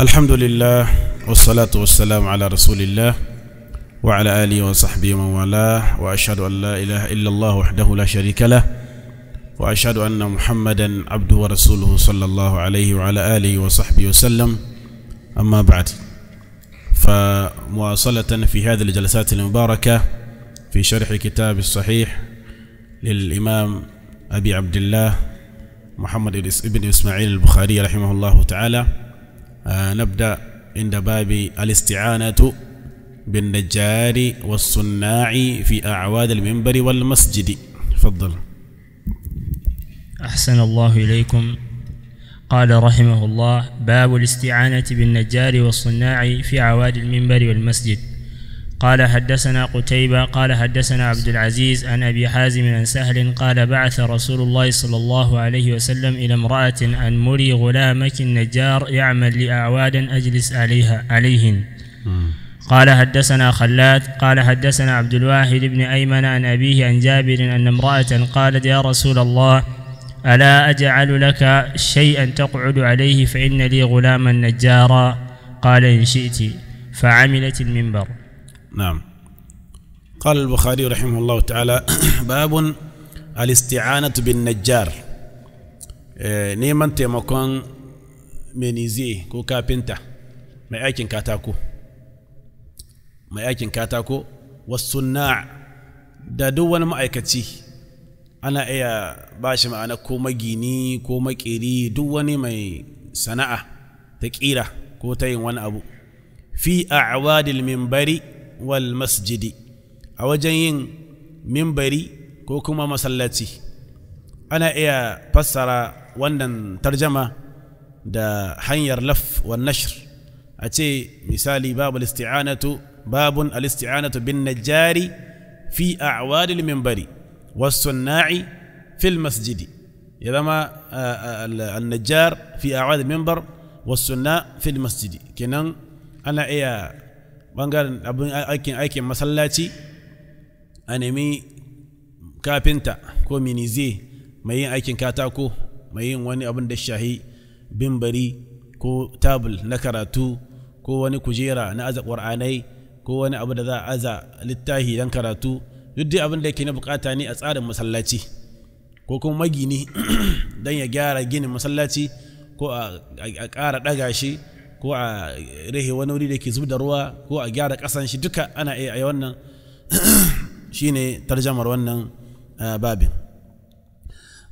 الحمد لله والصلاة والسلام على رسول الله وعلى آله وصحبه ومن والاه وأشهد أن لا إله إلا الله وحده لا شريك له وأشهد أن محمدا عبده ورسوله صلى الله عليه وعلى آله وصحبه وسلم أما بعد فمواصلة في هذه الجلسات المباركة في شرح كتاب الصحيح للإمام أبي عبد الله محمد بن إسماعيل البخاري رحمه الله تعالى آه، نبدأ عند باب الاستعانة بالنجار والصناع في أعواد المنبر والمسجد تفضل أحسن الله إليكم قال رحمه الله باب الاستعانة بالنجار والصناع في عواد المنبر والمسجد قال حدثنا قتيبة قال حدثنا عبد العزيز عن أبي حازم عن سهل قال بعث رسول الله صلى الله عليه وسلم إلى امرأة أن مري غلامك النجار يعمل لأعواد أجلس عليها عليهن قال حدثنا خلات قال حدثنا عبد الواحد بن أيمن عن أبيه عن جابر أن امرأة قالت يا رسول الله ألا أجعل لك شيئا تقعد عليه فإن لي غلاما نجارا قال إن شئت فعملت المنبر نعم قال البخاري رحمه الله تعالى باب الاستعانة بالنجار إيه، نيمان تيموكون مكون منيزي كو كابنتا ما يأكين كاتاكو ما يأكين كاتاكو والصناع دادو ما أيكتي أنا إيا باش ما أنا كوما جيني كوما كيري دواني مي صناعة تكيرة كو تاين وان أبو في أعواد المنبري والمسجد أو جين منبري كوكما مسلتي أنا إيا فسر وندن ترجمة دا حنير لف والنشر أتي مثالي باب الاستعانة باب الاستعانة بالنجار في اعوال المنبري والصناع في المسجد إذا ما آه، آه، النجار في اعوال المنبر والصناع في المسجد كنن أنا إيا ɓangaren abin aikin aikin masallaci a nemi kafinta ko minize mai yin aikin katako mai yin wani abin da shahi bimbari ko tabul na karatu ko wani kujera na aza ƙwar'anai ko wani abu da za a aza littahi don karatu duk dai abin da yake na bukata ne a tsarin masallaci ko kuma magini don ya gyara ginin masallaci ko a ƙara ɗaga shi ko a rehe wani wuri da كوا جارك اصلا شدك انا a gyara ƙasan shi duka ana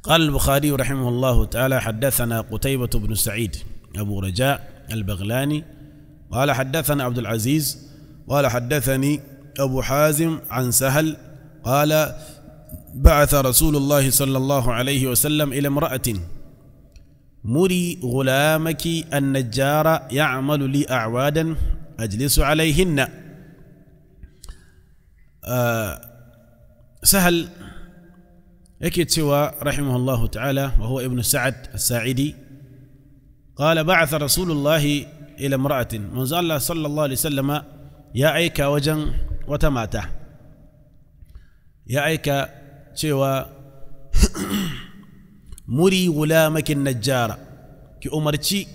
قال البخاري رحمه الله تعالى حدثنا قتيبة بن سعيد أبو رجاء البغلاني قال حدثنا عبد العزيز قال حدثني أبو حازم عن سهل قال بعث رسول الله صلى الله عليه وسلم إلى امرأة مري غلامك النجار يعمل لي أعوادا أجلس عليهن آه سهل أكيد سوى رحمه الله تعالى وهو ابن سعد الساعدي قال بعث رسول الله إلى امرأة من الله صلى الله عليه وسلم يا أيك وجن وتماته يا أيك سوى muri gulamakin najjara ki umarci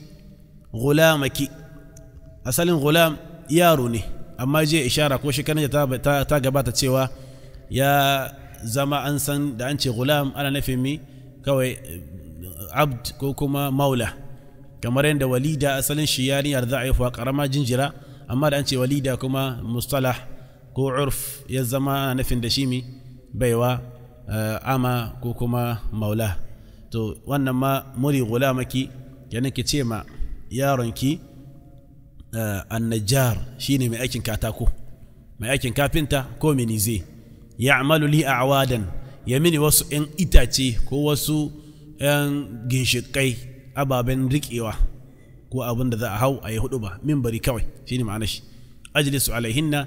gulamaki asalin gulam yaro ne amma je ishara ko shi kanata ta, ta, gabata cewa ya zama an da an ce gulam ana nufin mi kawai eh, abd ko kuma maula kamar yadda walida asalin shi yarinyar za a yi karama jinjira amma da an ce walida kuma mustalah ko urf ya zama ana nufin da shi mi baiwa eh, ama ko kuma maula to wannan ma muri gulamaki kenan ki ce ma yaronki eh, shi ne mai aikin katako mai aikin kafinta ko minize amalu li a'wadan ya mini wasu 'yan itace ko wasu 'yan ginshikai ababen rikewa ko abin da za a hau a yi hudu ba min bari kawai shi shine ma'ana shi su alaihinna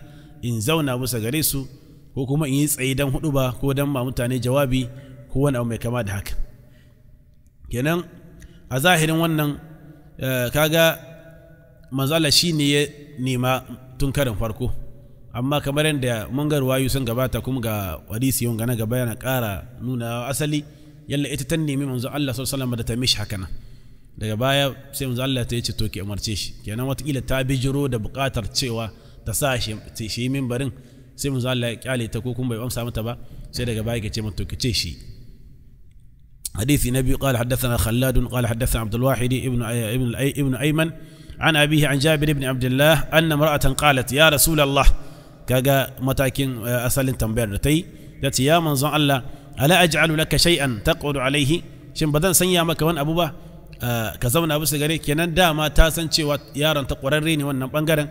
in zauna bisa gare su ko kuma in yi tsaye don hudu ba ko don ma mutane jawabi ko wani abu mai kama da haka kenan a zahirin wannan eh, kaga manzala shi ne ya nema tun karin farko amma kamar yadda mun ga ruwayu sun gabata kuma ga hadisi yau gana gaba yana kara nuna asali yalla ita ta nemi manzo Allah sallallahu alaihi wasallam da ta mishi haka nan daga baya sai manzo Allah ta yace to ki umarce shi kenan watakila ta bijiro da buƙatar cewa ta sa shi shi minbarin sai manzo Allah ya kyale ta ko kuma bai amsa mata ba sai daga baya ke ce mata to ki ce shi حديث النبي قال حدثنا خلاد قال حدثنا عبد الواحد ابن ابن ابن ايمن عن ابيه عن جابر بن عبد الله ان امراه قالت يا رسول الله كاغا متاكين اصل تمبير تي تاتي يا منزون الله الا اجعل لك شيئا تقعد عليه shin ba zan sanya maka wani abu ba ka zauna bisa gare kenan dama ta san cewa yaron ta ƙwararre ne wannan bangaren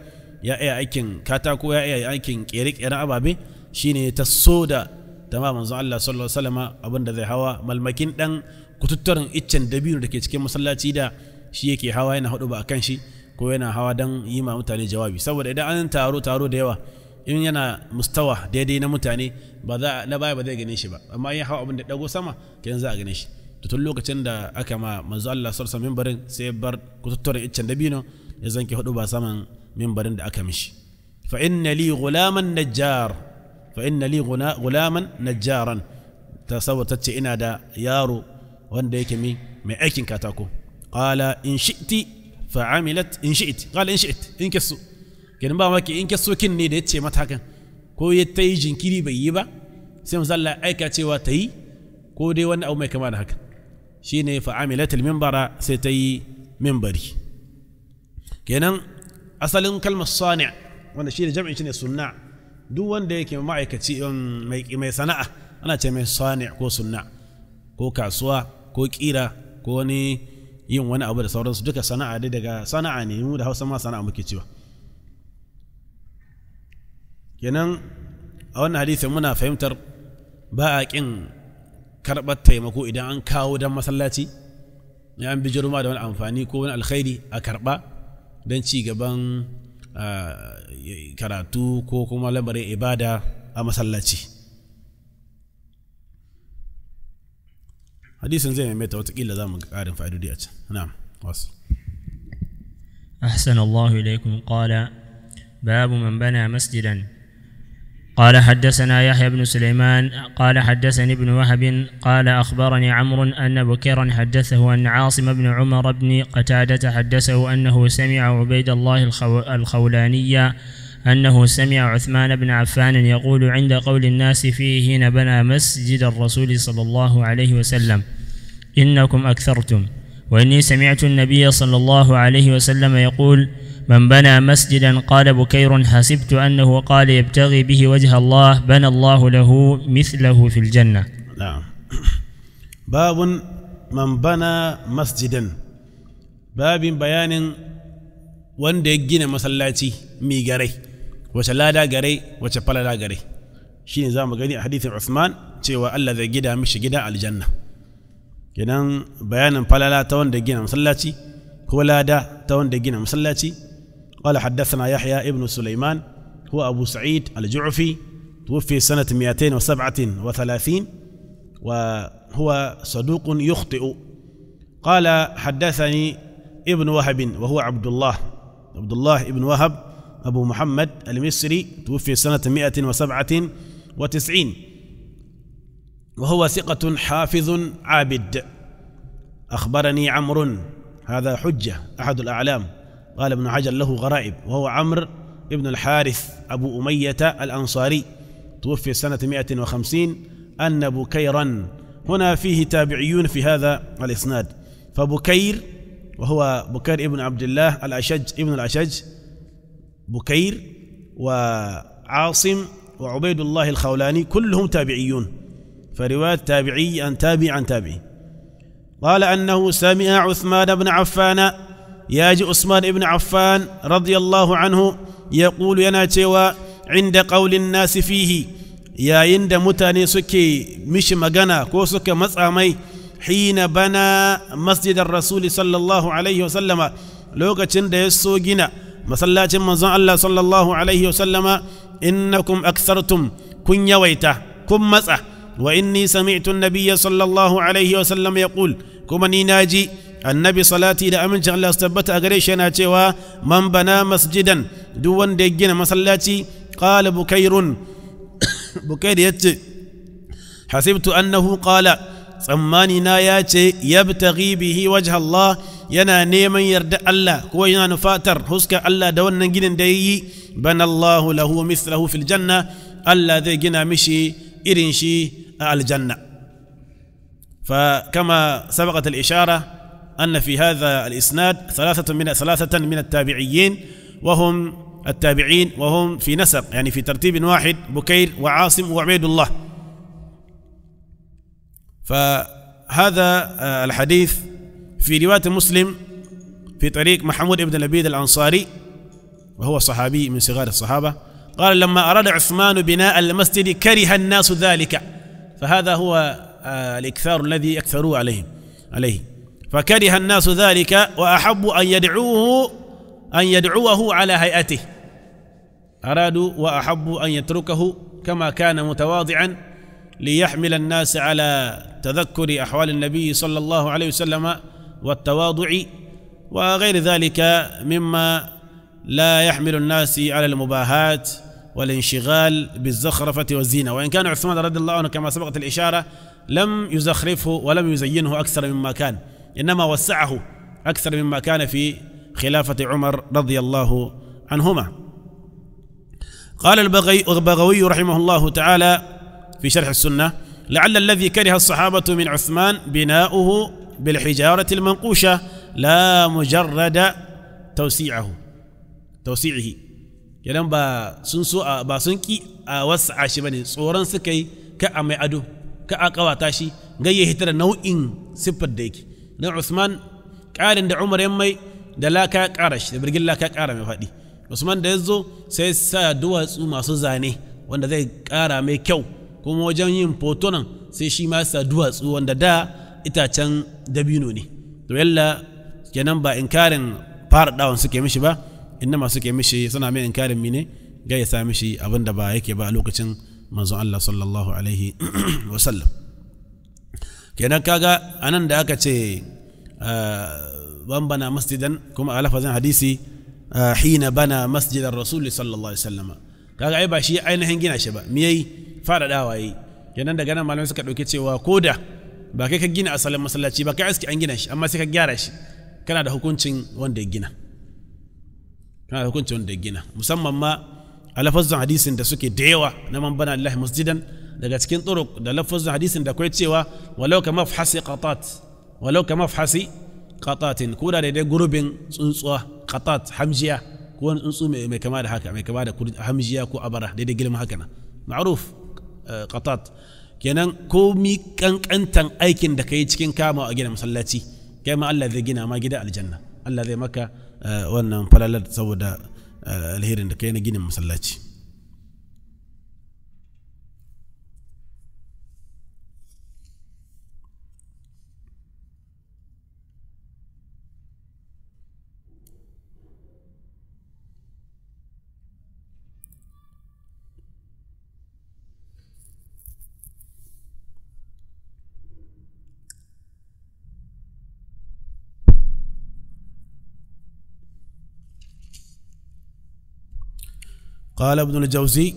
ya iya aikin katako ya iya aikin ƙere-ƙeren ababe shine ta so da ta manzon Allah sallallahu alaihi abin da zai hawa malmakin dan kututturen iccen dabino da ke cikin masallaci da shi yake hawa yana hudu ba akan shi ko yana hawa dan yi ma mutane jawabi saboda idan an taro taro da yawa in yana mustawa daidai na mutane ba za na baya ba zai gane shi ba amma in hawa abin da dago sama kenan za a gane shi to tun lokacin da aka ma manzo Allah sallallahu alaihi mimbarin sai bar kututturen iccen dabino ya zanke hudu ba saman mimbarin da aka mishi fa inna li ghulaman najjar fa inna li gulaman najjaran ta saboda ce ina da yaro wanda yake mi mai aikin katako qala in shi'ti fa amilat in shi'ti in shi'ti in kissu kin ba maki ne da yace mata kan ko ya ta yi jinkiri bai yi ba sai manzo Allah aika cewa ta yi ko dai wani abu mai kama da haka shine fa amilat sai ta yi minbari kenan asalin kalmar sani wanda shi da shine sunna' duk wanda yake ma'aikaci um, mai sana'a ana ce mai sani ko sunna ko kasuwa ko kira ko wani yin wani abu da sauransu duka sana'a dai daga sana'a ne mu da hausa ma sana'a muke cewa kenan a wannan hadisi muna fahimtar ba a ƙin karɓar taimako idan an kawo don masallaci an bijiruma da wani amfani ko wani alkhairi a karɓa don ci gaban karatu ko kuma lamarin ibada a masallaci hadisin zai maimaita watakila za mu ga ƙarin fa'idodi a can na'am wasu أحسن الله إليكم قال باب من بنى مسجدا قال حدثنا يحيى بن سليمان قال حدثني ابن وهب قال أخبرني عمرو أن بكيرا حدثه أن عاصم بن عمر بن قتادة حدثه أنه سمع عبيد الله الخولاني أنه سمع عثمان بن عفان يقول عند قول الناس فيه حين بنى مسجد الرسول صلى الله عليه وسلم إنكم أكثرتم وإني سمعت النبي صلى الله عليه وسلم يقول من بنى مسجدا قال بكير حسبت انه قال يبتغي به وجه الله بنى الله له مثله في الجنه. نعم. باب من بنى مسجدا باب بيان وندي جين مسلاتي مي غري وشلادا غري وشبالادا غري شين زام غني حديث عثمان سوى الذي جدا مش جدا على الجنه. كنان بيان بلالا تون دي جين مسلاتي كولادا تون دي جين مسلاتي قال حدثنا يحيى ابن سليمان هو أبو سعيد الجعفي توفي سنة 237 وهو صدوق يخطئ قال حدثني ابن وهب وهو عبد الله عبد الله ابن وهب أبو محمد المصري توفي سنة 197 وهو ثقة حافظ عابد أخبرني عمرو هذا حجة أحد الأعلام قال ابن حجر له غرائب وهو عمرو ابن الحارث أبو أمية الأنصاري توفي سنة 150 أن بكيرا هنا فيه تابعيون في هذا الإسناد فبكير وهو بكير ابن عبد الله الأشج ابن الأشج بكير وعاصم وعبيد الله الخولاني كلهم تابعيون فرواية تابعي عن تابع عن تابعي قال أنه سمع عثمان بن عفان ياجي عثمان ابن عفان رضي الله عنه يقول ينا تيوا عند قول الناس فيه يا يند متاني سكي مش مغنى كو سكي مصامي حين بنى مسجد الرسول صلى الله عليه وسلم لوكاتين دا يسو غنا masallacin manzon Allah sallallahu alaihi wasallama innakum aksartum kun yawaita kun matsa wa inni sami'tu nabiyya sallallahu alaihi wasallam yaqul kuma ni naji annabi salati da amincin Allah su tabbata a gare shi yana cewa man bana masjidan duk wanda ya gina masallaci qala bukairun bukair yace hasibtu annahu qala tsammani na ya ce yabtaghi bihi wajha Allah yana neman yarda Allah ko yana nufatar huska Allah da wannan ginin da yayi bana Allahu lahu mithlahu fil janna Allah zai gina mishi irin shi a aljanna fa kama sabaqat al-ishara أن في هذا الإسناد ثلاثة من ثلاثة من التابعيين وهم التابعين وهم في نسق يعني في ترتيب واحد بكير وعاصم وعبيد الله فهذا آه، الحديث في رواية مسلم في طريق محمود بن لبيد الأنصاري وهو صحابي من صغار الصحابة قال لما أراد عثمان بناء المسجد كره الناس ذلك فهذا هو آه، الإكثار الذي أكثروا عليهم عليه فكره الناس ذلك وأحبوا أن يدعوه أن يدعوه على هيئته أرادوا وأحبوا أن يتركه كما كان متواضعا ليحمل الناس على تذكر أحوال النبي صلى الله عليه وسلم والتواضع وغير ذلك مما لا يحمل الناس على المباهات والانشغال بالزخرفة والزينة وإن كان عثمان رضي الله عنه كما سبقت الإشارة لم يزخرفه ولم يزينه أكثر مما كان إنما وسعه أكثر مما كان في خلافة عمر رضي الله عنهما قال البغوي رحمه الله تعالى في شرح السنة لعل الذي كره الصحابة من عثمان بناؤه بالحجارة المنقوشة لا مجرد توسيعه توسيعه يلم با سنسو با سنكي وسع شبني صورا سكي كأمي أدو كأقواتاشي suka yi ka a mai na Usman ƙarin da Umar yan mai da laka ƙara shi da birgin laka ƙara mai faɗi Usman da ya zo sai sa duwatsu masu zane wanda zai ƙara mai kyau kuma wajen yin fotonan sai shi ma sa duwatsu wanda da itacen dabino ne to yalla kenan ba inkarin fara dawon suke mishi ba masu suke mishi suna mai inkarin mine ga ya sa mishi abin da ba yake ba a lokacin manzon Allah sallallahu alaihi wasallam kenan kaga anan da aka ce ah, ban bana masjidan kuma a lafazin hadisi ah, hina bana masjidan rasul sallallahu alaihi wasallam kaga ai ba shi ainihin gina shi ba miyai fara da yayi kenan daga nan malamai suka dauki cewa ko da ba kai ka gina asalin masallaci ba kai aski an gina shi amma sai ka gyara shi kana da hukuncin wanda ya gina kana da hukuncin wanda ya gina musamman ma a lafazin hadisin da suke da yawa na man bana lillahi masjidan daga cikin turuk da lafazin hadisin da kai cewa walau ka mafhasi qatat walau ka mafhasi qatatin ko da daidai gurbin tsuntsuwa qatat hamjiya ko wani tsuntsu mai kama da haka mai kama da hamjiya ko abara daidai girma haka na ma'ruf eh, qatat kenan ko mi kankantan aikin da kai cikin kama a gina masallaci kai ma Allah zai gina ma gida aljanna Allah zai maka eh, wannan falalar saboda eh, alherin da kai na ginin masallaci قال ابن الجوزي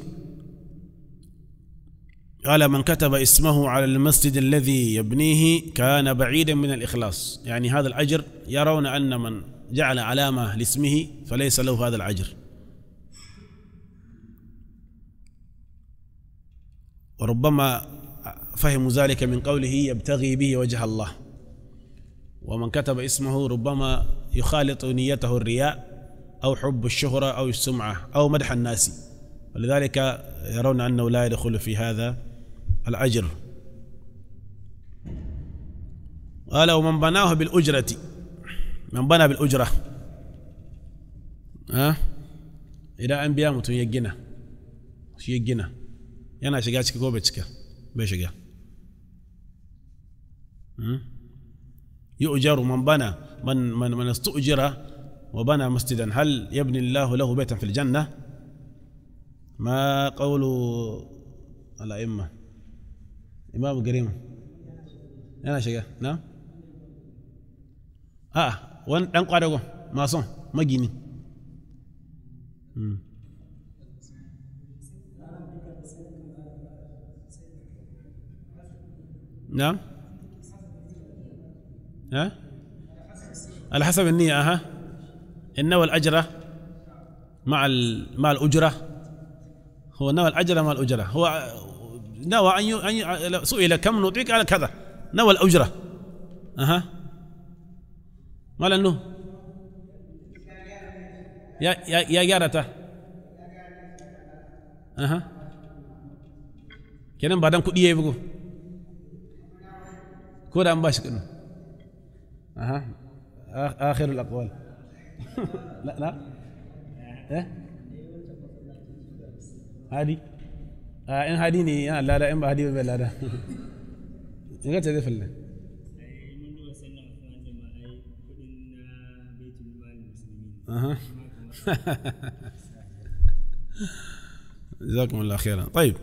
قال من كتب اسمه على المسجد الذي يبنيه كان بعيدا من الإخلاص يعني هذا الأجر يرون أن من جعل علامة لاسمه فليس له هذا الأجر وربما فهموا ذلك من قوله يبتغي به وجه الله ومن كتب اسمه ربما يخالط نيته الرياء أو حب الشهرة أو السمعة أو مدح الناس ولذلك يرون أنه لا يدخل في هذا الأجر قال ومن بناه بالأجرة من بنى بالأجرة ها أه؟ إلى أنبياء متون يجنا يجنا yana shiga ciki ko bai cika يؤجر من بنى من من من استؤجر وبنى مسجدا هل يبني الله له بيتا في الجنة ما قول الأئمة إمام قريمة أنا شيء نعم آه وين أنقى دعوة ما صن ما جيني نعم ها على حسب النية أها النوى الأجرة مع مع الأجرة هو نوى الأجرة مع الأجرة هو نوى أن أن سئل كم نعطيك على كذا نوى الأجرة أها ما لأنه يا يا يا جارته أها كلام بعدم dan يبغو ya yi bugu ko da an لا لا ايه هادي اه ان هادي ني انا آه، لا لا ان هادي لا لا ان كنت هدف الله اها جزاكم الله خيرا طيب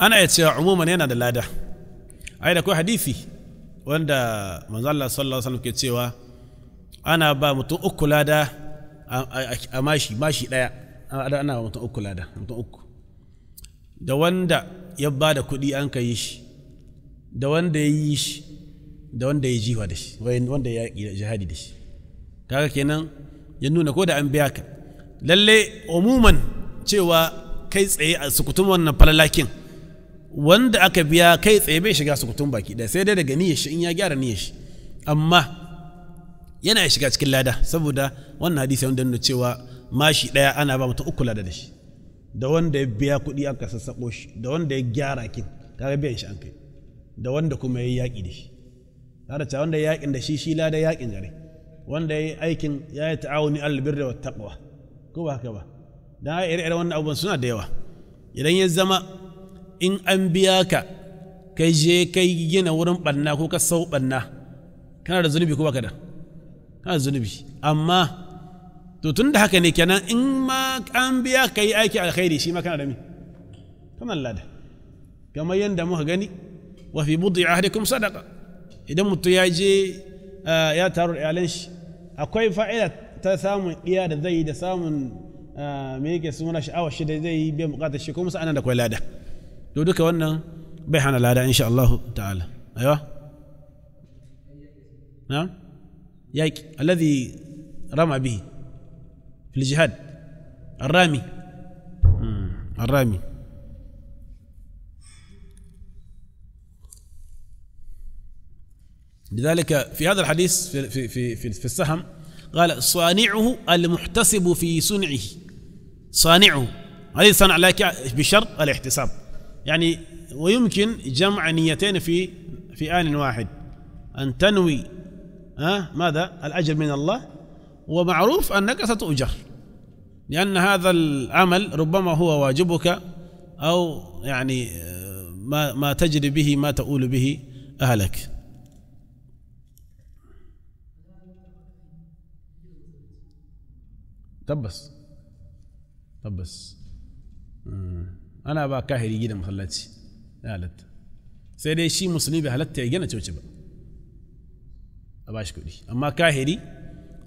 انا يتسع عموما هنا لا لا ai da kai hadisi wanda manzo Allah sallallahu alaihi wasallam ke cewa ana ba mutum uku lada a mashi mashi ɗaya ana ba mutum uku lada mutum uku da wanda ya ba da kuɗi an ka yi shi da wanda ya yi shi da wanda ya jiwa da shi wanda ya yi jihadi da shi kaga kenan ya nuna ko da an biya ka lalle umuman cewa kai tsaye a sukutun wannan falalakin wanda aka biya kai tsaye bai shiga sukutun baki ɗaya sai dai daga niyyar shi in ya gyara niyyar shi amma yana shiga cikin lada saboda wannan hadisi wanda nuna cewa mashi ɗaya ana ba mutum uku lada da shi da wanda ya biya kuɗi an kasa sako shi da wanda ya gyara kin kaga biyan shi an kai da wanda kuma ya yaƙi da shi kada ta wanda ya yaƙin da shi shi lada yaƙin gare wanda ya yi aikin ya yi ta'awuni albirra wa taqwa ko ba haka ba dan ai ire wannan abubuwan suna da yawa idan ya zama in an biya ka kai je kai gina wurin ɓanna ko ka sau ɓanna kana da zunubi ko baka da a zunubi amma to tun da haka ne kenan in ma an biya ka yi aiki alkhairi shi ma kana da mi kana lada kamar yadda muka gani wa fi budi ahdikum sadaqa idan mutum ya je ya taru iyalan shi akwai fa'ida ta samun iya da zai yi da samun me yake suna sha'awar shi da zai yi biyan bukatar shi kuma sa'anan da kwai lada to duka wannan bai hana lada insha Allah ta'ala aiwa na'am الذي رمى به في الجهاد الرامي الرامي لذلك في هذا الحديث في في في في, في السهم قال صانعه المحتسب في صنعه صانعه هذه صنع لك بشرط الاحتساب يعني ويمكن جمع نيتين في في آن واحد أن تنوي ها ماذا الأجر من الله ومعروف أنك ستؤجر لأن هذا العمل ربما هو واجبك أو يعني آه، ما ما تجري به ما تؤول به أهلك تبس تبس أنا أبا كاهري جدا مخلاتي قالت سيدي شي مسلمي بهلت تيجينا تشوشبه باش كودي اما كاهري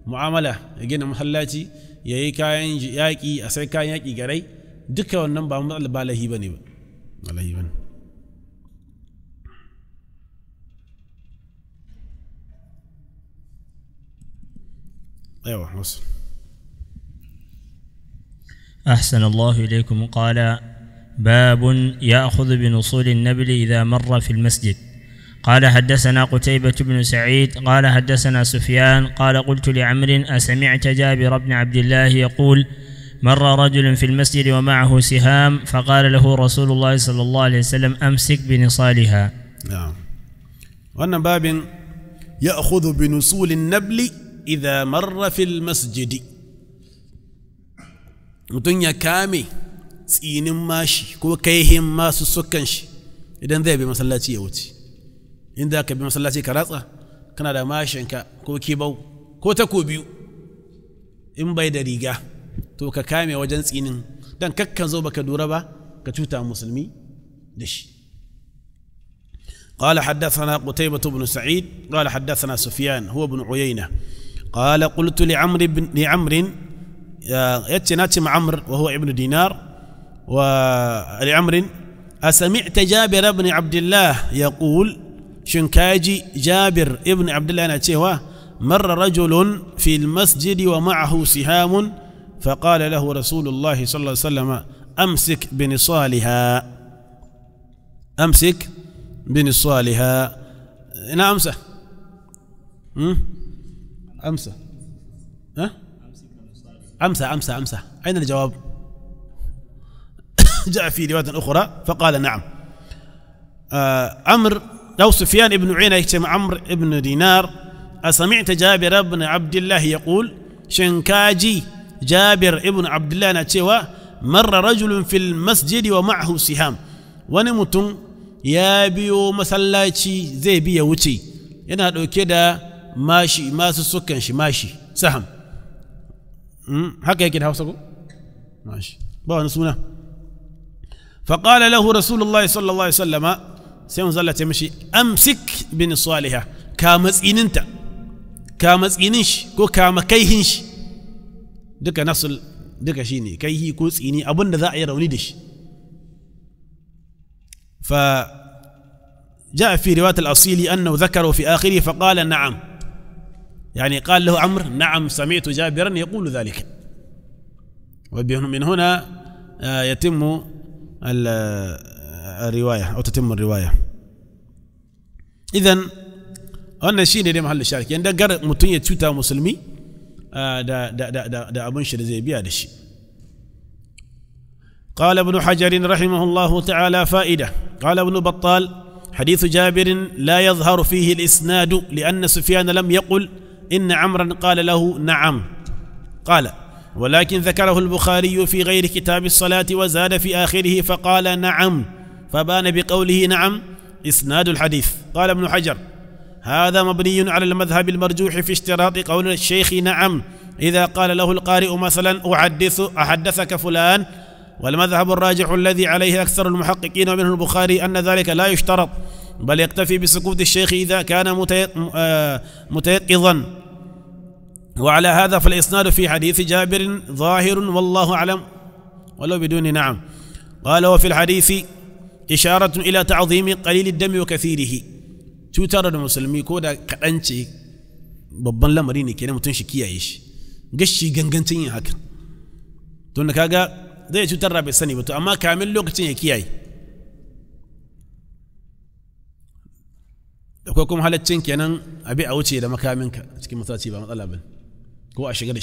معامله يجينا محلاتي ياي كاين ياكي اسي كاين ياكي غري دكا ونن با مطل با لهي بني با لهي بن ايوه وصل احسن الله اليكم قال باب ياخذ بنصول النبل اذا مر في المسجد قال حدثنا قتيبة بن سعيد قال حدثنا سفيان قال قلت لعمر أسمعت جابر بن عبد الله يقول مر رجل في المسجد ومعه سهام فقال له رسول الله صلى الله عليه وسلم أمسك بنصالها نعم وأن باب يأخذ بنصول النبل إذا مر في المسجد الدنيا كامي سين ماشي mashi ما kaihin masu sukan shi idan in da ka bi masallaci ka ratsa kana da mashinka ko kibau ko tako biyu in bai da riga to ka kame wajen tsinin dan kakkan zo baka dura ba ka cuta musulmi da shi قال حدثنا قتيبة بن سعيد قال حدثنا سفيان هو بن عيينة قال قلت لعمر بن لعمر يتناتي مع عمر وهو ابن دينار ولعمر أسمعت جابر بن عبد الله يقول شنكاجي جابر ابن عبد الله ناتشيوا مر رجل في المسجد ومعه سهام فقال له رسول الله صلى الله عليه وسلم أمسك بنصالها أمسك بنصالها نعم أمسح أمسح ها أمسح أمسح أمسح أين الجواب جاء في رواية أخرى فقال نعم آه أمر أو سفيان بن عينة عمر بن دينار أسمعت جابر بن عبد الله يقول شنكاجي جابر بن عبد الله نتوى مر رجل في المسجد ومعه سهام ونمت يا بيو مسلاتي زي بيوتي إنها لو كده ماشي ماسو سكن شي ماشي سهم هكا كده هوسكو ماشي بقى نسونا فقال له رسول الله صلى الله عليه وسلم sai manzo Allah ya mishi amsik bin salihah ka matsininta ka matsinin shi ko ka makaihin shi duka nasul duka shine kaihi ko tsini abinda za a yi rauni da shi fa جاء في رواية الأصيلي أنه ذكره في آخره فقال نعم يعني قال له عمرو نعم سمعت جابرا يقول ذلك ومن هنا يتم الرواية أو تتم الرواية idan wannan shi ne محل mahallin sharki yadda gar mutum مسلمي cuta ده ده abin shi da zai biya بيا shi قال ابن حجر رحمه الله تعالى فائدة قال ابن بطال حديث جابر لا يظهر فيه الإسناد لأن سفيان لم يقل إن عمرا قال له نعم قال ولكن ذكره البخاري في غير كتاب الصلاة وزاد في آخره فقال نعم فبان بقوله نعم إسناد الحديث قال ابن حجر هذا مبني على المذهب المرجوح في اشتراط قول الشيخ نعم إذا قال له القارئ مثلا أحدث أحدثك فلان والمذهب الراجح الذي عليه أكثر المحققين ومنه البخاري أن ذلك لا يشترط بل يكتفي بسكوت الشيخ إذا كان آه، متيقظا وعلى هذا فالإسناد في حديث جابر ظاهر والله أعلم ولو بدون نعم قال وفي الحديث isharatun ila ta'zimi qalilid dami wa kathirihi cutar da musulmi ko da kaɗan ce babban lamari ne kenan mutum shi kiyaye shi gashi gangancin yin hakan to da kaga zai cutar da bai sani ba amma kamin lokacin ya kiyaye akwai kuma halaccin kenan abi a wuce da makaminka cikin masallaci ba matsala ba ko a shiga da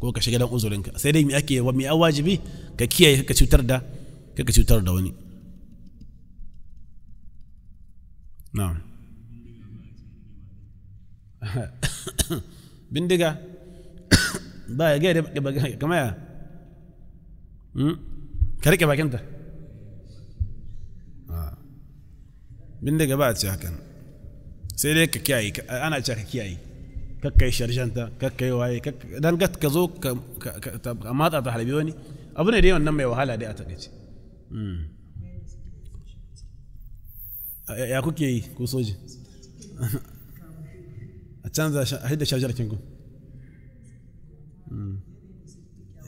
ko shiga dan uzurinka sai dai me ake wa a wajibi ka kiyaye ka cutar da wani na'am bindiga ba ya gaya da kama ya ka rike bakinta ah. bindiga ba a ce sai dai ka kiyaye ana ce kiyaye kakka yi sharshanta kakka yi waye ka zo ka ta harbi wani abu ne dai wannan mai wahala dai a takaice hmm. ya kuke yi ko soji a canza a haida shajar kinku hmm.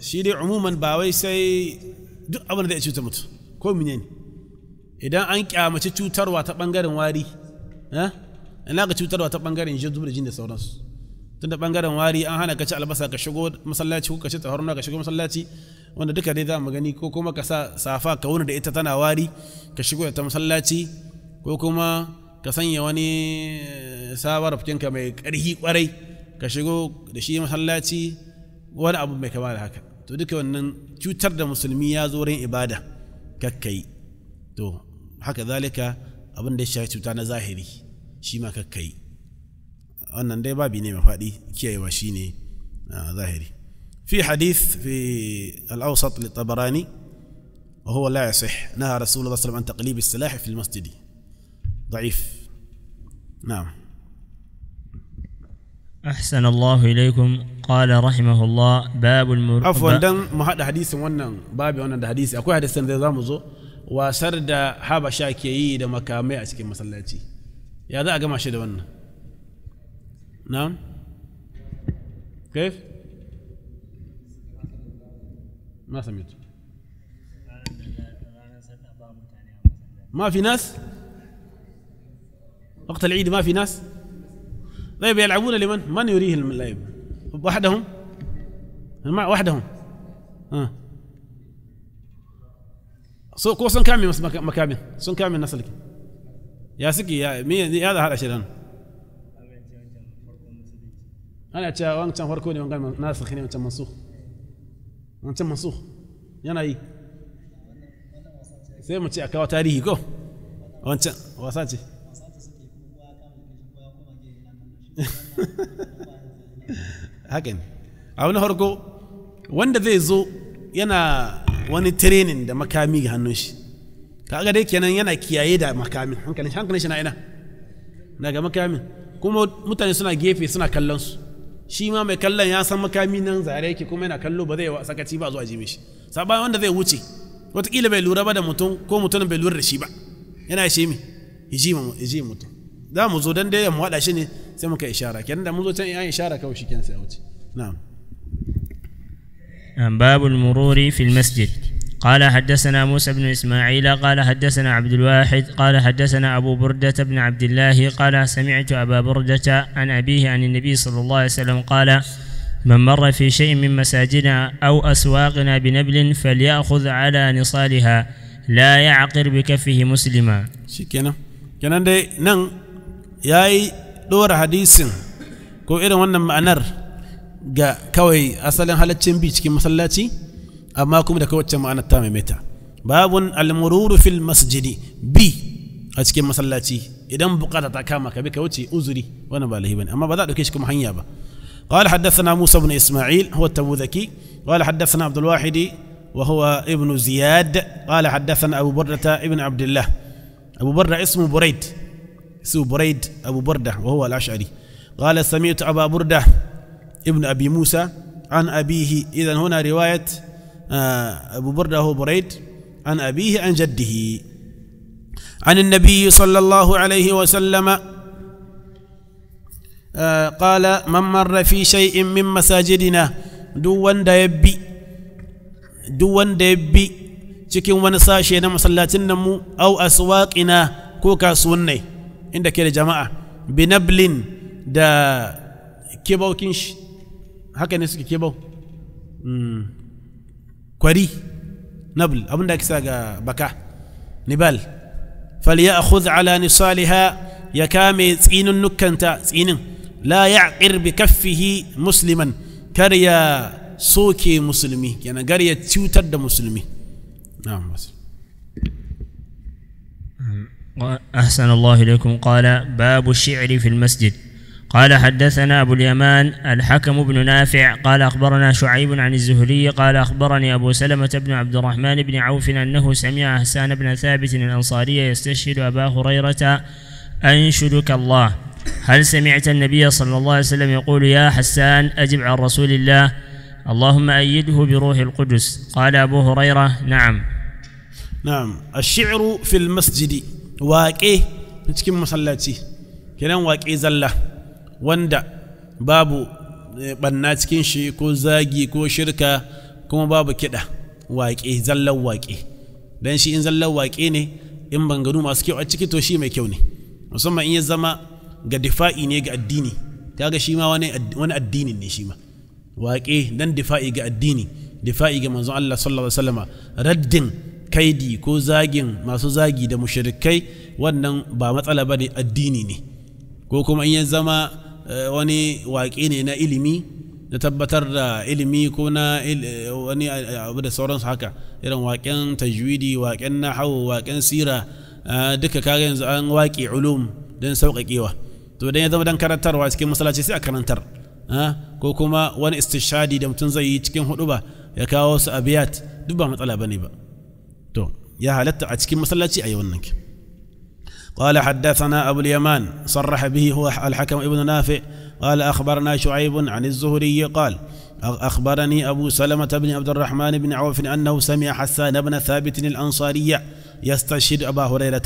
shi dai umuman ba wai sai duk abin da ya cuta mutu ko mine ne idan an kyamaci cutarwa ta bangaren wari eh? ina ga cutarwa ta bangaren jin zubar jin da sauransu tun da bangaren wari an hana ka ci albasa ka shigo masallaci ko ka ci tsaharuna ka shigo masallaci wanda duka dai za mu gani ko kuma ka sa safa ka wuni da ita tana wari ka shigo da ta masallaci ko kuma ka sanya wani sabar fitinka mai ƙarfi ƙwarai ka shigo da shi masallaci wani abu mai kama da haka to duka wannan cutar da musulmi ya zo rin ibada kakkai to haka zalika abin da ya shafi cuta na zahiri shi ma kakkai wannan dai babi ne mai faɗi kiyayewa shi ne zahiri في حديث في الأوسط للطبراني وهو لا يصح نهى رسول الله صلى الله عليه وسلم عن تقليب السلاح في المسجد ضعيف نعم أحسن الله إليكم قال رحمه الله باب المر عفوا دم ما هذا حديث ونن باب ونن الحديث أكو هذا سند زام زو وسرد هذا شاكي يد مكامع سكيم مسلاتي يا ذا أجمع شد ونن نعم كيف ما سمعت ما في ناس وقت العيد ما في ناس طيب يلعبون لمن؟ من يريه اللعب؟ وحدهم؟ مع وحدهم ها آه. سو كو سن كامي مس مكامي سن كامي الناس لك يا سكي يا مي هذا هذا شيء انا تشا وان تشا فركوني وان ناس هنا وان منسوخ وان منسوخ يا ناي sai mu ce a kawo tarihi ko wancan hakan a wani farko wanda zai zo yana wani training da makami ga hannun shi kaga dai kenan yana kiyaye da makamin hankalin shi hankalin shi na ina daga makamin kuma mutane suna gefe suna kallon su shi ma mai kallon ya san makami nan zare yake kuma yana kallo ba zai sakaci ba zuwa jibe shi sabanin wanda zai wuce wataƙila bai lura ba da mutum ko mutum bai lura da shi ba yana shi mi hijima mutum da mu zo dan dai mu hada shi ne sai muka ishara kenan da mun zo can an ishara kawai shi kenan sai wuce na'am باب المرور في المسجد قال حدثنا موسى بن اسماعيل قال حدثنا عبد الواحد قال حدثنا ابو برده بن عبد الله قال سمعت ابا برده عن ابيه عن النبي صلى الله عليه وسلم قال من مر في شيء من مساجدنا او اسواقنا بنبل فليأخذ على نصالها لا يعقر بكفه مسلما شكرا كان نن ياي دور حديثين كو إيرن وانا مأنر جا كوي أسألين هل تنبيج كي مسلاتي أما كم دكوة مأنا التامي ميتا باب المرور في المسجد بي أتكي مسلاتي إذا بقاتا تاكاما كبي كوتي أزري وانا بالله بني أما بدأ لكيش كم حنيابا قال حدثنا موسى بن إسماعيل هو التبو ذكي قال حدثنا عبد الواحد وهو ابن زياد قال حدثنا أبو بردة ابن عبد الله أبو بردة اسمه بريد بريد أبو بردة وهو الأشعري قال سمعت أبا بردة ابن أبي موسى عن أبيه إذا هنا رواية آه، أبو بردة هو بريد عن أبيه عن جده عن النبي صلى الله عليه وسلم آه، قال من مر في شيء من مساجدنا دون ديبي دون ديبي cikin wani sashe أو أسواقنا كوكا سوني عندك يا جماعة بنبل دا كيبو كنش هكا نسك كيبو كوري نبل أبن داك ساقا بكا نبال فليأخذ على نصالها يكامي تسعين نكنتا تسعين لا يعقر بكفه مسلما كريا سوكي مسلمي يعني كريا تيوتر مسلمي نعم بس أحسن الله إليكم قال باب الشعر في المسجد قال حدثنا أبو اليمان الحكم بن نافع قال أخبرنا شعيب عن الزهري قال أخبرني أبو سلمة بن عبد الرحمن بن عوف أنه سمع أحسان بن ثابت الأنصاري يستشهد أبا هريرة أنشدك الله هل سمعت النبي صلى الله عليه وسلم يقول يا حسان أجب عن رسول الله اللهم أيده بروح القدس قال أبو هريرة نعم نعم الشعر في المسجد waƙe cikin masallaci kenan waƙe zalla wanda babu eh, ɓanna cikin shi ko zagi ko shirka kuma babu kiɗa waƙe zallan waƙe don shi in zallan waƙe ne in banganu masu kyau a ciki to shi mai kyau ne musamman in ya zama ga difa'i ne ga addini kaga shi ma wani addinin ne shi ma waƙe don difa'i ga addini difa'i ga manzon Allah sallallahu alaihi wasallama raddin kaidi ko zagin masu zagi da mushirikai wannan ba matsala ba ne addini ne ko kuma in ya zama eh, wani waƙe ne na ilimi na tabbatar da ilimi ko na eh, wani eh, abu da sauransu haka irin waƙen tajwidi waƙen nahawu waƙen sira duka kaga yanzu an waƙe ulum don sauƙaƙewa to dan ya zama dan karantarwa cikin masallaci sai a karantar ko kuma wani istishadi da mutum zai yi cikin hudu ba ya kawo su abiyat duk ba matsala bane ba يا halatta a مسلتي masallaci قال حدثنا أبو اليمان صرح به هو الحكم ابن نافع قال أخبرنا شعيب عن الزهري قال أخبرني أبو سلمة بن عبد الرحمن بن عوف أنه سمع حسان بن ثابت الأنصاري يستشهد أبا هريرة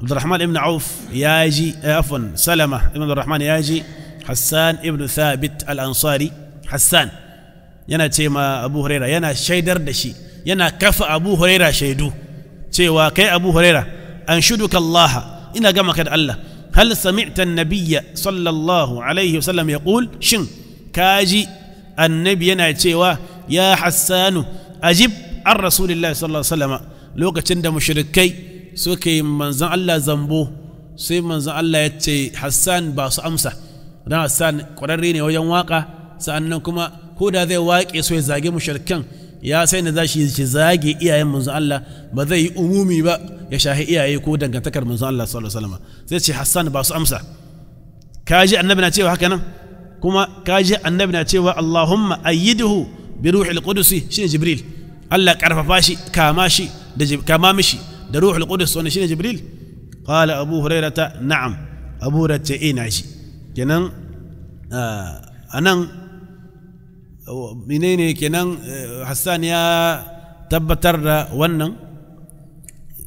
عبد الرحمن بن عوف ياجي آه، عفوا سلمة بن عبد الرحمن ياجي حسان ابن ثابت الأنصاري حسان ينا تيما أبو هريرة ينا شيدر دشي yana kafa abu huraira shaidu cewa kai abu huraira an shuduka ina gama ka da Allah hal sami'ta nabiyya sallallahu alaihi wasallam yaqul shin kaji annabi yana cewa ya hassanu ajib an rasulillahi sallallahu alaihi wasallam lokacin da mushrikai suka yi Allah zambo sai manzan Allah ya ce hassan ba su amsa dan hassan ƙwararre ne wajen waka sa'annan kuma ko da zai waƙe so ya zage mushrikan ya sai na zashi shi zage iyayen manzon Allah ba zai yi umumi ba ya shahi iyaye ko dangantakar manzon Allah sallallahu alaihi wasallam sai ce Hassan ba su amsa kaji annabi na cewa haka nan kuma kaji annabi na cewa Allahumma ayyiduhu bi ruhil qudus ne Jibril Allah karfafa shi kama shi da kama mishi da ruhul qudus wannan Jibril qala Abu Hurairah na'am Abu Hurairah eh, ina shi kenan anan ah, منين كنان حسان يا تبتر ونن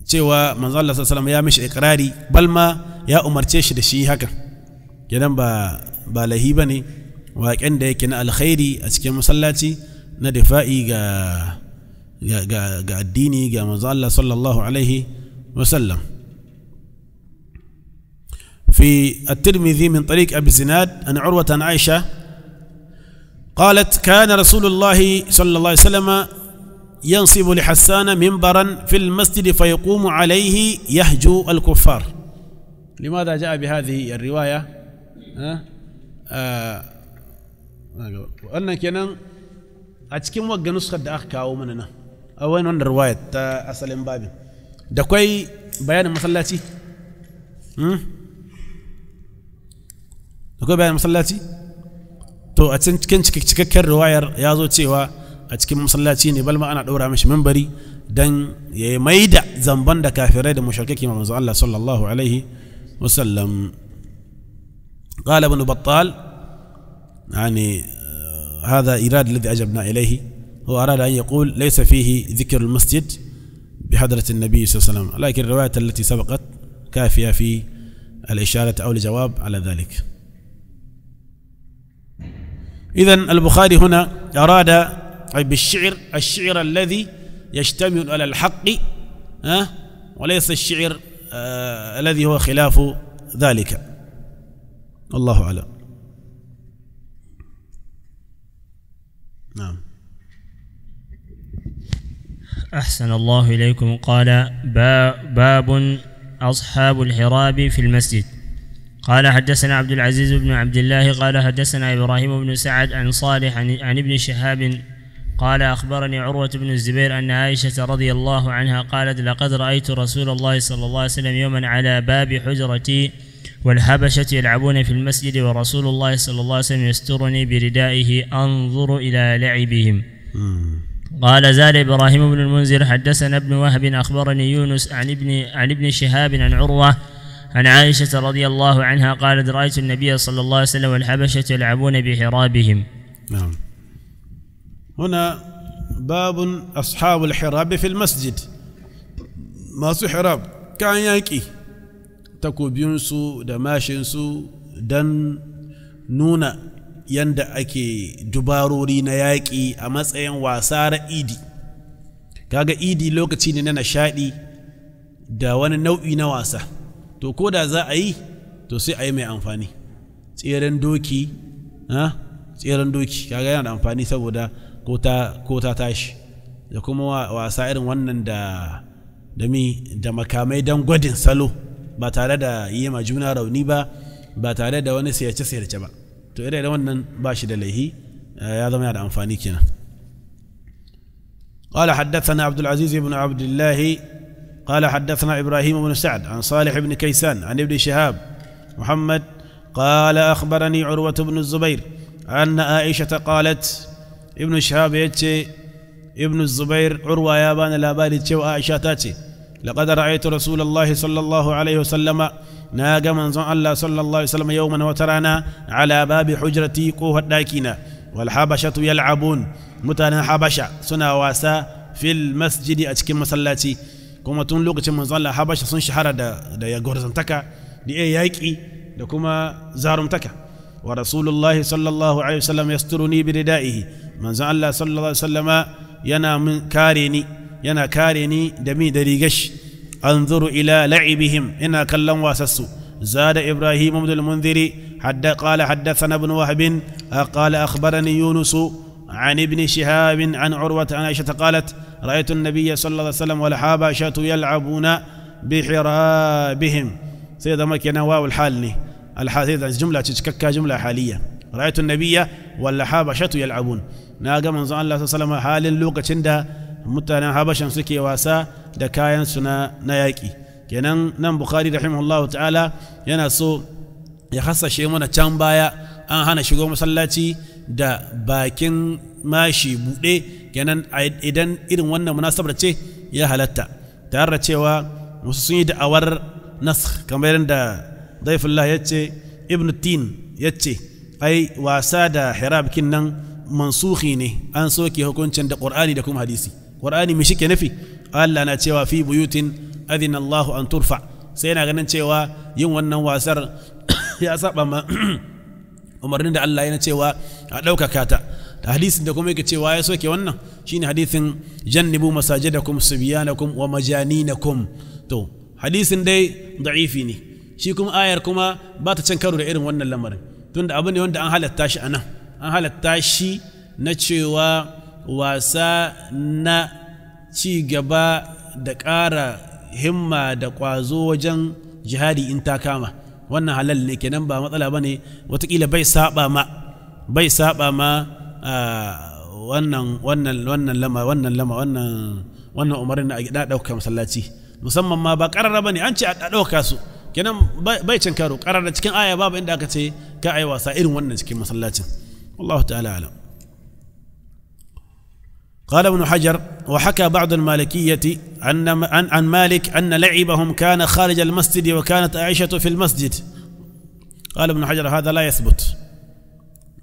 تيوا من الله صلى الله عليه وسلم يا مش إقراري بل ما يا أمر تيش دشي هكا كنان با بالهيبني وكان دي كنا الخيري أسكي مسلاتي ندفائي غا غا غا الديني غا الله صلى الله عليه وسلم في الترمذي من طريق أبي زناد أن عروة عائشة قالت كان رسول الله صلى الله عليه وسلم ينصب لحسان منبرا في المسجد فيقوم عليه يهجو الكفار لماذا جاء بهذه الرواية وأنا آه، كنا أتكلم وقع نسخة أخك أو مننا أو أين الرواية أصل بابي ده بيان مصلاتي ده بيان مصلاتي تو أتن كنت كنت رواير يا زو تيوا أتكم مصلاتين بل ما أنا دورا مش منبري دن يميدا زنبان دا كافرة دا مشاركك من الله صلى الله عليه وسلم قال ابن بطال يعني هذا إيراد الذي أجبنا إليه هو أراد أن يقول ليس فيه ذكر المسجد بحضرة النبي صلى الله عليه وسلم لكن الرواية التي سبقت كافية في الإشارة أو الجواب على ذلك إذا البخاري هنا أراد طيب بالشعر الشعر الذي يشتمل على الحق ها وليس الشعر آه الذي هو خلاف ذلك الله أعلم نعم أحسن الله إليكم قال باب أصحاب الحراب في المسجد قال حدثنا عبد العزيز بن عبد الله قال حدثنا إبراهيم بن سعد عن صالح عن, ابن شهاب قال أخبرني عروة بن الزبير أن عائشة رضي الله عنها قالت لقد رأيت رسول الله صلى الله عليه وسلم يوما على باب حجرتي والحبشة يلعبون في المسجد ورسول الله صلى الله عليه وسلم يسترني بردائه أنظر إلى لعبهم قال زال إبراهيم بن المنذر حدثنا ابن وهب أخبرني يونس عن ابن, عن ابن شهاب عن عروة عن عائشة رضي الله عنها قالت رأيت النبي صلى الله عليه وسلم والحبشة يلعبون بحرابهم نعم هنا باب أصحاب الحراب في المسجد ما سو حراب كان يانكي تكو بيونسو دماشنسو دن نونا yadda أكي dubarori na yaƙi a matsayin واسار ايدي كاغا ايدي idi lokaci ne na nishaɗi da wani nau'i na wasa to ko da za a yi to sai a yi mai amfani tseren doki ha tseren doki kaga yana da amfani saboda ko ta tashi da kuma wasa irin wannan da da mi da makamai don gwadin salo ba tare da yi ma juna rauni ba ba tare da wani sayace sayace ba to irin wannan ba shi da laihi eh, ya zama yana da amfani kenan قال حدثنا عبد العزيز بن عبد الله قال حدثنا إبراهيم بن سعد عن صالح بن كيسان عن ابن شهاب محمد قال أخبرني عروة بن الزبير أن عائشة قالت ابن شهاب يتشي ابن الزبير عروة يا بان لا بالي تشي وعائشة تاتي لقد رأيت رسول الله صلى الله عليه وسلم ناقة من الله صلى الله عليه وسلم يوما وترانا على باب حجرتي قوه الداكينة والحبشة يلعبون متانا حبشة سنا واسا في المسجد أتكي مسلاتي kuma tun lokacin manzo Allah habasha sun shahara da da yagorzantaka da yaki da kuma zarumtaka wa rasulullah sallallahu alaihi wasallam yasturuni bi ridaihi manzo Allah sallallahu alaihi wasallam yana min kare ni yana kare ni da mi da rigash anzuru ila la'ibihim ina kallon wasassu زاد إبراهيم بن المنذر حد قال حدثنا ابن وهب قال أخبرني يونس عن ابن شهاب عن عروة عن عائشة قالت رأيت النبي صلى الله عليه وسلم والحابة يلعبون بحرابهم سيدا ما كنا واو الحالني الحادثة جملة تشككها جملة حالية رأيت النبي والحابة يلعبون ناقا من صلى الله عليه وسلم حال لوقة تندا متنا حبشا سكي واسا دكايا سنا نياكي كنن نم بخاري رحمه الله تعالى ينسو يخص hasa shi an hana shigo masallaci da bakin mashi buɗe kenan idan irin wannan munasabar ce ya halatta tare da cewa wasu sun yi da'awar nas kamar yadda daifullah ya ce ibn tin ya ce ai wasa da bikin nan mansuhi ne an soke hukuncin da ƙur'ani da kuma hadisi ƙur'ani mai shike nafi Allah na cewa fi buyutin adina an turfa sai yana ganin cewa yin wannan wasar ya saba ma umarnin da Allah yana cewa a ɗaukaka ta da hadisin da kuma yake cewa ya soke wannan shine hadisin jannibu na subyanakum wa majaninakum to hadisin dai da'ifi ne shi kuma ayar kuma ba ta can karo da irin wannan lamarin tunda abu ne wanda an halatta shi anan an halatta shi na cewa wasa na ci gaba da ƙara himma da ƙwazo wajen jihadi in ta kama wannan halal ne kenan ba matsala ba ne watakila bai saba ma bai saba ma ah, wannan wannan wannan lama wannan lama wannan wannan umarin da a ɗauka masallaci musamman ma ba ƙarara ba ne an ce a ɗauka su kenan bai cin karo ƙarara cikin aya babu inda aka ce ka a yi wasa irin wannan cikin masallacin allah ta'ala alam قال ابن حجر وحكى بعض المالكية عن, عن مالك أن لعبهم كان خارج المسجد وكانت عائشة في المسجد قال ابن حجر هذا لا يثبت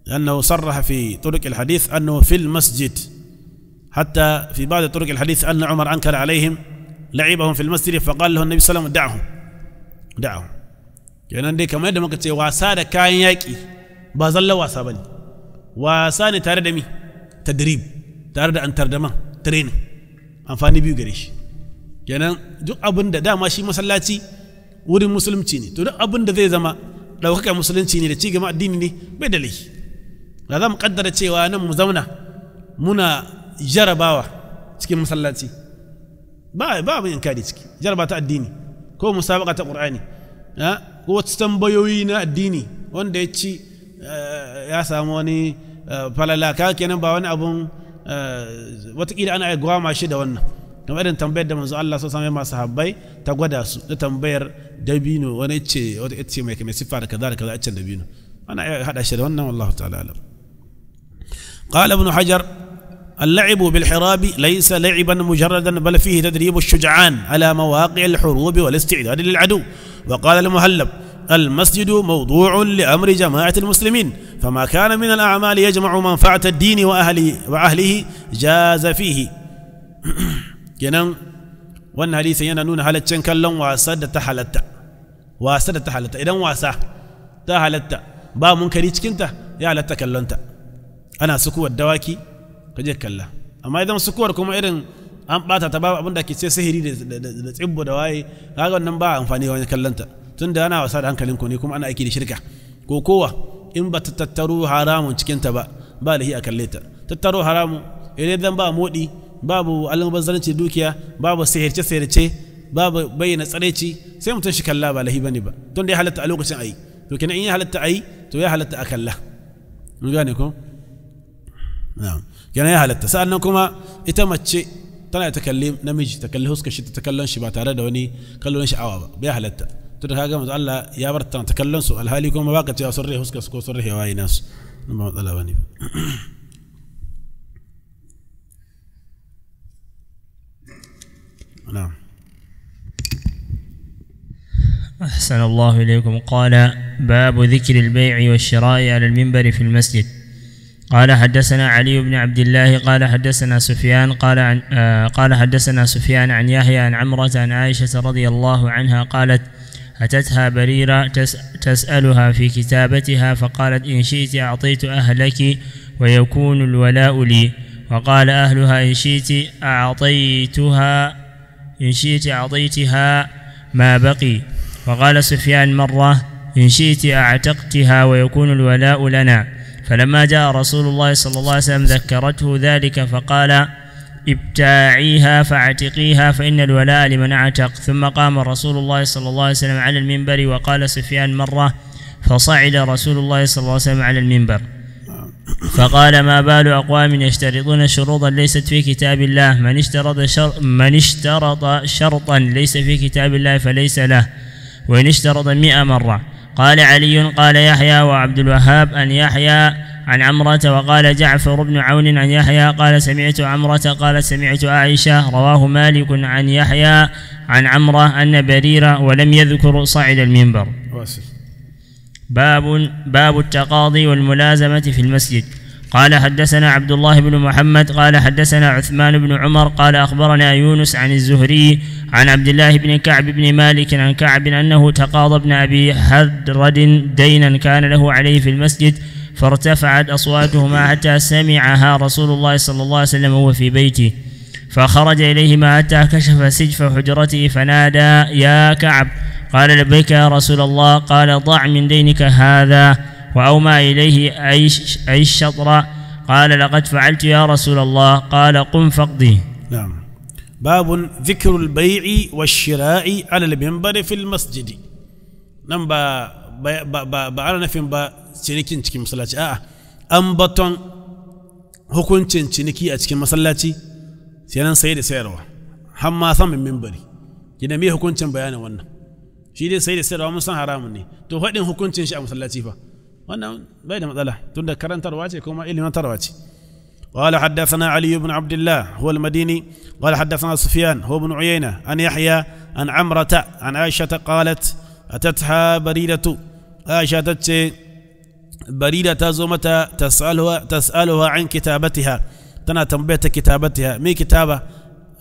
لأنه صرح في طرق الحديث أنه في المسجد حتى في بعض طرق الحديث أن عمر أنكر عليهم لعبهم في المسجد فقال له النبي صلى الله عليه وسلم دعهم دعهم كان يعني عندي كما yadda muka ce كان da بازل yaƙi ba zalla wasa tare da tardama training amfani biyu gare shi kenan duk abin da dama shi masallaci wurin musulunci ne to duk abin da zai zama ɗaukaka musulunci ne da ci gaba addini ne bai da laifi da za mu kaddara cewa nan mu zauna muna jarabawa cikin masallaci ba ba mu inkari ciki jaraba ta addini ko musabaka ta qur'ani ko wasu tambayoyi na addini wanda ya ci eh, ya samu wani eh, falala kenan ba wani abun watakila ana gwama shi da wannan kamar irin tambayar da manzo Allah sallallahu alaihi wasallam sahabbai ta gwada su da tambayar dabino wani ce wata ce mai kamar sifar kaza da kaza a can dabino ana hada shi da wannan wallahi ta'ala alam قال ابن حجر اللعب بالحراب ليس لعبا مجردا بل فيه تدريب الشجعان على مواقع الحروب والاستعداد للعدو وقال المهلب المسجد موضوع لأمر جماعة المسلمين فما كان من الأعمال يجمع منفعة الدين وأهله وأهله جاز فيه وان حديث ينا نون حالة شنكال لن واسد تحالتا واسد تحالتا إذن واسا تحالتا با منكري كنت يا لتك اللنتا أنا سكوة دواكي كجيك الله أما إذن سكوة كما إذن أم باتا تبابا بندكي سيسهري لتعبو دواي هذا النمبا أنفاني وانكال لنتا tun da ana wasa da hankalinku ne kuma ana aiki da shirka ko kowa in ba ta tattaro haramun cikinta ba ba lahi a kalle ta tattaro haramu idan dan ba moɗi babu almubazzaranci dukiya babu sihirce sihirce babu bayyana tsareci sai mutum shi kalla ba lahi bane ba tun da ya halatta a lokacin ayi to kenan in ya halatta ayi to ya halatta a kalla mun gane ko na'am kenan ya halatta sa'annan kuma ita mace tana ta kalli namiji ta kalli huskar shi ta kallon shi ba tare da wani kallon sha'awa ba bai halatta تدركها قامت الله يا برتان تكلم سؤال هالي يكون مباقة يا هوسك سكو صري صريح واي ناس نما الله بني نعم أحسن الله إليكم قال باب ذكر البيع والشراء على المنبر في المسجد قال حدثنا علي بن عبد الله قال حدثنا سفيان قال عن آه قال حدثنا سفيان عن يحيى عن عمرة عن عائشة رضي الله عنها قالت أتتها بريرة تسألها في كتابتها فقالت إن شئت أعطيت أهلك ويكون الولاء لي وقال أهلها إن شئت أعطيتها إن شئت أعطيتها ما بقي وقال سفيان مرة إن شئت أعتقتها ويكون الولاء لنا فلما جاء رسول الله صلى الله عليه وسلم ذكرته ذلك فقال إبتاعيها فاعتقيها فإن الولاء لمن اعتق ثم قام رسول الله صلى الله عليه وسلم على المنبر وقال سفيان مرة فصعد رسول الله صلى الله عليه وسلم على المنبر فقال ما بال أقوام يشترطون شروطا ليست في كتاب الله من اشترط شر من اشترط شرطا ليس في كتاب الله فليس له وإن اشترط مئة مرة قال علي قال يحيى وعبد الوهاب أن يحيى عن عمرة وقال جعفر بن عون عن يحيى قال سمعت عمرة قال سمعت عائشة رواه مالك عن يحيى عن عمرة أن بريرة ولم يذكر صعد المنبر واسف. باب باب التقاضي والملازمة في المسجد قال حدثنا عبد الله بن محمد قال حدثنا عثمان بن عمر قال أخبرنا يونس عن الزهري عن عبد الله بن كعب بن مالك عن كعب أنه تقاضى ابن أبي هدرد دينا كان له عليه في المسجد فارتفعت أصواتهما حتى سمعها رسول الله صلى الله عليه وسلم وهو في بيته فخرج إليهما حتى كشف سجف حجرته فنادى يا كعب قال لبيك يا رسول الله قال ضع من دينك هذا وأومى إليه أي الشطر قال لقد فعلت يا رسول الله قال قم فقضي نعم باب ذكر البيع والشراء على المنبر في المسجد نمبر ba ba ba ana nufin ba cinikin cikin masallaci a'a an baton hukuncin ciniki a cikin masallaci sai nan sai da sayarwa har ma saman mimbari gina me hukuncin bayanin wannan shi dai sai da sayarwa mun san haramun ne to faɗin hukuncin shi a masallaci fa wannan bai da matsala tunda karantarwa ce kuma ilimantarwa ce قال حدثنا علي بن عبد الله هو المديني قال حدثنا سفيان هو بن عيينة عن يحيى عن عمرة عن عائشة قالت أتتها بريدة عائشة تتشي بريدة زومتا تسألها تسألها عن كتابتها تنا تنبيت كتابتها مي كتابة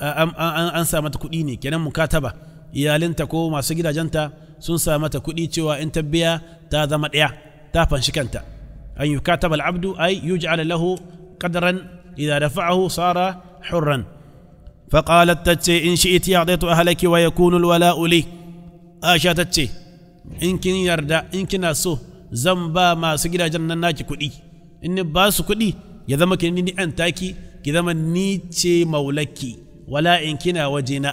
أم أن أنسى ما تكوديني كنا مكاتبة يا لنتكو ما سجدا جنتا سنسى ما تكودي توا أنت بيا تاذا ما تيا تافن شكنتا أن يكاتب العبد أي يجعل له قدرا إذا رفعه صار حرا فقالت تتشي إن شئت أعطيت أهلك ويكون الولاء لي aisha ta ce in kin yarda in kina so zan ba masu gidajen nan naki kuɗi in ni ba su kuɗi ya zama ki ni an taki ki zama ni ce maulaki wala in kina wajena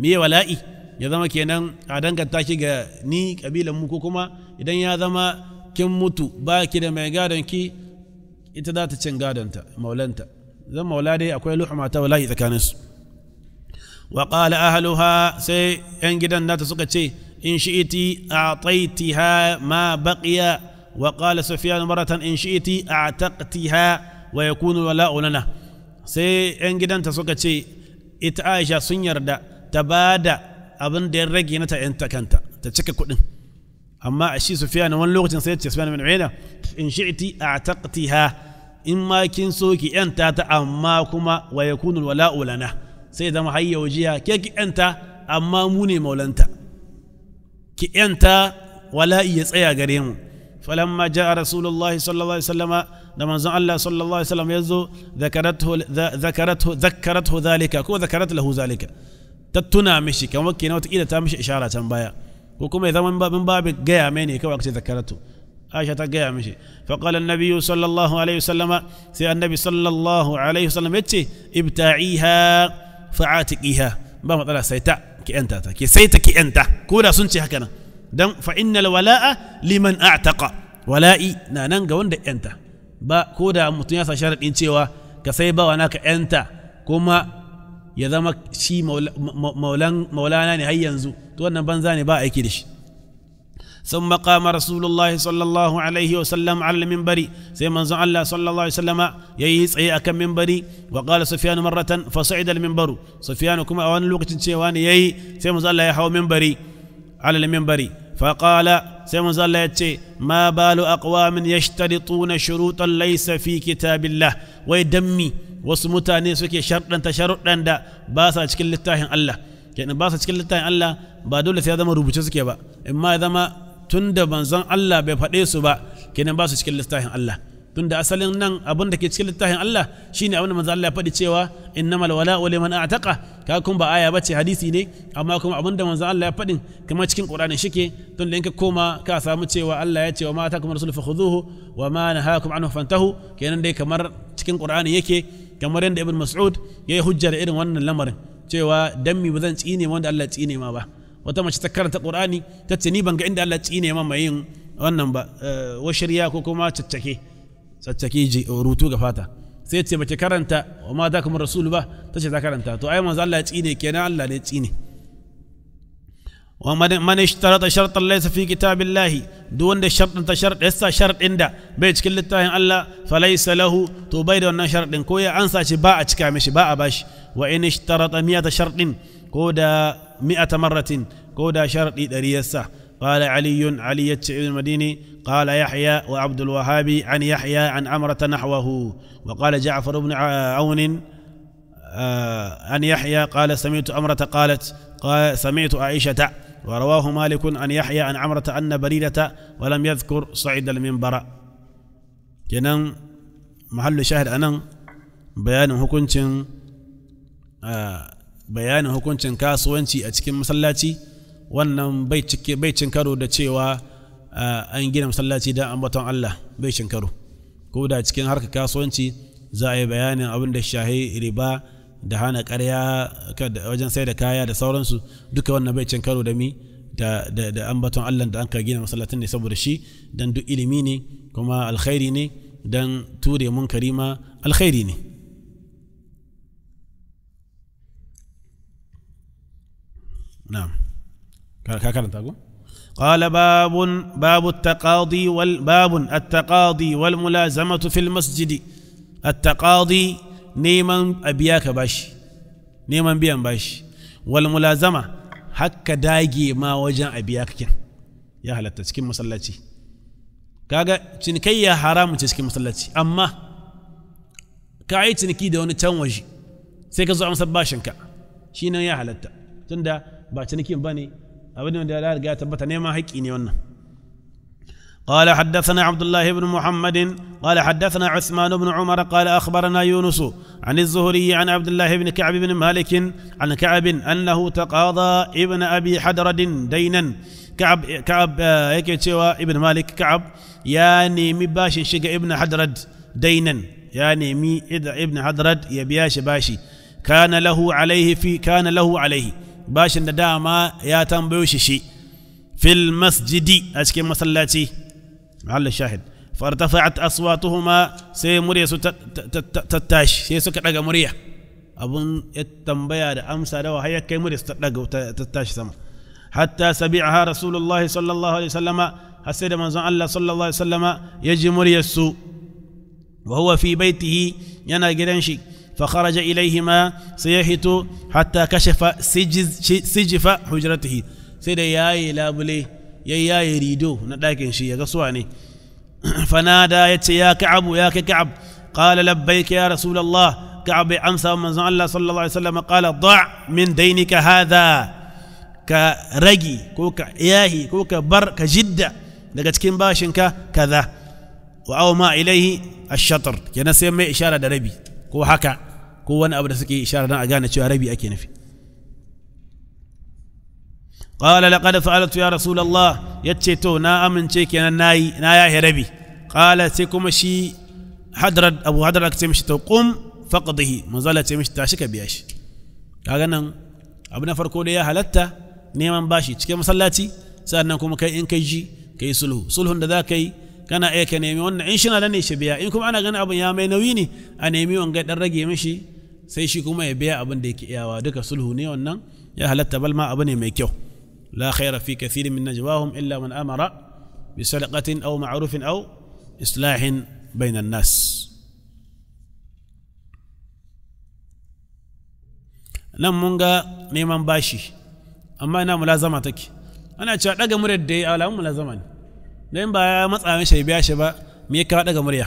me wala'i ya zama kenan a danganta ki ga ni kabilan mu ko kuma idan ya zama kin mutu ba ki da mai gadon ki ita za ta cin gadonta maulanta zan maula dai akwai luhama ta wala'i tsakaninsu wa qala ahluha sai yan gidan nata suka ce in shi'iti a'taitiha ma baqiya wa qala sufyan maratan in shi'iti a'taqtiha wa yakunu wala'u lana sai yan gidanta suka ce ita Aisha sun yarda ta bada abin da ya rage na ta yanta kanta ta cika kuɗin amma shi wani lokacin sai ce in ma kin ki ta amma kuma wa سيدة محية وجيها كيك أنت أما موني مولانتا كي أنت ولا يسعي قريم فلما جاء رسول الله صلى الله عليه وسلم لما زعل الله صلى الله عليه وسلم يزو ذكرته ذكرته ذكرته ذلك كو ذكرت له ذلك تتنا مشي كما كنا وتقيل تامش إشارة تنبايا وكما إذا من باب جاء مني كما ذكرته عائشة تقيا مشي فقال النبي صلى الله عليه وسلم سي النبي صلى الله عليه وسلم يتي ابتعيها fa'atiqiha ba matsala saita ki yanta ta ki saita ki yanta ko da sun ce haka nan dan fa innal wala'a liman a'taqa wala'i na nan ga wanda yanta ba ko da mutum ya sa sharadin cewa ka sai bawa naka yanta kuma ya zama shi maulana ne har yanzu to wannan banza ne ba aiki da shi ثم قام رسول الله صلى الله عليه وسلم على المنبر سيما زعل الله صلى الله عليه وسلم ييس أي أكم منبري وقال سفيان مرة فصعد المنبر سفيان كما أوان لوقت شيوان يي سيما زعل الله يحو منبري على المنبر فقال سيما زعل الله ما بال أقوام يشترطون شروطا ليس في كتاب الله ويدمي وسمتاني نسوك شرطا تشرطا دا باسا تشكل التاهن الله كأن يعني باسا su cikin littafin Allah ba ما sai ya با إما إذا ما tun da manzon Allah bai faɗe su ba kenan ba su cikin littafin Allah tun da asalin nan abin da ke cikin littafin Allah shine abin da manzon Allah ya faɗi cewa innamal wala'u liman a'taqa ka kun ba aya bace hadisi ne amma kuma abin da manzon Allah ya faɗin kamar cikin Qur'ani shike tun da in ka koma ka samu cewa Allah ya ce wa ma atakum rasul fakhuduhu wa ma nahakum anhu fantahu kenan dai kamar cikin Qur'ani yake kamar yadda Ibn Mas'ud ya yi hujjar irin wannan lamarin cewa dammi ba zan tsine wanda Allah tsine ma ba wata mace ta karanta qur'ani ta ce ni ban ga inda Allah tsine ma mai yin wannan ba wa eh, washirya ko kuma caccake caccake ji eh, rutu ga fata sai ce bace karanta wa ma za kuma rasul ba ta ce za karanta to ai manzo Allah ya tsine kenan Allah ne tsine wa man ishtarata shartan laysa fi kitabillahi duk wanda shartan ta shart yasa shartin da bai cikin littafin Allah falaysa lahu to bai da wannan shartin ko ya ansa shi ba a cika mishi ba a bashi wa in ishtarata miyata shartin ko da مئة مرة كودا شرط دريسة قال علي علي بن المديني قال يحيى وعبد الوهاب عن يحيى عن عمرة نحوه وقال جعفر بن عون آه، عن يحيى قال سمعت عمرة قالت قال سمعت عائشة ورواه مالك عن يحيى عن عمرة أن بريدة ولم يذكر صعد المنبر كنان محل شاهد أنا بيان حكمتين آه، bayanin hukuncin kasuwanci a cikin masallaci wannan bai cin karo da cewa an gina masallaci don ambaton Allah bai cin karo ko da cikin harka kasuwanci za a yi bayanin abin da shahi riba da hana karya wajen sai da kaya da sauransu duka wannan bai cin karo da mi da ambaton Allah da an ka gina masallacin ne saboda shi don duk ilimi ne kuma alkhairi ne don ture mun karima alkhairi ne نعم كان تقول قال باب باب التقاضي والباب التقاضي والملازمة في المسجد التقاضي نيمان أبياك باش نيمان بيان باش والملازمة حك دايجي ما وجه أبياك كن يا هلا تسكين مصلتي كاغا تنكي يا حرام تسكين مصلتي أما كاي تنكي دون تنوجي سيكا زعم سباشنكا يا هلا تندا ba cinikin nikin bane abin da ya riga tabbata ne ma haƙi ne wannan قال حدثنا عبد الله بن محمد قال حدثنا عثمان بن عمر قال أخبرنا يونس عن الزهري عن عبد الله بن كعب بن مالك عن كعب أنه تقاضى ابن أبي حدرد دينا كعب كعب يكتوى ابن مالك كعب يعني مباش شق ابن حدرد دينا يعني مي إذا ابن حدرد يبياش باشي كان له عليه في كان له عليه bashin da يا ya tambayo shi shi fil masjidi a cikin فارتفعت أصواتهما سي مريس تتاش سي سكا دغا مريا ابون التنبيا دا أمسا دا وهي كي مريس دغا تتاش سما حتى سبعها رسول الله صلى الله عليه وسلم حسيد من زن الله صلى الله عليه وسلم يجي مريا وهو في بيته ينا جدنشي فخرج إليهما سيحيت حتى كشف سجف حجرته سيدا ياي لابلي ياي ريدو نداكن شي يا غسواني فنادى يتي يا كعب يا كعب قال لبيك يا رسول الله كعب أمسى ومن الله صلى الله عليه وسلم قال ضع من دينك هذا كرجي كوك إياهي كوك بر كجدة لقد كم باشنك كذا وأوما إليه الشطر كنا سيما إشارة دربي ko haka ko wani abu da suke ishara don a gane cewa rabi ake nufi qala laqad fa'altu ya rasulullah yace to na amince kenan na na yahe rabi qala sai kuma shi hadrat abu hadrat ce mishi to qum faqdihi manzala ce mishi tashi ka biya shi kaga nan abu na farko da ya halatta neman bashi cikin masallaci sannan kuma kai in kai ji kai sulhu sulhun da za ka yi kana iya ka nemi wannan in shina da ne shi biya in kuma ana ganin abin ya mai nauyi ne a nemi wanga dan rage mishi sai shi kuma ya biya abin da yake iyawa duka sulhu ne wannan ya halatta ma abu ne mai kyau la khaira fi kathirin min najwahum illa man amara bi sadaqatin aw ma'rufin aw islahin bainan nas nan mun ga neman bashi amma ina mulazama take ana cewa daga murar da ya alamun mulazama ne dan ba ya matsa mishi ya biya shi ba me ya kawo daga murya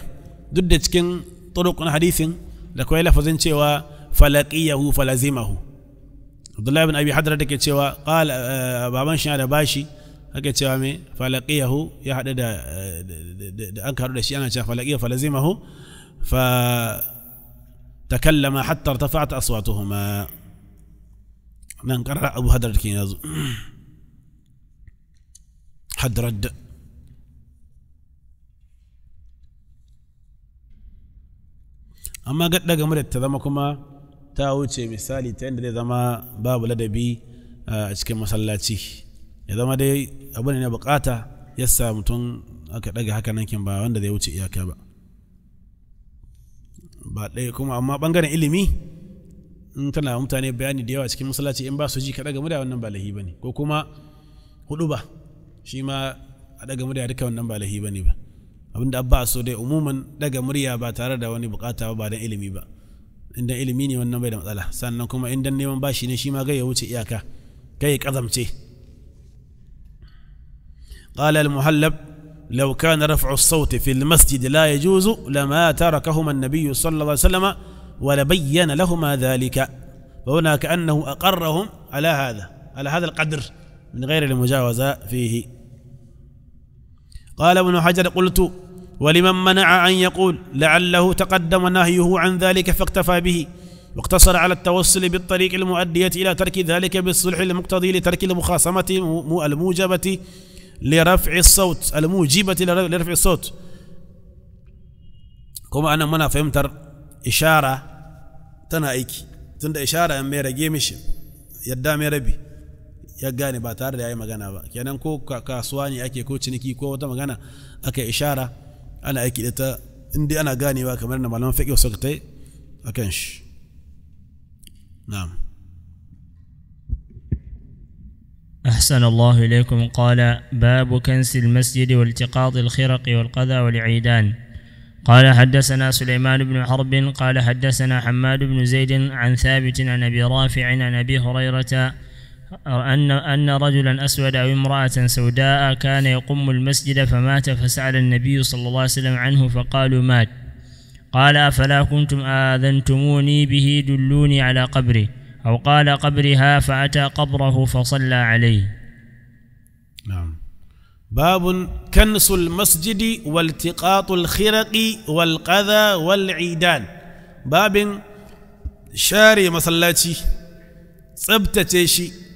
duk da cikin turuq hadisin da kawai lafazin cewa falaqiyahu falazimahu Abdullah ibn Abi Hadra dake cewa qala baban shi da bashi ake cewa me falaqiyahu ya hada da da an karu da shi ana cewa falaqiyahu falazimahu fa takallama hatta irtafa'at aswatuhuma nan karra Abu Hadra dake yazo hadrad amma ga game da ta zama kuma ta wuce misali ta yadda zai zama babu ladabi a cikin masallaci ya zama dai abu ne na bukata ya sa mutum aka daga haka nan kin ba wanda zai wuce iyaka ba ba ɗaya kuma amma bangaren ilimi in tana mutane bayani da yawa cikin masallaci in ba su ji ka daga mu da wannan ba lahi ne ko kuma hudu ba shi ma a daga mu da duka wannan ba lahi ne ba abinda abba so dai umuman daga murya ba tare da wani bukata ba dan ilimi ba indan ilimi ne wannan bai da matsala sannan kuma indan neman bashi ne shi ma ga ya wuce iyaka kai ya kazamce قال المحلب لو كان رفع الصوت في المسجد لا يجوز لما تركهما النبي صلى الله عليه وسلم ولبين لهما ذلك فهنا كأنه أقرهم على هذا على هذا القدر من غير المجاوزة فيه قال ابن حجر قلت ولمن منع أن يقول لعله تقدم نهيه عن ذلك فاكتفى به واقتصر على التوصل بالطريق المؤدية إلى ترك ذلك بالصلح المقتضي لترك المخاصمة الموجبة لرفع الصوت الموجبة لرفع الصوت كما أنا منا فهمتر إشارة تنا إيكي تند إشارة ميرا جيمش يدا ميرا بي يقاني باتار ba tare da ya yi magana ba kenan ko kasuwa ne ake ana aiki da ta inda ana ganewa kamar na malaman fiƙi wasu ta a kan shi na'am أحسن الله إليكم قال باب كنس المسجد والتقاط الخرق والقذى والعيدان قال حدثنا سليمان بن حرب قال حدثنا حماد بن زيد عن ثابت عن أبي رافع عن أبي هريرة أن أن رجلا أسود أو امرأة سوداء كان يقم المسجد فمات فسأل النبي صلى الله عليه وسلم عنه فقالوا مات قال أفلا كنتم آذنتموني به دلوني على قبره أو قال قبرها فأتى قبره فصلى عليه نعم باب كنس المسجد والتقاط الخرق والقذى والعيدان باب شاري مصلاتي tsabtace shi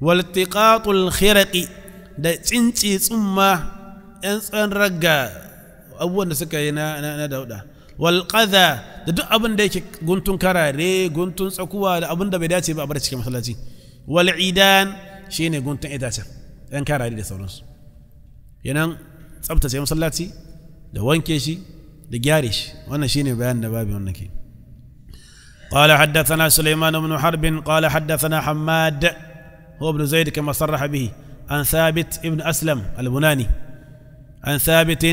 waltiƙatul khiraqi da tsinci tsumma ‘yan tsan ragga abubuwan da suka yi na dauda walƙaza da duk abin da yake guntun karare guntun tsakuwa da abin da bai dace ba a bar cikin masallaci wal'idan shi ne guntun itace ‘yan karare da sauransu yanan tsabtace masallaci da wanke shi da wannan bayan wannan ke قال حدثنا سليمان بن حرب قال حدثنا حماد هو ابن زيد كما صرح به عن ثابت ابن أسلم البناني عن ثابت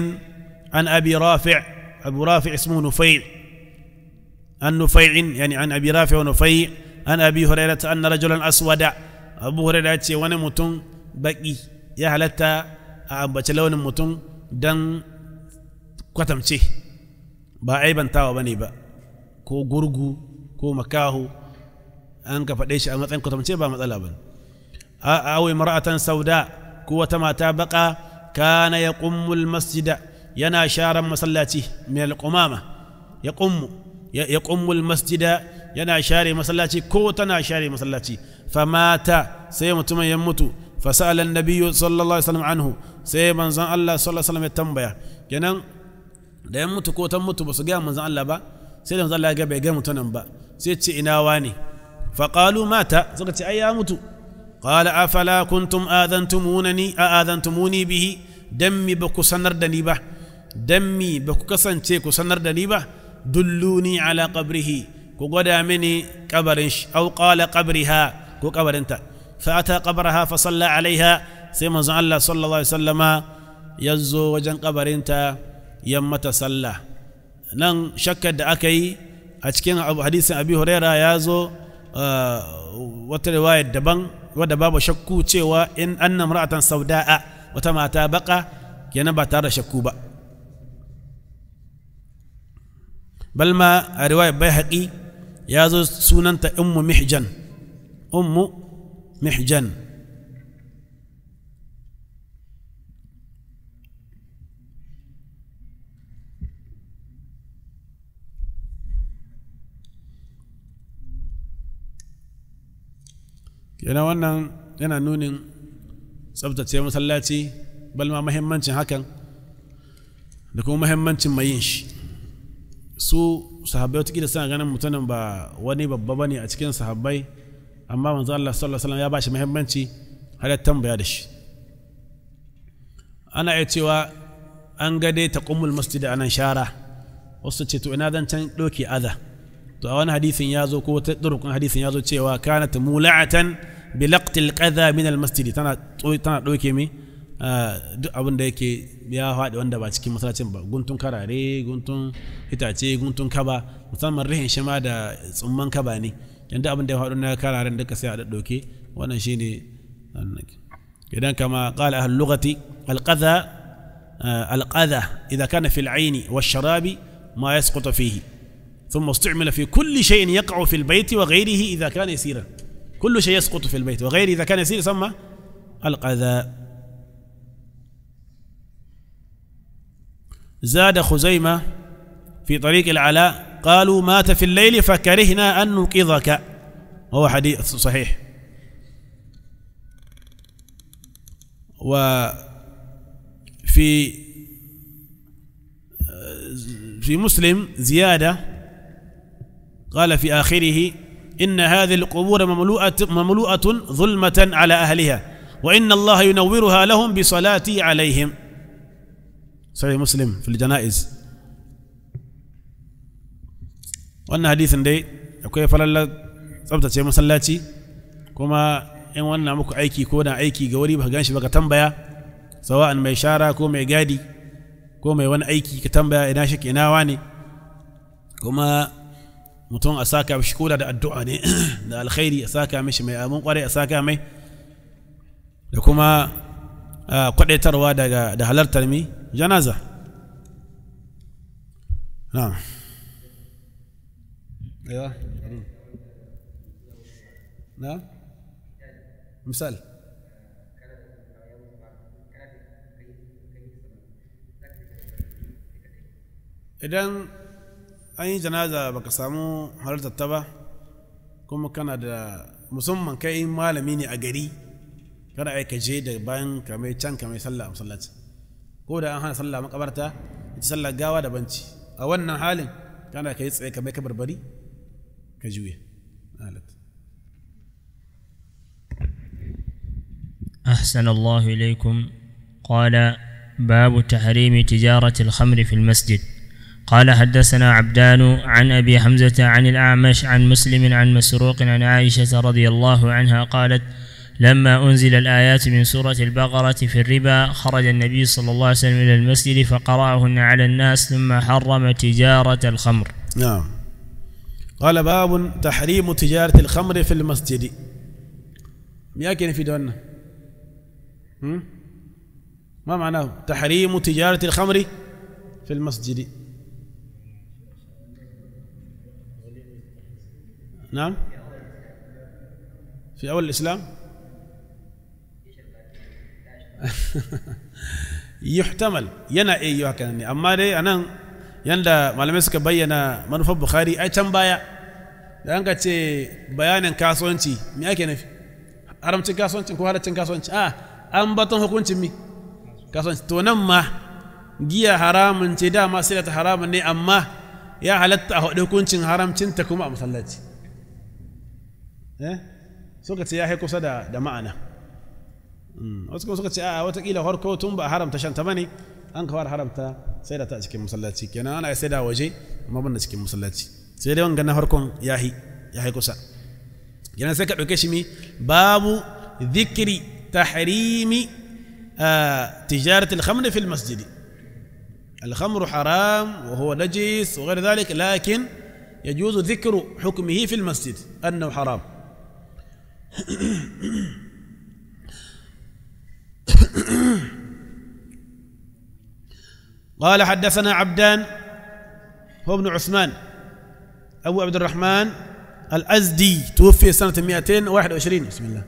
عن أبي رافع أبو رافع اسمه نفيع عن نفيع يعني عن أبي رافع ونفيع عن أبي هريرة أن رجلا أسود أبو هريرة ونمتن بقي ya halatta a ambaci launin mutum don kwatamce ba تاو بنيبا كو ba كو مكاهو أنك makaho an ka faɗe shi a أو امرأة سوداء قوة ما تابقى كان يقم المسجد ينا شارا مسلاته من القمامة يقم يقم المسجد ينا شاري مسلاته كوتنا شاري مسلاته فمات سيمت من يموت فسأل النبي صلى الله عليه وسلم عنه سيما زن الله صلى الله عليه وسلم يتنبيه كنان da ya mutu ko ta mutu ba su gaya manzan Allah ba sai da manzan Allah ya ga bai ga mutunan ba sai ce ina wani faqalu mata suka ce ai ya mutu قال أفلا كنتم آذنتمونني آذنتموني به دمي بكو سنر به دمي بكو كسن تيكو سنردني دلوني على قبره كو قدا مني قبرش أو قال قبرها كو قبر انت فأتى قبرها فصلى عليها سيما الله صلى الله عليه وسلم يزو وجن قبر انت يمت تصلى نن شكد أكي أتكين حديث أبي هريرة يازو Uh, wata riwayar daban wadda babu shakku cewa in annam ra'atan sauda'a wata mata baka kenan ba tare da shakku ba balma a riwayar bai haƙi ya zo sunanta ummu mihjan ummu kenan wannan yana nunin tsabtace masallaci balma mahimmancin hakan da kuma mahimmancin mayin shi su sahabbai watakila suna ganin mutumin ba wani babba bane a cikin sahabbai amma manzo Allah sallallahu alaihi ya ya bashi muhimmanci har ya tambaya da shi ana iya cewa an ga dai taqumul masjid anan shara wasu ce to ina zan can doki adha to a wani hadisin ya zo ko ta ɗurukun hadisin ya zo cewa kana ta mula'atan bi laqtil qadha min al masjid tana tana ɗauke mi duk abin da yake ya faɗi wanda ba cikin masallacin ba guntun karare guntun itace guntun kaba musamman rihin shima da tsumman kaba ne yanda abin da ya faɗi na kararen duka sai a ɗauke wannan shine idan kama qala ahlul lughati al qadha al qadha idha kana fil ayni wash sharabi ma yasqutu fihi ثم استعمل في كل شيء يقع في البيت وغيره إذا كان يسيرا كل شيء يسقط في البيت وغيره إذا كان يسير يسمى القذاء زاد خزيمة في طريق العلاء قالوا مات في الليل فكرهنا أن نوقظك وهو حديث صحيح وفي آه، في مسلم زيادة قال في آخره إن هذه القبور مملوءة, ظلمة على أهلها وإن الله ينورها لهم بصلاتي عليهم صحيح مسلم في الجنائز وأن حديث دي أكوية فلالة ثبتة يا مسلاتي كما إن وأن أمك أيكي كونا أيكي غوري بغانش بغا تنبيا سواء ما إشارة كوما يقادي كوما يوان أيكي كتنبيا إناشك إناواني كما mutum a saka mishi koda da addu'a ne da alkhairi a saka mishi mai amin kwarai a saka mai da kuma kwadaitarwa daga da halartar mi janaza na'am ايوه نعم مثال اذا أي جنازة بقسامو هل تتبع كم كان دا مسمى كأي مال ميني أجري كان أي كجيد بان كمي تشان كمي صلى صلى كودا أنا صلى مقبرتا يتصلى جاوا دا بنتي أولنا حالا كان كي يصير كمي كبر بري كجوية قالت أحسن الله إليكم قال باب تحريم تجارة الخمر في المسجد قال حدثنا عبدان عن أبي حمزة عن الأعمش عن مسلم عن مسروق عن عائشة رضي الله عنها قالت لما أنزل الآيات من سورة البقرة في الربا خرج النبي صلى الله عليه وسلم إلى المسجد فقرأهن على الناس ثم حرم تجارة الخمر نعم قال باب تحريم تجارة الخمر في المسجد مياكن في دون ما معناه تحريم تجارة الخمر في المسجد نعم في أول الإسلام yuhtamal yana iya yi haka amma dai anan yanda malamai suka bayyana manufar bukhari ai can baya da ce bayanin kasuwanci me ake nufi haramcin kasuwanci ko halaccin kasuwanci a an baton hukuncin mi kasuwanci to nan ma giya haramun ce dama sai ta haramun ne amma ya halatta a hukuncin haramcinta kuma a masallaci eh suka ce ya haiko sada da ma'ana wasu kuma suka ce a watakila farko tun ba haramta shanta bane an kawar haramta sai da ta cikin masallaci kenan ana sai da waje amma ban cikin masallaci sai dai wanga na farkon yahi ya haiko sa kenan sai ka dauke shi mi babu dhikri tahrimi tijarati al-khamr fi al-masjid الخمر حرام وهو نجس وغير ذلك لكن يجوز ذكر حكمه في المسجد أنه حرام قال حدثنا عبدان هو ابن عثمان أبو عبد الرحمن الأزدي توفي سنة 221 بسم الله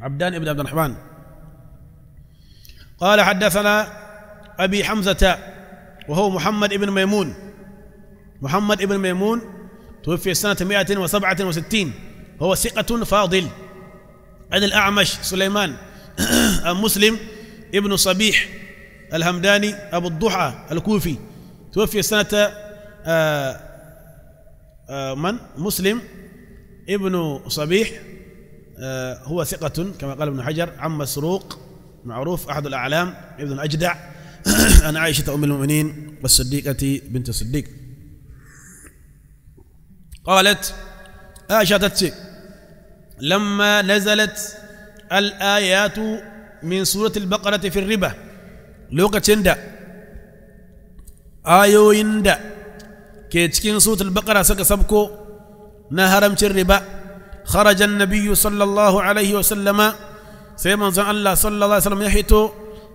عبدان ابن عبد الرحمن قال حدثنا أبي حمزة وهو محمد ابن ميمون محمد ابن ميمون توفي سنة 167 هو ثقة فاضل عن الأعمش سليمان مسلم ابن صبيح الهمداني أبو الضحى الكوفي توفي سنة آآ آه، آآ آه، من مسلم ابن صبيح آه، هو ثقة كما قال ابن حجر عم مسروق معروف أحد الأعلام ابن أجدع عن عائشة أم المؤمنين والصديقة بنت الصديق قالت أشهدت لما نزلت الآيات من سورة البقرة في الربا لوقت عند آيو عند كيتشكين سورة البقرة سك سبكو نهرم الربا خرج النبي صلى الله عليه وسلم سيما الله صلى الله عليه وسلم يحيط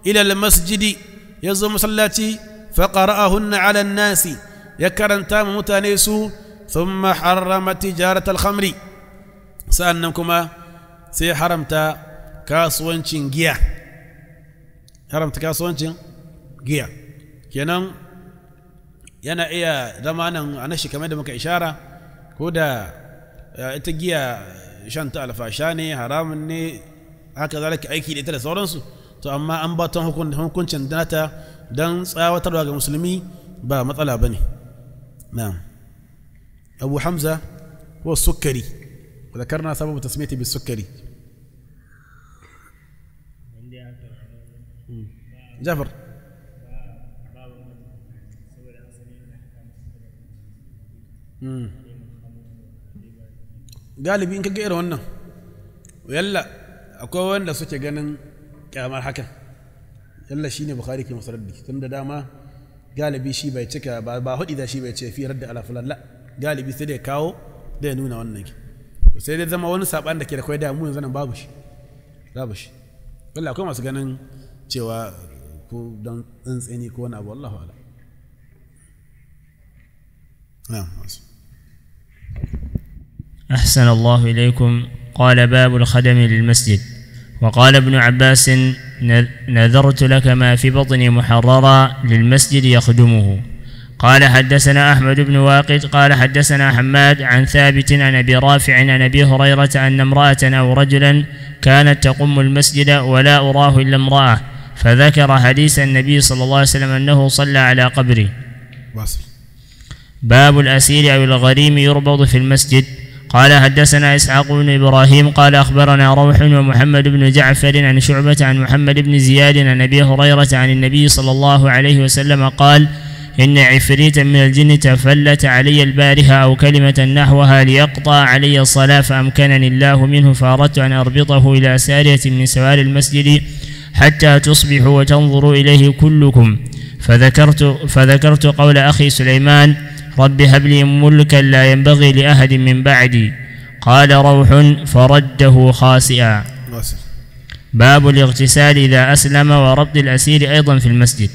إلى المسجد يزوم صلاتي فقرأهن على الناس يكرن تام متانيسو ثم حرم تجارة الخمر sannan kuma سي حرمت كاسوانشين جيا حرمت كاسوانشين جيا كينان yana iya zama nan a nashi kamar da muka ishara ko da ita giya shan ta alfasha ne haramun ne haka zalika aiki da ita da sauransu to amma an ba hukuncin nata don tsawatarwa ga musulmi ba matsala ba ne na'am أبو حمزة هو السكري وذكرنا سبب تسميته بالسكري جفر قالي بينك غير هنا ويلا اكو وين لسوك غنن كامل حكا يلا شيني بخاري كي مسردي تند داما قال بي شي باي تشكا با هدي ذا شي باي في رد على فلان لا galibi sai da kawo da ya nuna wannan to sai dai zama wani saban da ke da kwai da mu yanzu nan babu shi babu shi wallahi akwai masu ganin cewa ko don tsantseni ko wani abu wallahu ala أحسن الله إليكم قال باب الخدم للمسجد وقال ابن عباس نذرت لك ما في بطني محررا للمسجد يخدمه قال حدثنا أحمد بن واقد قال حدثنا حماد عن ثابت عن أبي رافع عن أبي هريرة أن امرأة أو رجلا كانت تقم المسجد ولا أراه إلا امرأة فذكر حديث النبي صلى الله عليه وسلم أنه صلى على قبره واصل باب الأسير أو الغريم يربض في المسجد قال حدثنا إسحاق بن إبراهيم قال أخبرنا روح ومحمد بن جعفر عن شعبة عن محمد بن زياد عن أبي هريرة عن النبي صلى الله عليه وسلم قال إن عفريتا من الجن تفلت علي البارهة أو كلمة نحوها ليقطع علي الصلاة فأمكنني الله منه فأردت أن أربطه إلى سارية من سوار المسجد حتى تصبحوا وتنظروا إليه كلكم فذكرت, فذكرت قول أخي سليمان رب هب لي ملكا لا ينبغي لأحد من بعدي قال روح فرده خاسئا باب الاغتسال إذا أسلم وربط الأسير أيضا في المسجد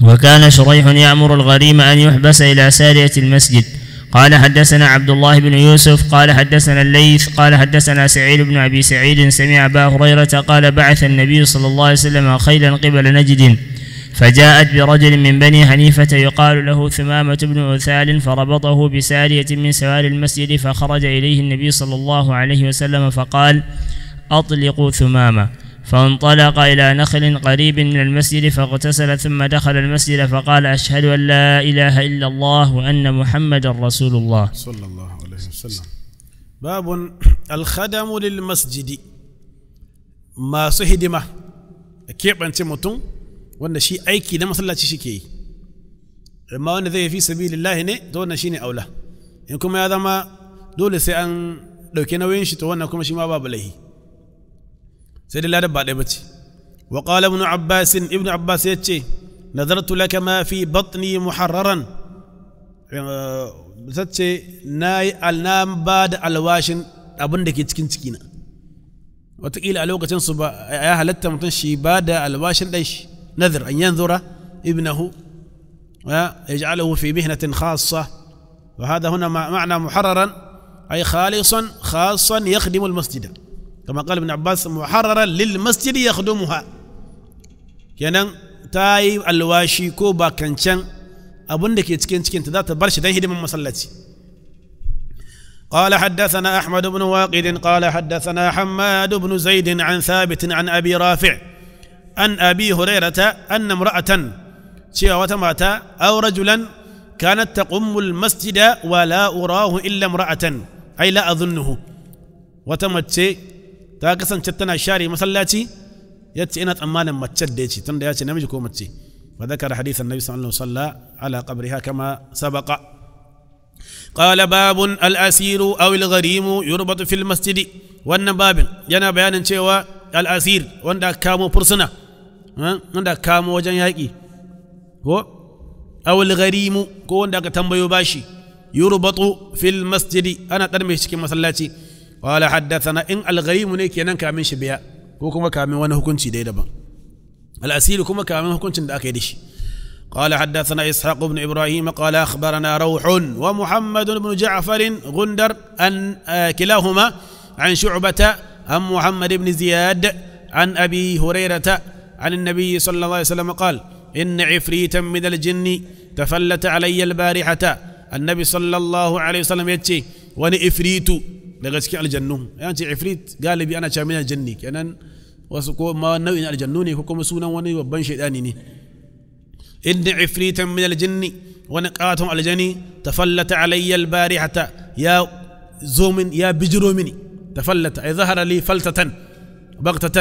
وكان شريح يأمر الغريم أن يحبس إلى سارية المسجد قال حدثنا عبد الله بن يوسف قال حدثنا الليث قال حدثنا سعيد بن أبي سعيد سمع أبا هريرة قال بعث النبي صلى الله عليه وسلم خيلا قبل نجد فجاءت برجل من بني حنيفة يقال له ثمامة بن أثال فربطه بسارية من سوار المسجد فخرج إليه النبي صلى الله عليه وسلم فقال أطلقوا ثمامة فانطلق إلى نخل قريب من المسجد فاغتسل ثم دخل المسجد فقال أشهد أن لا إله إلا الله وأن محمدا رسول الله صلى الله عليه وسلم باب الخدم للمسجد ما ما كيف أنت متون وأن شيء أي لما صلى شيء amma wanda أن في سبيل الله هنا دون shine aula in إنكم ya zama dole sai an dauke nauyin shi to wannan ما باب ma سيد الله رب بعد وقال ابن عباس ابن عباس يتشي نظرت لك ما في بطني محررا آه، ستشي ناي النام بعد الواشن أبن دكي تكين تكينا وتقيل على وقت صبا يا هلت متنشي بعد الواشن ليش نذر أن ينذر ابنه ويجعله آه، في مهنة خاصة وهذا هنا معنى محررا أي خالصا خاصا يخدم المسجد كما قال ابن عباس محررا للمسجد يخدمها كان تاي الواشي كوبا كانشان bakancan abin da ke cikin cikinta za ta bar قال حدثنا أحمد بن واقد قال حدثنا حماد بن زيد عن ثابت عن أبي رافع عن أبي هريرة أن امرأة شيوة وتماتا أو رجلا كانت تقم المسجد ولا أراه إلا امرأة أي لا أظنه وتمت ta kasance tana share masallaci ya ce ina tsammanin mace da ya ce da ya ce namiji ko mace wa zakara hadisan nabi sallallahu alaihi ala qabriha kama sabaqa qala babun al asiru aw al gharimu yurbatu fil masjid wannan babin yana bayanin cewa al asir wanda kamo fursuna wanda kamo wajen yaƙi ko aw gharimu ko wanda aka tambayo bashi yurbatu fil ana dar cikin masallaci قال حدثنا ان الغريم ne kenan كامن shi biya ko kuma kamin wani hukunci dai daban الأسير كما كان دا كنت أكيدش قال حدثنا إسحاق بن إبراهيم قال أخبرنا روح ومحمد بن جعفر غندر أن آه، كلاهما عن شعبة عن محمد بن زياد عن أبي هريرة عن النبي صلى الله عليه وسلم قال إن عفريتا من الجن تفلت علي البارحة النبي صلى الله عليه وسلم يتشي وني إفريت لغسكي على جنوم يعني عفريت قال لي أنا شامين جنيك أنا وسكو ما نوي على جنوني هو سونا وني وبن شيطاني إن عفريتا من الجن ونقاتهم على جني تفلت علي البارحة يا زوم يا بجرومني تفلت أي ظهر لي فلتة بغتة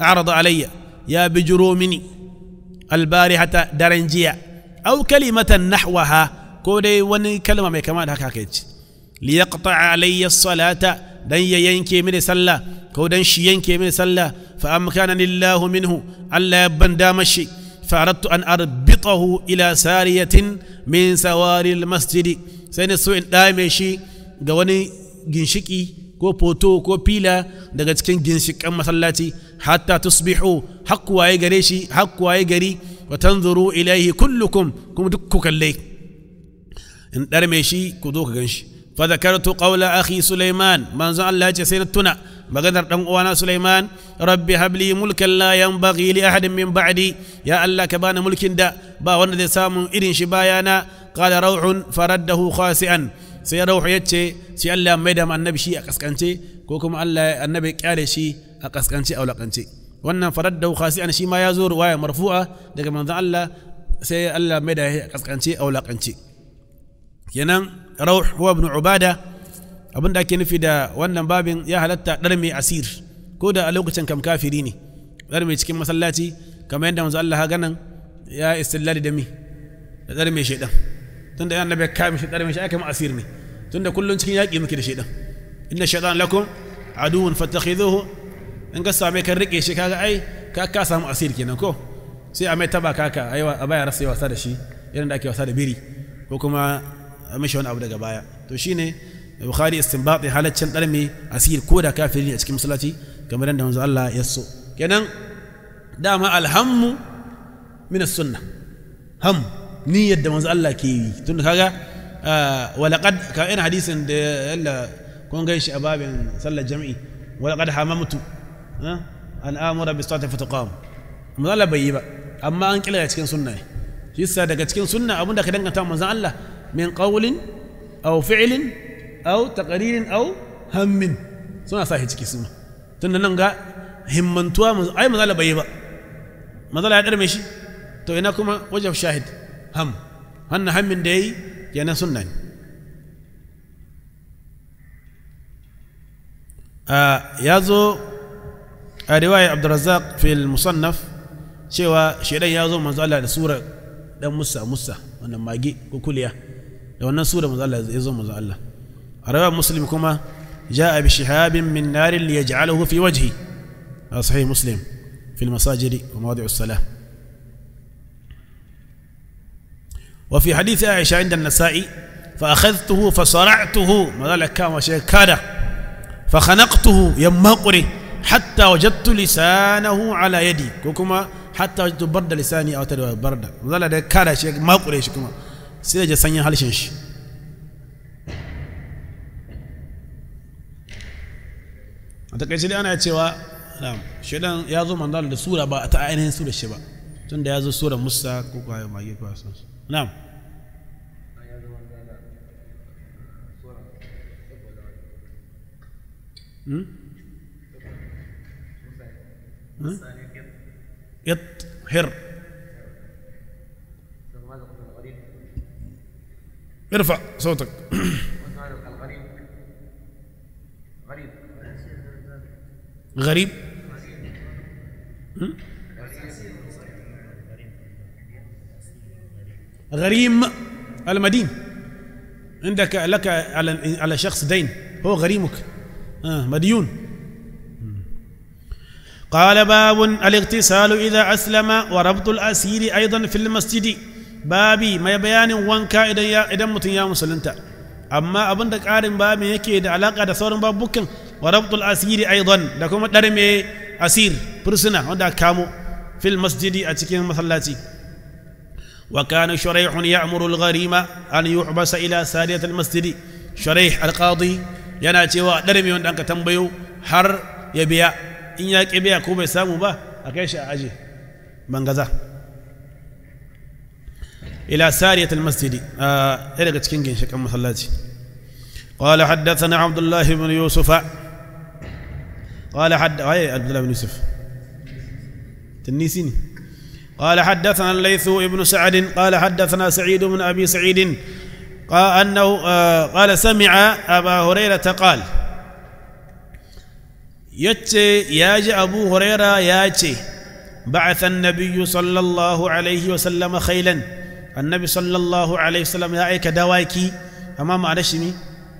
أعرض علي يا بجرومني البارحة درنجية أو كلمة نحوها كودي وني كلمة كمان هكاكيتش ليقطع علي الصلاة دن ينكي من سلة كو دن شي ينكي من سلة فأمكنني الله منه ألا يبن دامشي فأردت أن أربطه إلى سارية من سواري المسجد سين السوين دامشي قواني جنشكي كو بوتو كو بيلا دغت كين جنشك أما صلاتي حتى تصبحوا حق واي غريشي حق واي غري وتنظروا إليه كلكم كم دكوك الليك ان دارميشي كدوك جنشي fadakartu zakartu qawla akhi sulaiman manzon Allah ya ce sai na tuna maganar dan uwana sulaiman rabbi habli mulkan la yanbaghi li ahadin min ba'di ya Allah ka bani mulkin da ba wanda zai samu irin shi bayana qala rauhun faraddahu khasi'an sai rauhu yace sai Allah mai da annabi shi a kaskance ko kuma annabi kyale shi a kaskance a wannan faraddahu khasi'an shi ma ya zo ruwaya marfu'a daga manzon Allah sai Allah mai da a kaskance a kenan rauh ubada abin da ake nufi da wannan babin ya halatta dar mai asir ko da a lokacin kam kafiri ne dar mai cikin masallaci kamar yadda manzo Allah ya istillali da mi da dar mai yana nabi shi dar mai shi asir ne tunda kullun cikin yaki muke da shedan inna shaytan lakum aduwwun fattakhiduhu in ka same ka rike shi kaga ai ka ka samu asir kenan ko sai a taba kaka aiwa a rasa wasa da shi irin da ake wasa da biri ko kuma a mashi wani abu daga baya to shine bukhari istinbati halaccin darmi asir ko da kafiri a cikin musulati kamar yadda manzo Allah ya so kenan dama alhammu min sunna ham niyyar da manzo Allah ke yi tun kaga ah, walaqad ka ina hadisin da yalla kun gan shi a babin sallar jami'i walaqad hamamtu an amura bi salati fataqam manzo Allah bai yi ba amma an kila cikin sunna ne shi daga cikin sunna abinda ka danganta manzo Allah min ƙaulin au fi'ilin au taƙaririn au hammin suna sa shi ciki suma tunda nan ga himmantuwa ai mazala bai yi ba mazala ya ɗarme shi to ina kuma wajen shahid ham wannan hammin da ya yi kenan ya zo a riwayar fil musannaf cewa shaidan ya zo manzo da sura dan musa musa mage ko da wannan sura manzo Allah ya zo manzo Allah a rawa muslim kuma ja'a bi shihabin min narin li yaj'aluhu fi wajhi a sahih muslim fi al-masajid wa mawadi'u as-salah وفي حديث عائشة عند النسائي فأخذته فصرعته ما ذلك كان شيء كاد فخنقته يمقري حتى وجدت لسانه على يدي كما حتى وجدت برد لساني أو تدوى برد ما ذلك كاد شيء مقري شكما sai da sanyin halshen shi a takaice dai ana cewa shaidan ya zo manzala da sura ba ta ainihin sura shi ba tun da ya zo sura musa ko kwayo mage kwayo na'am يطهر hmm? hmm? ارفع صوتك غريب غريم المدين عندك لك على على شخص دين هو غريمك آه مديون قال باب الاغتسال إذا أسلم وربط الأسير أيضا في المسجد babi mai bayanin wanka idan idan mutum ya musulunta amma abin da ƙarin babin yake da alaƙa da sauran babukan wa asiri aidan da kuma ɗarme asir prisoner wanda kamo fil masjidi a cikin masallaci wa kana shuraih ya'muru al-gharima an yuhbasa ila sariyat al-masjidi shuraih al-qadi yana cewa ɗarme wanda aka tambayo har ya biya in ya ƙi biya ko bai إلى سارية المسجد إرقت آه، كينجين شكا مثلاتي قال حدثنا عبد الله بن يوسف قال حد أي عبد الله بن يوسف تنيسيني قال حدثنا الليث بن سعد قال حدثنا سعيد بن أبي سعيد قال أنه آه، قال سمع أبا هريرة قال يتي ياجي أبو هريرة ياتي بعث النبي صلى الله عليه وسلم خيلاً annabi sallallahu alaihi wasallam ya aika dawaki amma ma'ana shi ne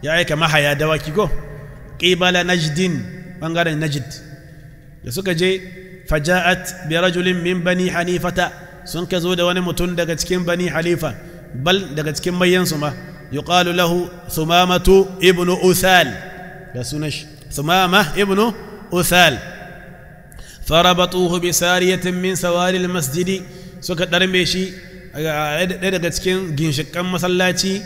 ya aika mahaya dawaki go qibala najdin bangaren najd da suka je faja'at bi rajulin min bani hanifata sun ka zo da wani mutum daga cikin bani halifa bal daga cikin mayyansu ma yuqalu lahu sumamatu ibnu uthal da sunan shi sumama ibnu uthal فربطوه بسارية من سواري المسجد سكت رميشي ɗaya daga cikin ginshiƙan masallaci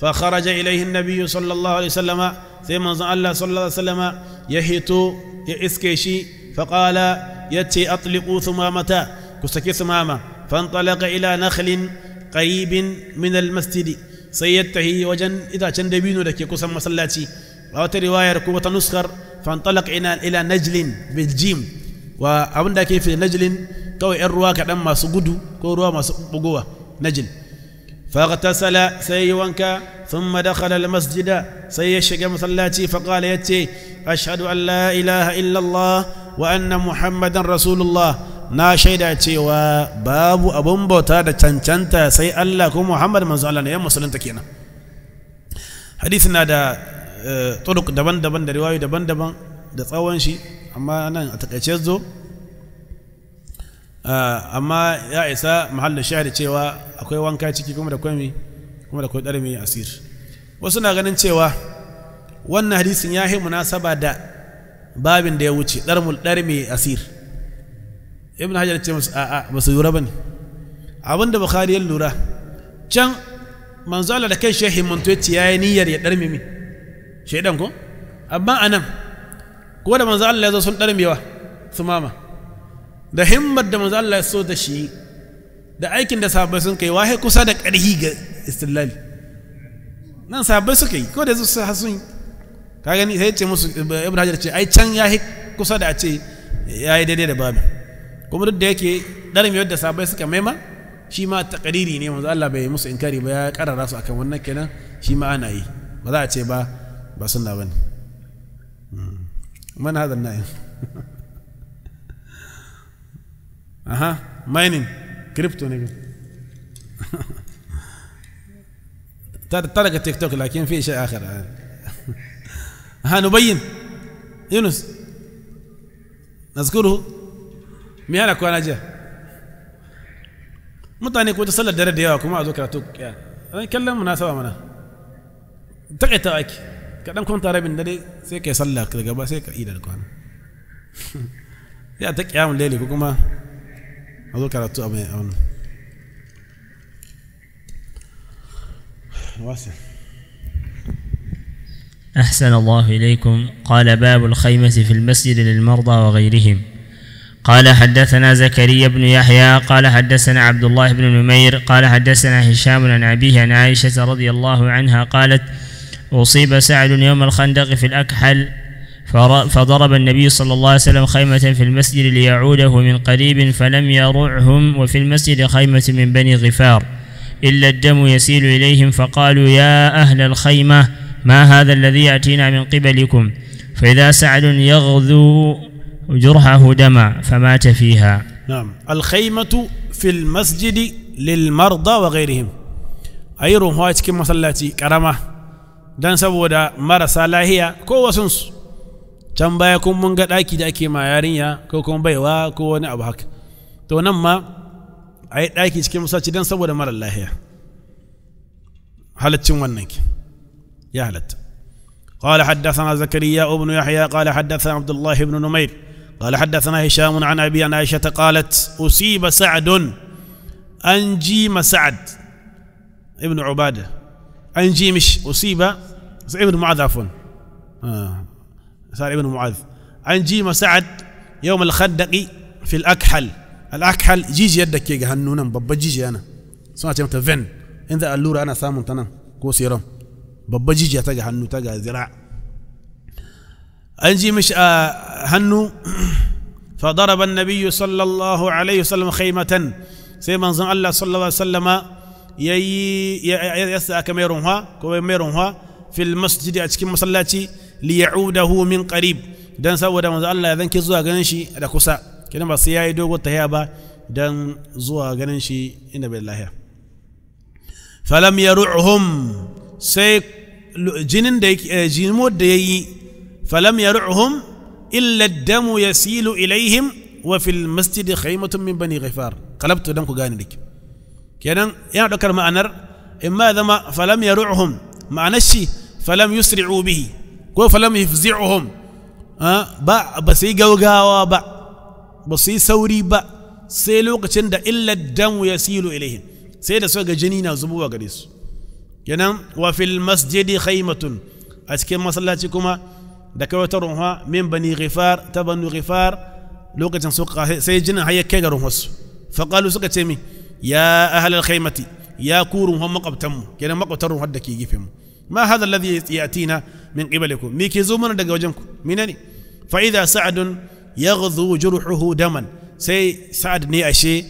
fa kharaja ilaihi nabiyyu sallallahu alaihi wasallama sai manzon Allah sallallahu alaihi wasallama ya hito ya iske shi fa qala yace atliqu thumamata ku saki thumama fa intalaqa ila nakhlin qaribin min almasjid sai yattahi wajen itacen dabino da ke kusan masallaci a wata riwayar ko wata nuskar fa intalaqa ila najlin bil jim wa abinda ke fi najlin kawai ƴan ruwa kaɗan masu gudu ko ruwa masu bugowa na jin faqtasala sai yi wanka sun dakhala masjida sai ya shiga masallaci faqala yace ashhadu an la ilaha allah wa anna muhammadan rasulullah na shaida cewa babu abun bauta da cancanta sai allah ko muhammad manzo allah ne yan musulunta kenan hadisi na da eh, turuk daban-daban da riwayoyi daban-daban da tsawon shi amma nan a takaice zo Ah, amma ya isa mahallin shahari cewa akwai wanka ciki kuma da kwami kuma da kwaɗar mai asir wasu na ganin cewa wannan hadisin ya yi munasaba da babin da ya wuce ɗarmul ɗar mai asir ibn hajar ce musu a'a ba su lura ba ne abin da bukhari ya lura can manzo Allah da kai shehi manto ya ce ya yi niyyar ya ɗarme min shaidan ko amma anan ko da manzo Allah ya zo sun ɗarmewa su mama da himmar da manzo Allah ya so da shi da aikin da sahabbai sun kai wahai kusa da ƙarhi ga istilali nan sahabbai suka yi ko da su hasun ka gani sai ce musu ibnu hajar ce ai can ya kusa da a ce ya yi daidai da babu kuma duk da yake ɗarin yadda sahabbai suka maima shi ma takariri ne manzo Allah bai musu inkari ba ya karara su akan wannan kenan shi ma ana yi ba za a ce ba ba sunna bane hmm. man hadan na'im اها مايننج كريبتو نيجا طلق التيك توك لكن في شيء اخر ها نبين يونس نذكره مهلك وانا جاء مطاني كنت صلى الدرد يا ما ذكرتك يا يعني. كلم منا سوا منا تقيت اك كلام كنت ترى من دري سيك صلى كذا بس سيك ايدك يا تك يا من ليلي كوكو Jeg tror ikke واسع أحسن الله إليكم قال باب الخيمة في المسجد للمرضى وغيرهم قال حدثنا زكريا بن يحيى قال حدثنا عبد الله بن نمير قال حدثنا هشام عن أبيه عن عائشة رضي الله عنها قالت أصيب سعد يوم الخندق في الأكحل فضرب النبي صلى الله عليه وسلم خيمة في المسجد ليعوده من قريب فلم يرعهم وفي المسجد خيمة من بني غفار إلا الدم يسيل إليهم فقالوا يا أهل الخيمة ما هذا الذي يأتينا من قبلكم فإذا سعد يغذو جرحه دما فمات فيها نعم الخيمة في المسجد للمرضى وغيرهم أي رواية كما صلاتي كرمة دان سبودا مرسى هي كو وسنسو can baya kun mun ga ɗaki da ake ma yarinya ko kuma baiwa ko wani abu haka to nan ma a yi ɗaki cikin masallaci don saboda marar lahiya halaccin wannan ki ya halatta قال حدثنا زكريا بن يحيى قال حدثنا عبد الله بن نمير قال حدثنا هشام عن أبي عن عائشة قالت أصيب سعد أنجيم سعد ابن عبادة أنجيمش أصيب ابن معذف آه سعد بن معاذ عن جيم سعد يوم الخندق في الأكحل الأكحل جيج يدك يجي هنونا بابا جيجي أنا سمعت يوم تفن إن ذا اللورة أنا سامون تنا كو سيرم بابا جيجي تجا هنو تجا ذراع أنجي مش آه، هنو فضرب النبي صلى الله عليه وسلم خيمة سيما زن الله صلى الله عليه وسلم يي يسأك ميرونها كو ميرونها في المسجد أتكي مصلاتي liyaudahu min qarib dan saboda manzo Allah ya zanki zuwa ganin shi da kusa kenan ba sai yayi dogon tahiya ba dan zuwa ganin shi inda bai lahiya falam yaruhum sai jinin da jimo da yayi falam yaruhum illa damu yasilu ilaihim wa fil masjid khaymatun min bani ghifar qalabtu dan ku gane dake kenan yana daukar ma'anar imma zama falam yaruhum ma'anar shi falam yusri'u bihi ko falam yafzi'uhum ba ba su gaugawa ba ba su yi sauri ba sai lokacin da illar damu ya silo ilaihim sai da suka ga jini na zubowa gare su kenan wa fil masjidi khaymatun a cikin masallaci kuma da kawatar ruwa min bani ghifar ta banu ghifar lokacin suka sai jinin har ya kai garin wasu faqalu suka ce min ya ahlal khaymati ya ku ruwan makwabtanmu kenan makwabtar ruwan da ke gefen mu ما هذا الذي يأتينا من قبلكم ميكيزومون دقا وجنكم منني فإذا سعد يغذو جرحه دما سي سعد ني أشي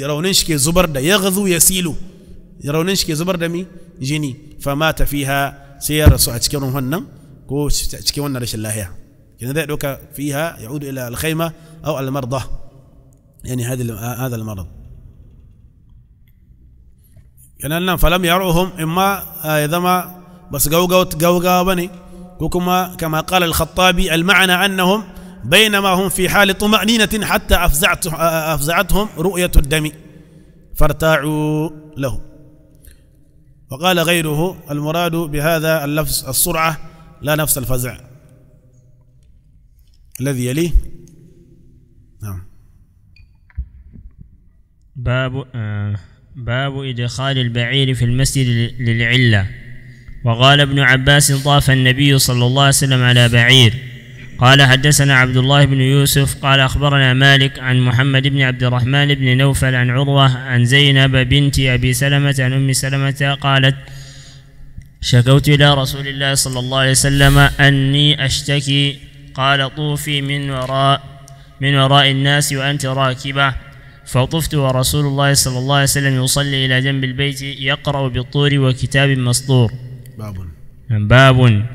يرونيشكي زبرد يغذو يسيلو يرونيشكي زبرد مي جيني فمات فيها سيارة سعتكرون هنم كو تكيون رش الله كذا ذلك فيها يعود إلى الخيمة أو المرضى يعني هذا هذا المرض ينالنا فلم يرعهم إما آه، إذا ما بس قوقوا قوقوا بني وكما كما قال الخطابي المعنى أنهم بينما هم في حال طمأنينة حتى أفزعت آه، آه، أفزعتهم رؤية الدم فارتاعوا له وقال غيره المراد بهذا اللفظ السرعة لا نفس الفزع الذي يليه نعم باب آه باب إدخال البعير في المسجد للعلة وقال ابن عباس طاف النبي صلى الله عليه وسلم على بعير قال حدثنا عبد الله بن يوسف قال أخبرنا مالك عن محمد بن عبد الرحمن بن نوفل عن عروة عن زينب بنت أبي سلمة عن أم سلمة قالت شكوت إلى رسول الله صلى الله عليه وسلم أني أشتكي قال طوفي من وراء من وراء الناس وأنت راكبة فطفت ورسول الله صلى الله عليه وسلم يصلي إلى جنب البيت يقرأ بالطور وكتاب مسطور باب باب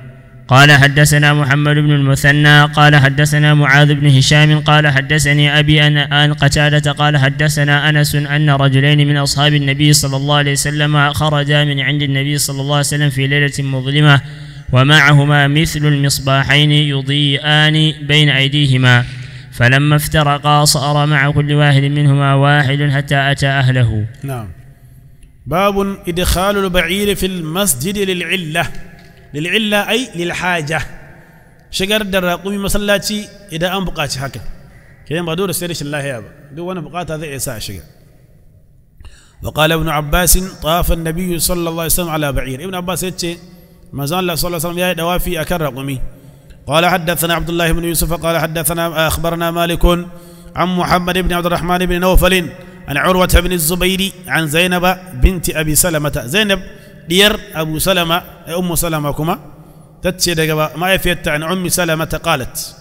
قال حدثنا محمد بن المثنى قال حدثنا معاذ بن هشام قال حدثني أبي أن, أن قتادة قال حدثنا أنس أن رجلين من أصحاب النبي صلى الله عليه وسلم خرجا من عند النبي صلى الله عليه وسلم في ليلة مظلمة ومعهما مثل المصباحين يضيئان بين أيديهما فلما افترقا صار مع كل واحد منهما واحد حتى أتى أهله نعم باب إدخال البعير في المسجد للعلة للعلة أي للحاجة شجر قومي مسلاتي إذا أن بقاتي هكا كلام بدور سيرش الله يابا دو أنا بقات هذا إيساء شجر وقال ابن عباس طاف النبي صلى الله عليه وسلم على بعير ابن عباس يتشي ما زال الله صلى الله عليه وسلم يا دوافي أكر قومي قال حدثنا عبد الله بن يوسف قال حدثنا أخبرنا مالك عن محمد بن عبد الرحمن بن نوفل عن عروة بن الزبير عن زينب بنت أبي سلمة زينب دير أبو سلمة أم سلمة كما تتسيد ما يفيت عن أم سلمة قالت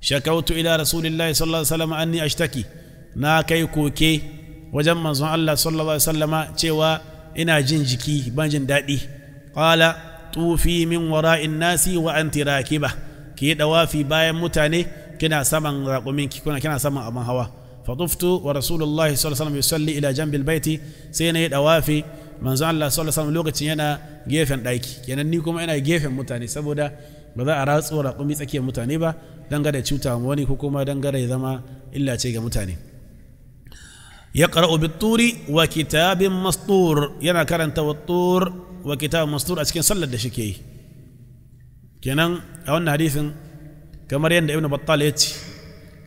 شكوت إلى رسول الله صلى الله عليه وسلم أني أشتكي ناكي كوكي وجمع الله صلى الله عليه وسلم تيوا إنا جنجكي بانجن دادي قال tufi min wara'in nasi wa anti rakiba ki yi dawafi bayan mutane kina saman raƙumin ki kuna kina saman abin hawa tuftu wa rasulullahi sallallahu alaihi wasallam ila jan baiti sai na yi dawafi manzo Allah sallallahu alaihi wasallam lokacin yana gefen ɗaki kenan ni kuma ina gefen mutane saboda ba za a ratso raƙumi tsakiyar mutane ba dangare cuta wani ko kuma dangare ya zama illa ce ga mutane ya ƙara'u bituri wa kitabin mastur yana karanta wa wa kitab mastur a cikin sallar da shike yi kenan a wannan hadisin kamar yadda ibnu battal ya ce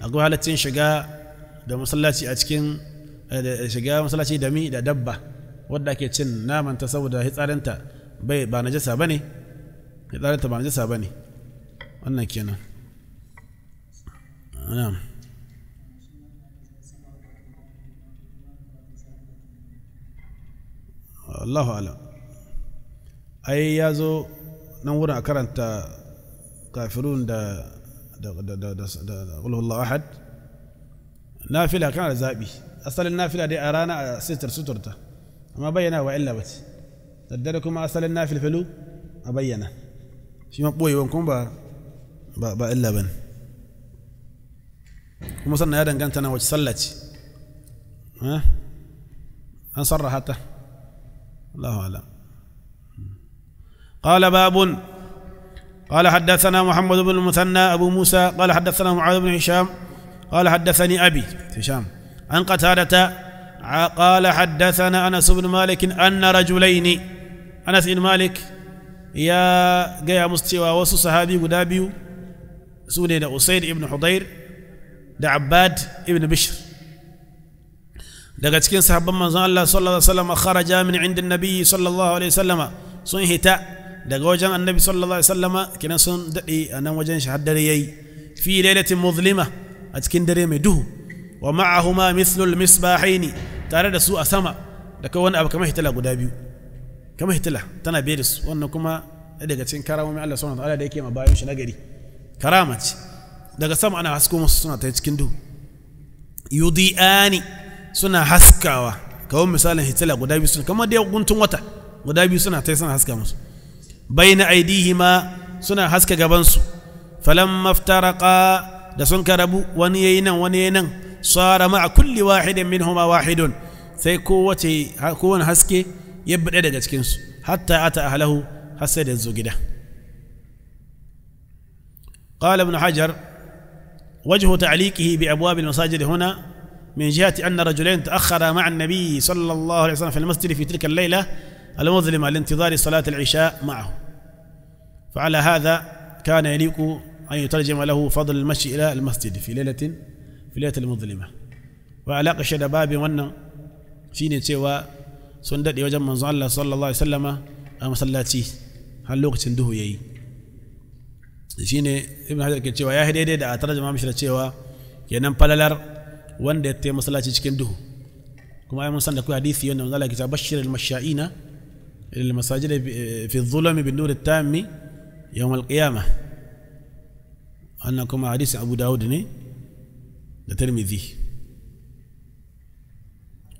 akwai halaccin shiga da masallaci a cikin eh, shiga masallaci da mi da dabba wadda ake cin namanta saboda hitsarinta bai ba najasa bane hitsarinta ba najasa bane wannan kenan na'am Allahu alam ai ya zo nan wurin a karanta kafirun da da ahad nafila kana da zaɓi asalin nafila dai a rana a sitar suturta amma bayyana wa illa bace daddare kuma asalin nafilfilu a bayyana shi ma ɓoyewan kuma ba ba illa bane kuma sannan ya danganta na wace sallah ce an sarrahata Allahu alam قال باب قال حدثنا محمد بن المثنى أبو موسى قال حدثنا معاذ بن هشام قال حدثني أبي هشام عن قتادة قال حدثنا أنس بن مالك أن رجلين أنس بن مالك يا جاي مستوى وسو صحابي ودابيو سوني دا أسيد ابن حضير دا عباد ابن بشر daga cikin من الله صلى الله عليه وسلم خرج من عند النبي صلى الله عليه وسلم سنهتا daga wajen annabi sallallahu alaihi sallama kina sun daɗe a nan wajen shahadar ya yi yayi fi lailatin muzlima a cikin dare mai duhu wa ma'ahuma mislul misbahaini tare da su a sama da kai wani abu kamar hitila guda biyu kamar hitila tana biye da su wannan kuma daga cikin karamomin Allah subhanahu wa ta'ala da yake ma bayan shi nagari karama ce daga sama ana hasko musu suna ta cikin duhu yudi'ani suna haskawa kawai misalin hitila guda biyu suna kamar da guntun wata guda biyu suna ta suna haska musu بين أيديهما سنة حسك جبانسو فلما افترقا دسون كربو ونيين ونيين صار مع كل واحد منهما واحد سي قوتي كون حسكي يبدا دجكنس حتى اتى اهله حسد الزوجدة قال ابن حجر وجه تعليقه بابواب المساجد هنا من جهه ان رجلين تاخرا مع النبي صلى الله عليه وسلم في المسجد في تلك الليله المظلمة لانتظار صلاة العشاء معه فعلى هذا كان يليق أن يترجم له فضل المشي إلى المسجد في ليلة في ليلة المظلمة وعلاق شد باب ون سين سوى سندد يوجم من صلى الله عليه وسلم أما صلاتي هل لوك سنده يي سين ابن حجر كتوى يا هدي دي دا ترجم مشرة سوى ينم بلالر وندت مصلاتي كندو كما يمسن لكو حديث يوم الله كتاب بشر المشائين إلى في الظلم بالنور التام يوم القيامة أنكم حديث أبو داود الترمذي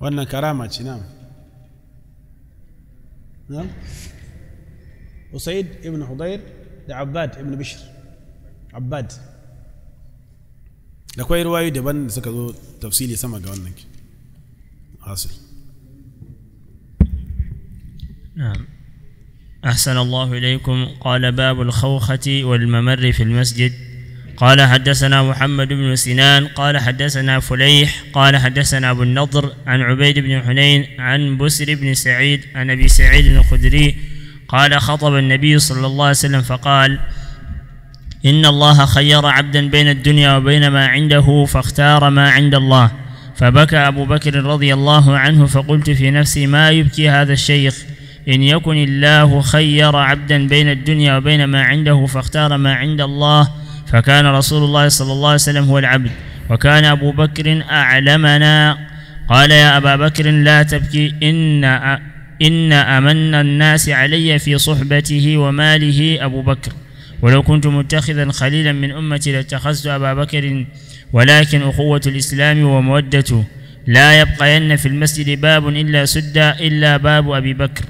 وأن كرامة نعم نعم وسيد ابن حضير لعباد عباد ابن بشر عباد لكوير وايد يبان daban تفصيلي suka zo حاصل نعم أحسن الله إليكم قال باب الخوخة والممر في المسجد قال حدثنا محمد بن سنان قال حدثنا فليح قال حدثنا أبو النضر عن عبيد بن حنين عن بسر بن سعيد عن أبي سعيد الخدري قال خطب النبي صلى الله عليه وسلم فقال إن الله خير عبدا بين الدنيا وبين ما عنده فاختار ما عند الله فبكى أبو بكر رضي الله عنه فقلت في نفسي ما يبكي هذا الشيخ إن يكن الله خير عبدا بين الدنيا وبين ما عنده فاختار ما عند الله فكان رسول الله صلى الله عليه وسلم هو العبد وكان أبو بكر أعلمنا قال يا أبا بكر لا تبكي إن إن أمن الناس علي في صحبته وماله أبو بكر ولو كنت متخذا خليلا من أمتي لاتخذت أبا بكر ولكن أخوة الإسلام ومودته لا يبقين في المسجد باب إلا سد إلا باب أبي بكر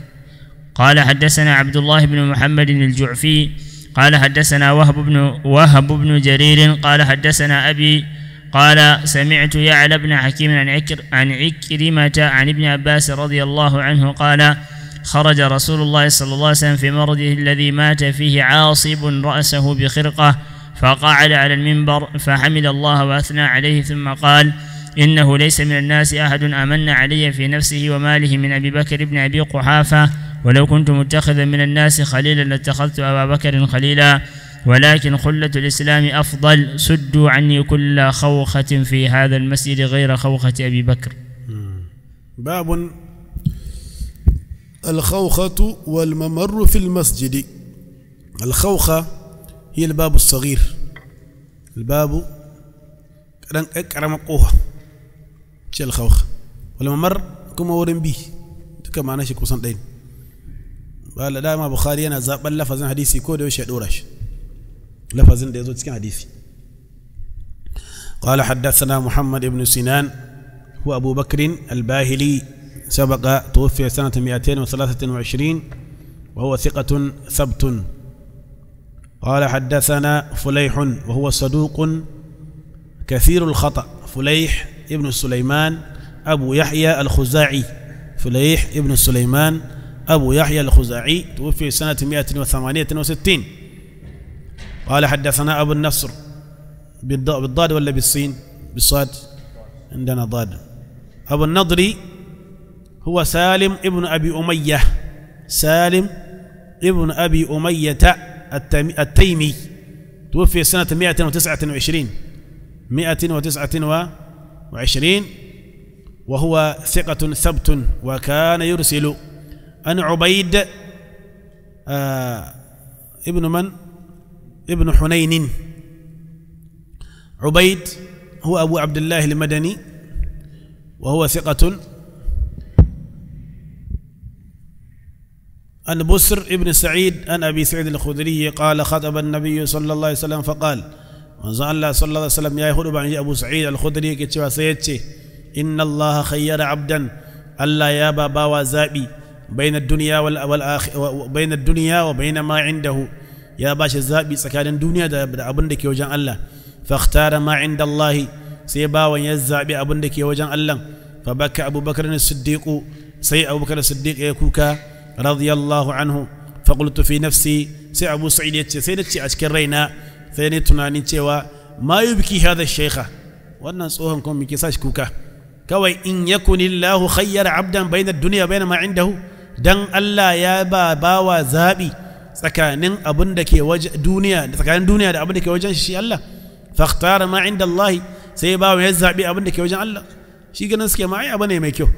قال حدثنا عبد الله بن محمد الجعفي قال حدثنا وهب بن وهب بن جرير قال حدثنا أبي قال سمعت يعلى بن حكيم عن عكر عن عكرمة عن ابن عباس رضي الله عنه قال خرج رسول الله صلى الله عليه وسلم في مرضه الذي مات فيه عاصب رأسه بخرقة فقعد على المنبر فحمد الله وأثنى عليه ثم قال إنه ليس من الناس أحد أمن علي في نفسه وماله من أبي بكر بن أبي قحافة ولو كنت متخذا من الناس خليلا لاتخذت أبا بكر خليلا ولكن خلة الإسلام أفضل سدوا عني كل خوخة في هذا المسجد غير خوخة أبي بكر باب الخوخة والممر في المسجد الخوخة هي الباب الصغير الباب كرمقوها قوها شي الخوخة والممر كما ورن به كما نشك وصندين قال لا ما بخاري أنا زاب لفظ حديثي كود وش دورش لفظ ده يزود كان حديثي قال حدثنا محمد بن سنان هو أبو بكر الباهلي سبق توفي سنة 223 وهو ثقة ثبت قال حدثنا فليح وهو صدوق كثير الخطأ فليح ابن سليمان أبو يحيى الخزاعي فليح ابن سليمان أبو يحيى الخزاعي توفي سنة 168 قال حدثنا أبو النصر بالضاد ولا بالصين بالصاد عندنا ضاد أبو النضر هو سالم ابن أبي أمية سالم ابن أبي أمية التيمي توفي سنة 129 129 وهو ثقة ثبت وكان يرسل عن عبيد آه ابن من ابن حنين عبيد هو أبو عبد الله المدني وهو ثقة عن بسر ابن سعيد عن أبي سعيد الخدري قال خطب النبي صلى الله عليه وسلم فقال من صلى الله عليه وسلم يا يهود بعن أبو سعيد الخدري كتوا سيتي إن الله خير عبدا ألا يا بابا وزابي بين الدنيا والآخ بين الدنيا وبين ما عنده يا باش الزابي سكان الدنيا دا أبن دك يوجان الله فاختار ما عند الله سيبا ويزابي أبن دك يوجان الله فبكى أبو بكر الصديق سي أبو بكر الصديق يكوكا رضي الله عنه فقلت في نفسي سي أبو سعيد يتي سيدتي أشكر رينا سيدتنا نتيوا ما يبكي هذا الشيخ وانا tsohon kuma كوكا كوي إن kuka الله خير عبدا بين الدنيا بين ما عنده dan Allah ya ba bawa zaɓi tsakanin abin da ke duniya tsakanin duniya da abin da ke wajen shi Allah fakhtara ma inda Allah sai bawa ya zaɓi abin da ke wajen Allah shi ganin suke ma ai abu ne mai kyau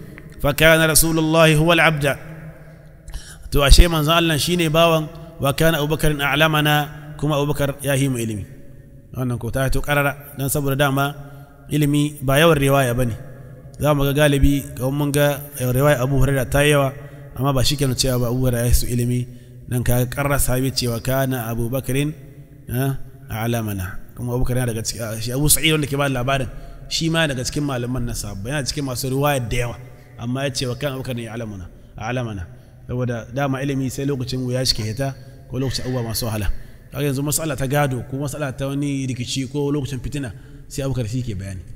fa kana rasulullah huwa al-abda to ashe manzon Allah shine bawan wa kana abubakar a'lamana kuma abubakar ya himu ilimi wannan ko ta to karara dan saboda dama ilimi ba yawan riwaya bane za mu ga galibi ga mun ga riwaya abu hurairah ta yawa amma ba shi kenan cewa ba abubuwa da ya su ilimi nan ka karra sabi cewa kana abu bakarin a alamana kuma abu yana daga cikin shi abu sa'id wanda ke ba labarin shi ma daga cikin malaman na sahabbai yana cikin masu ruwaya da yawa amma ya ce wa kan abu ya alamana a alamana saboda dama ilimi sai lokacin wuya shi ke hita ko lokacin abubuwa masu wahala kaga yanzu matsala ta gado ko matsala ta wani rikici ko lokacin fitina sai abu shi ke bayani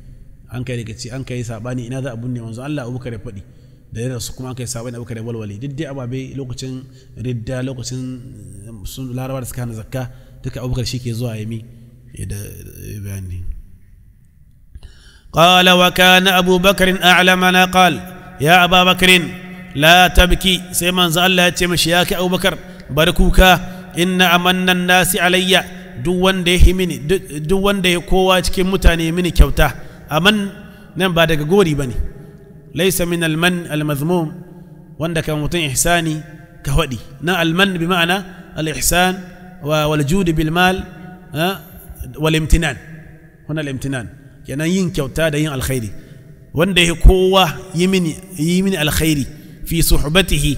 an kai rikici an kai sabani ina za a bunne wanzu Allah abu ya faɗi da yana su kuma kai sabon abokan walwali duk dai ababe lokacin ridda lokacin um, sun larabar da suka hana zakka duka abubakar shi ke zuwa yami da bayani qala wa kana abu bakr a'lama na ƙal ya abu bakr la tabki sai manzo Allah ya ce mashi ya kai abubakar bakr kuka in amanna nasi alayya duk wanda ya duk wanda ya kowa cikin mutane mini kyauta aman nan ba daga gori bane ليس من المن المذموم وندك متين إحساني كهودي نا المن بمعنى الإحسان والجود بالمال والامتنان هنا الامتنان يعني ينك وتاد ين الخير وندي قوة يمني يمني الخير في صحبته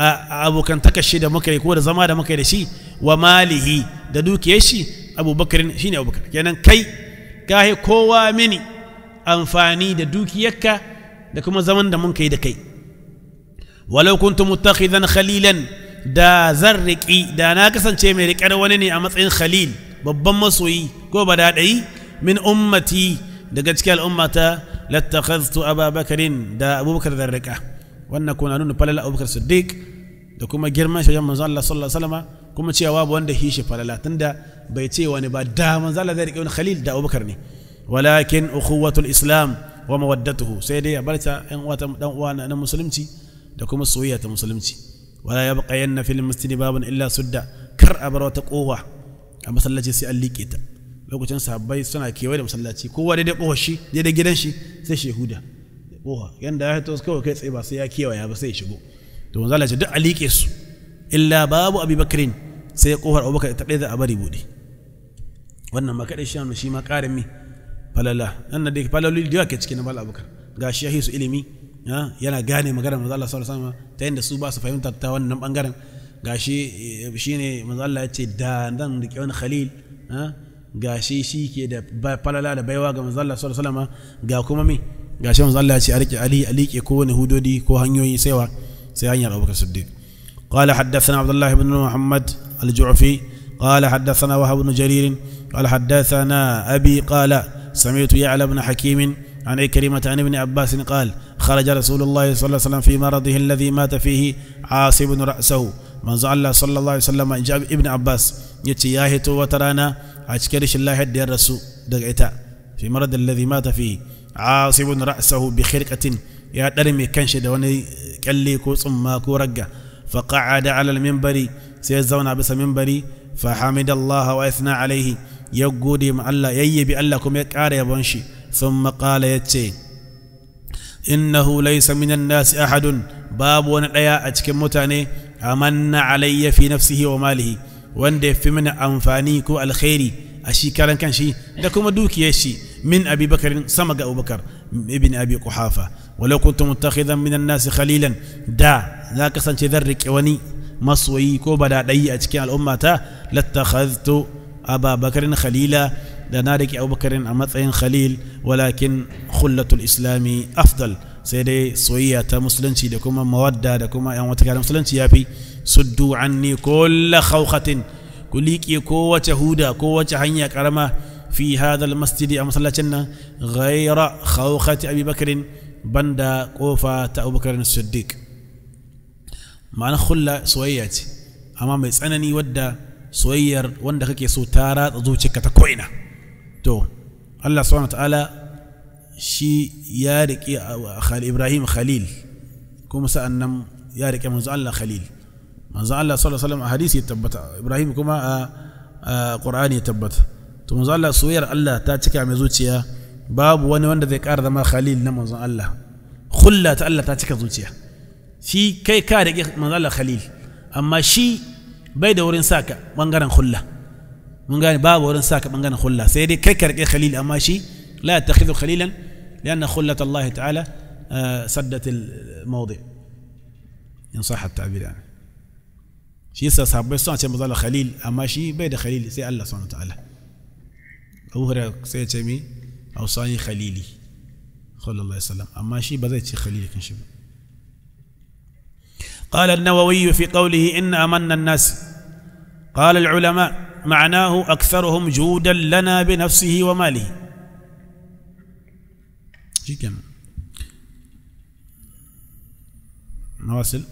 أبو كان تكشي دا yi ko da zama da muka yi da shi wa malihi da dukiyar shi abubakarin shi ne abubakar kenan kai ka kowa mini amfani da kuma zaman da mun kai da kai walau kuntu muttakhidhan khalilan da zan riƙi da na kasance mai riƙar wani ne a matsayin khalil babban masoyi ko badadai min ummati daga cikin al'ummata lattakhadhtu ababakarin da abubakar zan riƙa wannan kuna nuna falala abubakar siddiq da kuma girman shajen manzo Allah sallallahu alaihi wasallam kuma cewa babu wanda hishi falala tunda bai ce wani ba da manzo Allah zai riƙe wani khalil da abubakar ne walakin ukhuwatul islam wa mawaddatuhu sai dai ya barta ɗan uwa dan uwa na musulunci da kuma soyayya ta musulunci wala yabqa yanna fil masjidi babun illa sudda kar a bar wata kowa a masallaci sai an liƙe ta lokacin sahabbai suna kewaye da masallaci kowa da ƙofar shi daidai gidan shi sai shi huda ƙofa yanda ya fito kawai kai tsaye ba sai ya kewaya ba sai ya shigo to manzo Allah ya ce duk a liƙe su illa babu Abi Bakrin sai ƙofar Abubakar ta ɗaya za a bari buɗe wannan ma kaɗai shi ma ƙarin mi falala nan da da yawa ke cikin mal abubakar ga yahi su ilimi yana gane magana manzo Allah sallallahu alaihi wasallam ta yanda su ba su fahimta ta wannan bangaren gashi eh, shine manzo Allah ya ce da nan da wani khalil gashi shi ke da falala da baiwa ga manzo Allah sallallahu alaihi wasallam ga kuma me gashi manzo Allah ya ce a ali alike ko wani hudodi ko hanyoyi saiwa sai hanyar Abubakar Siddiq قال حدثنا عبد الله بن محمد الجعفي قال حدثنا وهب بن جرير قال حدثنا أبي قال سمعت يعلى بن حكيم عن كريمة عن ابن عباس قال خرج رسول الله صلى الله عليه وسلم في مرضه الذي مات فيه عاصب رأسه من الله صلى الله عليه وسلم جاب ابن عباس يتياه تو وترانا أشكرش الله الدير رسو دقعتا في مرض الذي مات فيه عاصب رأسه بخرقة يا درمي كنش دواني كلي كوصم ماكو رقة فقعد على المنبري سيزونا بس المنبري فحمد الله وأثنى عليه ya gode ma Allah yayyabi Allah kuma ya ƙara yabon shi thumma qala yace innahu laysa minan nasi ahadun babu wani ɗaya a cikin mutane amanna alayya fi nafsihi wa malihi wanda ya fi mini amfani ko alkhairi a shi karan kanshi da kuma dukiyar shi min abi bakarin sama ga abubakar ibn abi kuhafa walau kuntum muttakhidan min an khalilan da za kasance zan rike wani masoyi ko badadai a cikin al'ummata lattakhadtu أبا بكر خليلا لنارك أبو بكر أمثين خليل ولكن خلة الإسلام أفضل sai dai soyayya ta musulunci da kuma mawadda da kuma yan wata kada musulunci ya fi suddu anni kulla khawqatin ku liƙe kowace huda kowace hanya karama fi hadha masjidi a masallacin nan ghaira khawqati abi bakrin banda kofa ta abubakar siddiq ma'ana khulla soyayya ce amma mai tsanani wadda soyayyar wanda kake so ta ratsa zuciyarka ta ko'ina to Allah subhanahu ta'ala shi ya riƙe ah, Ibrahim Khalil kuma sa'an nan ya riƙe manzo Allah Khalil manzo Allah sallallahu alaihi wasallam a hadisi ya tabbata Ibrahim kuma a ah, ah, Qur'ani ya tabbata to manzo Allah soyayyar Allah ta cika mai zuciya babu wani wanda zai ƙara zama Khalil na manzon Allah khulla ta Allah ta cika zuciya shi kai ka riƙe manzo Allah Khalil amma shi بيد ورين ساكا بانغان خلا بانغان باب ورين ساكا بانغان خلا سيدي ككرك خليل أماشي لا تتخذوا خليلا لأن خلة الله تعالى آه، سدت الموضع إن صح التعبير يعني شي صاحب بسون شي مظل خليل أماشي بيد خليل سي الله سبحانه وتعالى هو سي أو صاني خليلي خل الله يسلم أماشي بدأت خليلك نشوف قال النووي في قوله إن أمن الناس قال العلماء معناه أكثرهم جودا لنا بنفسه وماله شي كم نواصل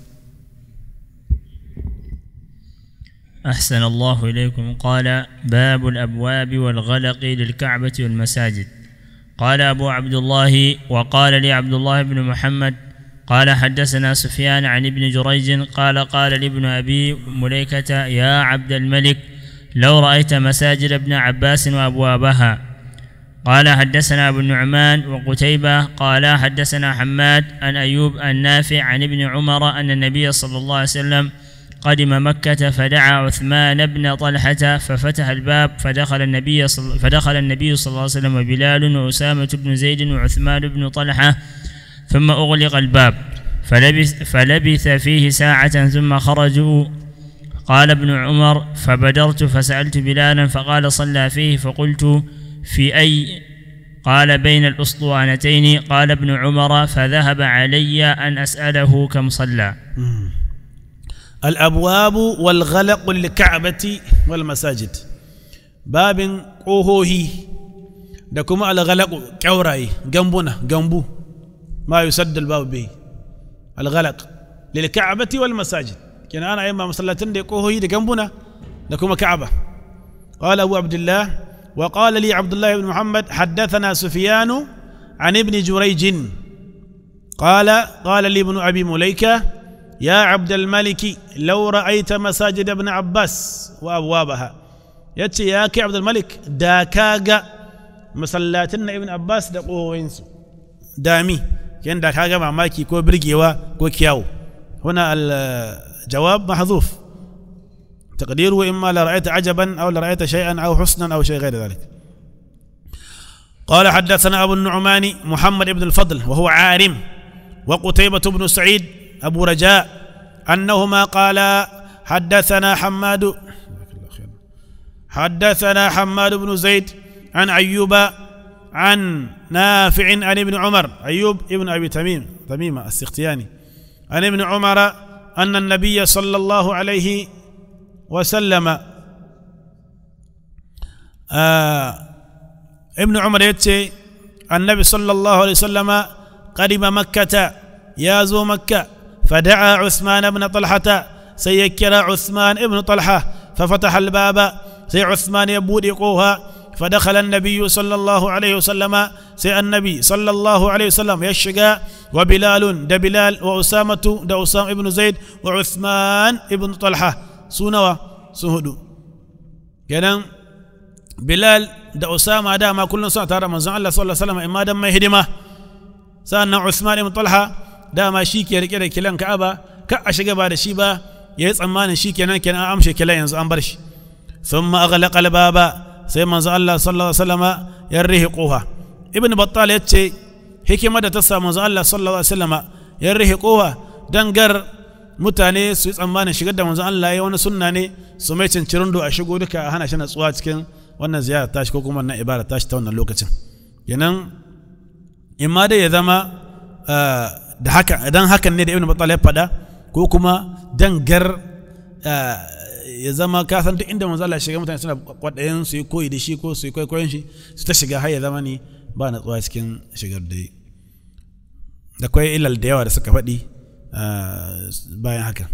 أحسن الله إليكم قال باب الأبواب والغلق للكعبة والمساجد قال أبو عبد الله وقال لي عبد الله بن محمد قال حدثنا سفيان عن ابن جريج قال قال لابن أبي مليكة يا عبد الملك لو رأيت مساجد ابن عباس وأبوابها قال حدثنا أبو النعمان وقتيبة قالا حدثنا حماد عن أيوب النافع عن ابن عمر أن النبي صلى الله عليه وسلم قدم مكة فدعا عثمان بن طلحة ففتح الباب فدخل النبي صل فدخل النبي صلى الله عليه وسلم وبلال وأسامة بن زيد وعثمان بن طلحة ثم أغلق الباب فلبث, فلبث فيه ساعة ثم خرجوا قال ابن عمر فبدرت فسألت بلالا فقال صلى فيه فقلت في أي قال بين الأسطوانتين قال ابن عمر فذهب علي أن أسأله كم صلى الأبواب والغلق للكعبة والمساجد باب قوهوهي دكما غلق كوراي جنبنا جنبو ما يسد الباب به الغلق للكعبة والمساجد كنا أنا إما دي يقوه يدي جنبنا لكم كعبة قال أبو عبد الله وقال لي عبد الله بن محمد حدثنا سفيان عن ابن جريج قال قال لي ابن أبي مليكة يا عبد الملك لو رأيت مساجد ابن عباس وأبوابها يتي يا كي عبد الملك داكاغا مسلاتنا ابن عباس دقوه وينسو دامي yanda ka ga مايكي ko birgewa ko kyawu huna al-jawab mahdhuf تقديره إما لرأيت عجبا أو لرأيت شيئا أو حسنا أو شيء غير ذلك قال حدثنا أبو النعمان محمد بن الفضل وهو عارم وقتيبة بن سعيد أبو رجاء أنهما قالا حدثنا حماد حدثنا حماد بن زيد عن أيوب عن نافع عن ابن عمر أيوب ابن أبي تميم تميمة السختياني عن ابن عمر أن النبي صلى الله عليه وسلم آه ابن عمر يتي النبي صلى الله عليه وسلم قدم مكة يازو مكة فدعا عثمان بن طلحة سيكر عثمان ابن طلحة ففتح الباب سي عثمان يبودقوها فدخل النبي صلى الله عليه وسلم سي النبي صلى الله عليه وسلم يشقى وبلال دا بلال وأسامة دا أسامة ابن زيد وعثمان ابن طلحة سونوا سهدو كنان بلال دا أسامة دا ما كل نصر ترى من زعل الله صلى الله عليه وسلم إما دم هدمه سأنا عثمان ابن طلحة دا ما شيك يركي كلان كعبة كأشجع بعد شيبا يس أمان شيك ينان كنا أمشي كلا ينزو أمبرش ثم أغلق الباب sai manzo Allah sallallahu alaihi wasallama ya rihiquha ibn battal yace hikima da ta sa manzo Allah sallallahu alaihi wasallama ya rihiquha dangar mutane su yi tsammanin shigar da manzo Allah ya wani sunna ne su mai cincirindo a shigo duka a hana shi natsuwa cikin wannan ziyara tashi ko kuma wannan ibada tashi ta wannan lokacin kenan in ma dai ya zama ah, da haka idan hakan ne da ibn battal ya faɗa ko kuma dangar ah, ya zama ka san duk inda manzo Allah shiga mutane suna kwadayen su yi koyi da shi ko su yi kwaikwayon shi su ta shiga har ya zama ni ba natsuwa cikin shigar da da kwai ilal da yawa da suka faɗi ah, bayan haka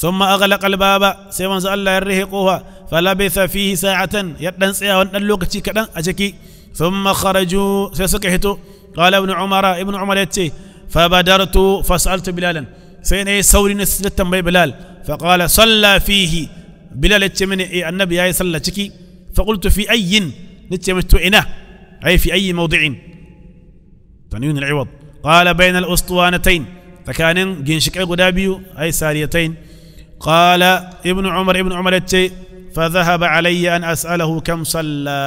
sun ma'agala kalba ba sai manzo Allah ya rihe kofa falabitha fihi sa'atan ya ɗan tsaya wani dan lokaci kaɗan a ciki sun makharaju sai suka hito qala ibn umara ibn umar ya ce fabadartu fasaltu bilalan sai na yi sauri na tambayi bilal فقال صلى فيه بلا لتشمن إيه النبي عليه صلى الله فقلت في أي نتشمت إنا أي في أي موضع تنين العوض قال بين الأسطوانتين فكان جنشك غدابيو أي ساريتين قال ابن عمر ابن عمر التي فذهب علي أن أسأله كم صلى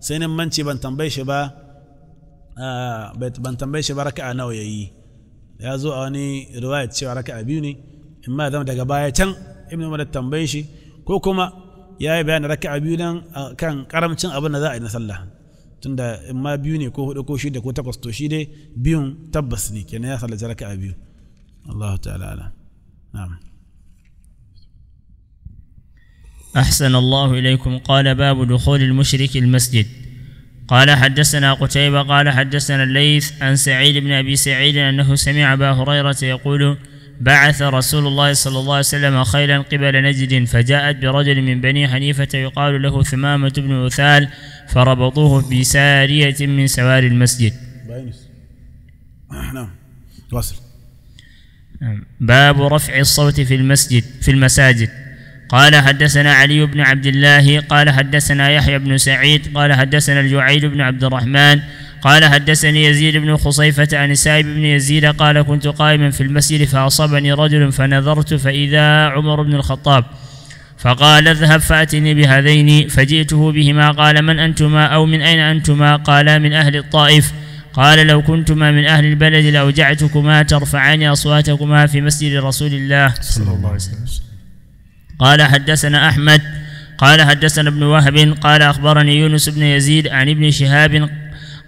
سين منتي بنتم بيش با آه بيت بنتم بيش بركة أنا وياي يا زو رواية شو ركعة بيوني إما ذم دعابة ابن عمر التنبيشي كوكما يا بيان ركع بيونا كان كرم تشن ابن ذا ان صلى تندا ما بيوني كو هدو كو شيده كو تاكوس تو شيده بيون تبس كان يا صلى ركع بيو الله تعالى اعلم نعم احسن الله اليكم قال باب دخول المشرك المسجد قال حدثنا قتيبة قال حدثنا الليث عن سعيد بن أبي سعيد أنه سمع أبا هريرة يقول بعث رسول الله صلى الله عليه وسلم خيلا قبل نجد فجاءت برجل من بني حنيفة يقال له ثمامة بن أثال فربطوه بسارية من سواري المسجد نعم،, نعم باب رفع الصوت في المسجد في المساجد قال حدثنا علي بن عبد الله قال حدثنا يحيى بن سعيد قال حدثنا الجعيد بن عبد الرحمن قال حدثني يزيد بن خصيفة عن سائب بن يزيد قال كنت قائما في المسجد فأصابني رجل فنظرت فإذا عمر بن الخطاب فقال اذهب فأتني بهذين فجئته بهما قال من أنتما أو من أين أنتما قالا من أهل الطائف قال لو كنتما من أهل البلد لأوجعتكما ترفعان أصواتكما في مسجد رسول الله صلى الله عليه وسلم قال حدثنا أحمد قال حدثنا ابن وهب قال أخبرني يونس بن يزيد عن ابن شهاب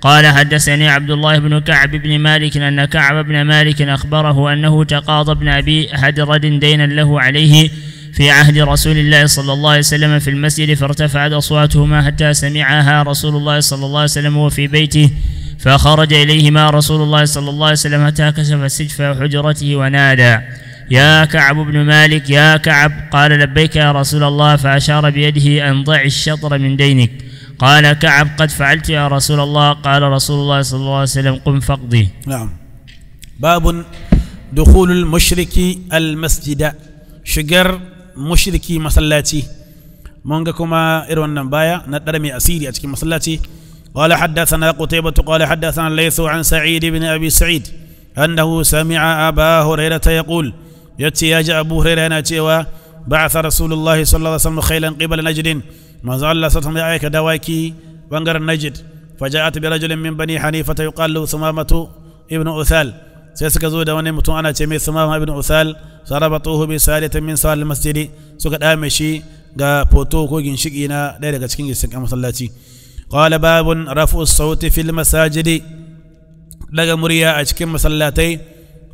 قال حدثني عبد الله بن كعب بن مالك أن كعب بن مالك أخبره أنه تقاضى ابن أبي هدرد دينا له عليه في عهد رسول الله صلى الله عليه وسلم في المسجد فارتفعت أصواتهما حتى سمعها رسول الله صلى الله عليه وسلم وفي بيته فخرج إليهما رسول الله صلى الله عليه وسلم حتى كشف سجف حجرته ونادى يا كعب بن مالك يا كعب قال لبيك يا رسول الله فأشار بيده أن ضع الشطر من دينك قال كعب قد فعلت يا رسول الله قال رسول الله صلى الله عليه وسلم قم فقضي نعم باب دخول المشرك المسجد شجر مشركي مسلاتي مونغكما ايرون نبايا ندرمي أسيري أتكي مسلاتي قال حدثنا قتيبة قال حدثنا الليث عن سعيد بن أبي سعيد أنه سمع أبا هريرة يقول يتي أبو هريرة بعث رسول الله صلى الله عليه وسلم خيلا قبل نجد manzo Allah sallallahu alaihi aika dawaki bangaren Najd faja'at bi rajulin min bani Hanifa ta yuqalu Sumamatu ibn Uthal sai suka zo da wani mutum ana ce mai Sumama ibn Uthal sarabatuhu bi salitin min sal masjidi suka dame shi ga foto ko ginshiki na ɗaya daga cikin ginshiki masallaci qala babun rafu sauti fil masajidi daga murya a cikin masallatai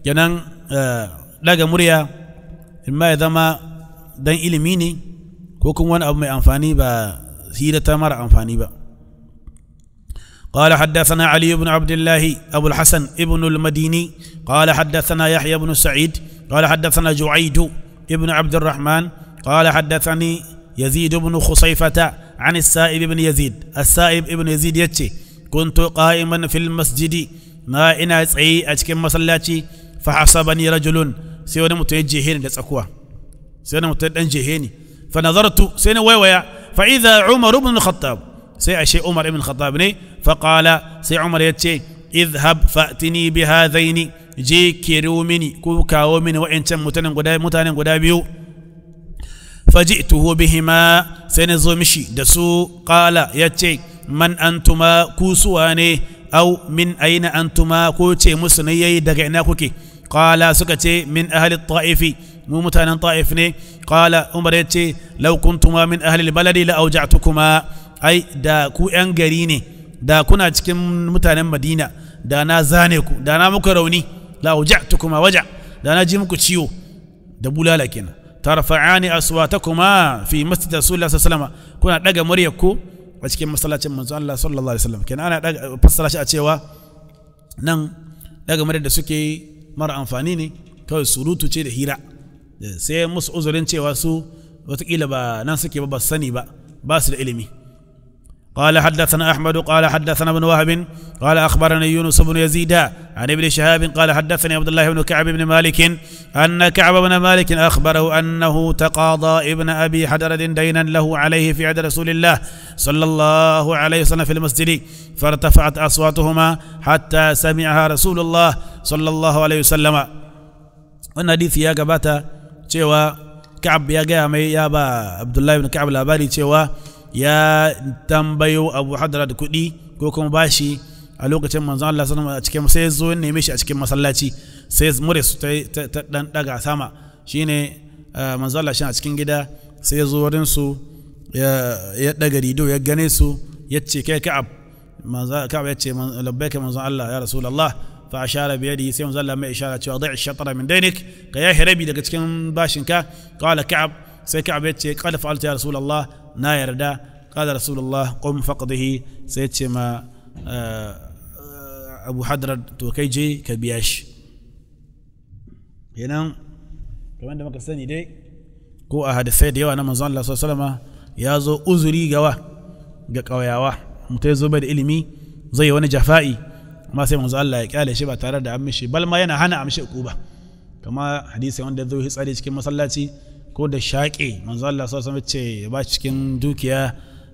kenan eh, daga murya in ma ya zama dan ilimi ne ko kuma wani abu mai amfani ba hira ta mara amfani ba قال حدثنا علي بن عبد الله أبو الحسن ابن المديني قال حدثنا يحيى بن سعيد قال حدثنا جعيد ابن عبد الرحمن قال حدثني يزيد بن خصيفة عن السائب بن يزيد السائب ابن يزيد يتي كنت قائما في المسجد ما إنا تسعي أتكم مسلاتي فحسبني رجل سيونا متوجهين لتسأكوا سيونا متوجهين fa nazartu sai na waiwaya fa umar ibn al sai ashe umar ibn al ne fa qala sai umar ya ce idhhab fa'tini bi hadaini je kero mini ko kawo mini wa'ancan mutanen guda mutanen guda biyu فجئته بهما سنزومشي دسو قال يتشي من أنتما كوسواني أو من أين أنتما كوتي مسنيي دقعناكوكي قال سكتي من أهل الطائف mu mutanen ta'if ne qala umar yace law kuntuma min ahli baladi la auja'tukuma ai da ku yan gari ne da kuna cikin mutanen madina da na zane ku da na muka rauni la auja'tukuma waja da na ji muku ciwo da bulala kenan tarfa'ani aswatakuma fi masjid rasulullah sallallahu alaihi wasallam kuna daga muryar ku a cikin masallacin manzo Allah sallallahu alaihi wasallam kenan ana daga fassara shi a cewa nan daga muryar da suke mara amfani ne kawai surutu ce da hira sai musu uzurin cewa su watakila ba nan suke ba sani ba ba su da ilimi قال حدثنا أحمد قال حدثنا ابن وهب قال اخبرنا يونس بن يزيد عن ابن شهاب قال حدثني عبد الله بن كعب بن مالك أن كعب بن مالك أخبره أنه تقاضى ابن أبي حدرد دينا له عليه في عهد رسول الله صلى الله عليه وسلم في المسجد فارتفعت أصواتهما حتى سمعها رسول الله صلى الله عليه وسلم والحديث يا جبات cewa ka'ab ya gaya mai ya ba abdullahi ibn ka'ab labari cewa ya tambayo abu hadara da kuɗi ko kuma bashi a lokacin manzon Allah sallallahu a cikin sai zo ya neme shi a cikin masallaci sai Muris ta, ta dan daga sama shine ah, manzon Allah shi a cikin gida sai ya zo wurin su ya daga rido ya gane su ya ce kai ka'ab manzon ka'ab ya ce labbaika manzon Allah ya fa ashara bi yadihi sai manzo Allah mai ishara cewa da'i shatara min dainik ka yahi rabi daga cikin bashinka ka ka'ab sai ka'ab yace qala fa'alta ya rasulullah na yarda qala rasulullah qum faqdihi sai yace ah, abu hadrar to kai je ka biya shi kenan kamar da muka sani ko a hadisai da yawa na manzon Allah sallallahu ya zo uzuri gawa ga ƙauyawa mutai zo da ilimi zai yi wani jafa'i amma sai manzo Allah ya kyale shi ba tare da amshi balma yana hana amshi kuba kama hadisi wanda ya zo hitsari cikin masallaci ko da shaƙe manzo Allah sallallahu alaihi ce ba cikin dukiya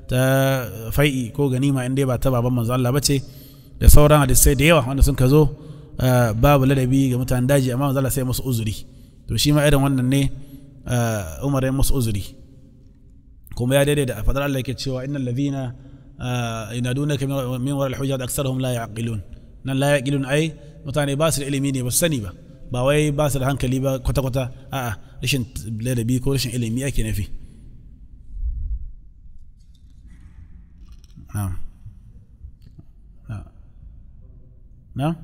ta fai'i ko ganima inda ba ta baban manzo Allah bace da sauran hadisai da yawa wanda sun ka zo babu ladabi ga mutanen daji amma manzo Allah sai musu uzuri to shi ma irin wannan ne Umar ya musu uzuri kuma ya daidai da fadar Allah yake cewa innal ladhina ينادونك من وراء aksar أكثرهم لا يعقلون nan la yaqilun ai mutane ba su da ilimi ne ba sani ba ba wai ba su da hankali ba kwata kwata a'a rashin ladabi ko rashin ilimi ake nafi na na na na'am نعم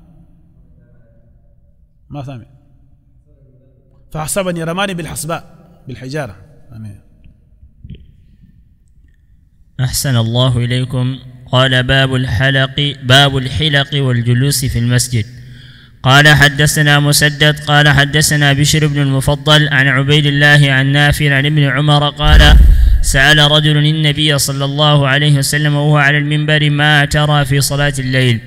ما سامع فحسبني رماني بالحسباء بالحجارة أمين. أحسن الله إليكم قال باب الحلق باب الحلق والجلوس في المسجد قال حدثنا مسدد قال حدثنا بشر بن المفضل عن عبيد الله عن نافع عن ابن عمر قال سأل رجل النبي صلى الله عليه وسلم وهو على المنبر ما ترى في صلاة الليل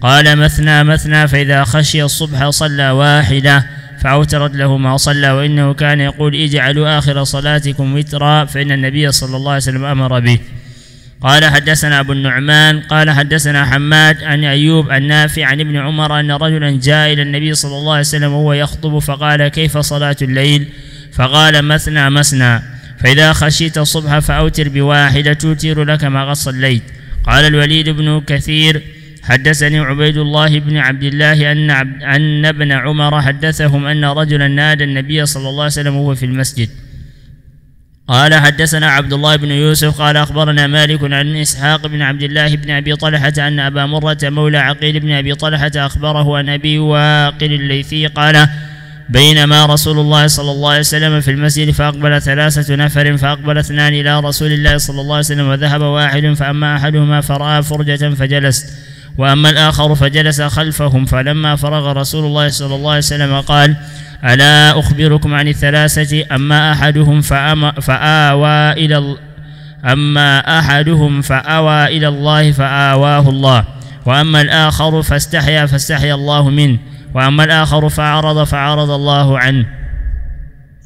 قال مثنى مثنى فإذا خشي الصبح صلى واحدة فأوترت له ما صلى وإنه كان يقول اجعلوا آخر صلاتكم وترا فإن النبي صلى الله عليه وسلم أمر به قال حدثنا أبو النعمان قال حدثنا حماد عن أيوب النافي عن ابن عمر أن رجلا جاء إلى النبي صلى الله عليه وسلم وهو يخطب فقال كيف صلاة الليل فقال مثنى مثنى فإذا خشيت الصبح فأوتر بواحدة توتر لك ما قد صليت قال الوليد بن كثير حدثني عبيد الله بن عبد الله أن, عبد أن ابن عمر حدثهم أن رجلا نادى النبي صلى الله عليه وسلم وهو في المسجد قال حدثنا عبد الله بن يوسف قال أخبرنا مالك عن إسحاق بن عبد الله بن أبي طلحة أن أبا مرة مولى عقيل بن أبي طلحة أخبره عن أبي واقل الليثي قال بينما رسول الله صلى الله عليه وسلم في المسجد فأقبل ثلاثة نفر فأقبل اثنان إلى رسول الله صلى الله عليه وسلم وذهب واحد فأما أحدهما فرأى فرجة فجلس وأما الآخر فجلس خلفهم فلما فرغ رسول الله صلى الله عليه وسلم قال ألا أخبركم عن الثلاثة أما أحدهم فآوى إلى أما أحدهم فأوى إلى الله فآواه الله وأما الآخر فاستحيا فاستحيا الله منه وأما الآخر فأعرض فأعرض الله عنه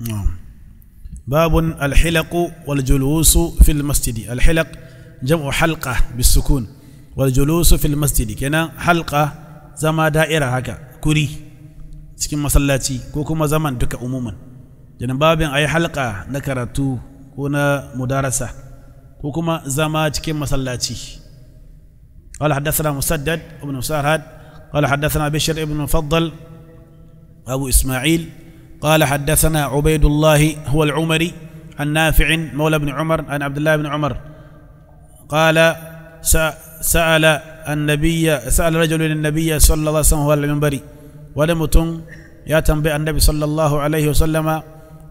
نعم. باب الحلق والجلوس في المسجد الحلق جمع حلقة بالسكون والجلوس في المسجد كنا حلقة زما دائرة هكا كوري سكين masallaci كوكو زمان zaman duka umuman بابين أي حلقة نكرتو كنا مدارسة كوكو na mudarasa ko قال حدثنا مسدد ابن سارهد قال حدثنا بشر ابن مفضل أبو إسماعيل قال حدثنا عبيد الله هو العمري عن نافع مولى بن عمر عن عبد الله بن عمر قال سأل النبي سأل رجل النبي صلى الله عليه وسلم على المنبر ولم تن يا النبي صلى الله عليه وسلم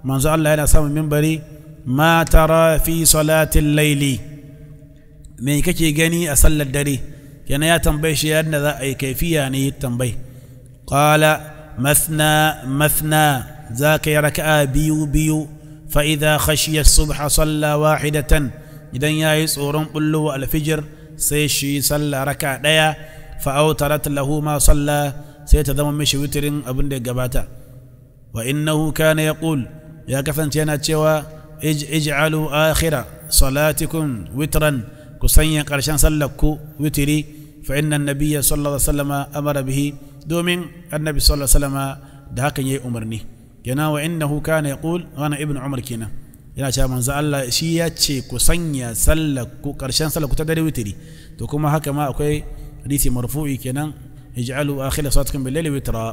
من زال الله على المنبري ما ترى في صلاة الليل من كي جني أصلى الدري كان يا تنبئ شيئا ذا أي كيفية يعني تنبئ قال مثنى مثنى ذاك يركع بيو بيو فإذا خشي الصبح صلى واحدة إذا يا يسورون قلوا الفجر sai shi sallah raka ɗaya fa'autarat lahu ma salla sai ta zama mishi witirin abin da gabata wa innahu kana yaqul ya kasance yana cewa ij'alu akhira salatikum witran ku sanya ƙarshen sallar ku witiri fa inna nabiyya sallallahu alaihi wasallam amara bihi domin annabi sallallahu alaihi wasallam da hakan yayi umarni yana wa innahu kana yaqul wa ana ibnu umar kenan yana cewa manzo Allah shi ya ce ku sanya sallar ku karshen sallar ku ta dare witiri to kuma haka ma akwai hadisi marfu'i kenan ij'alu akhira salatikum bil-layli witra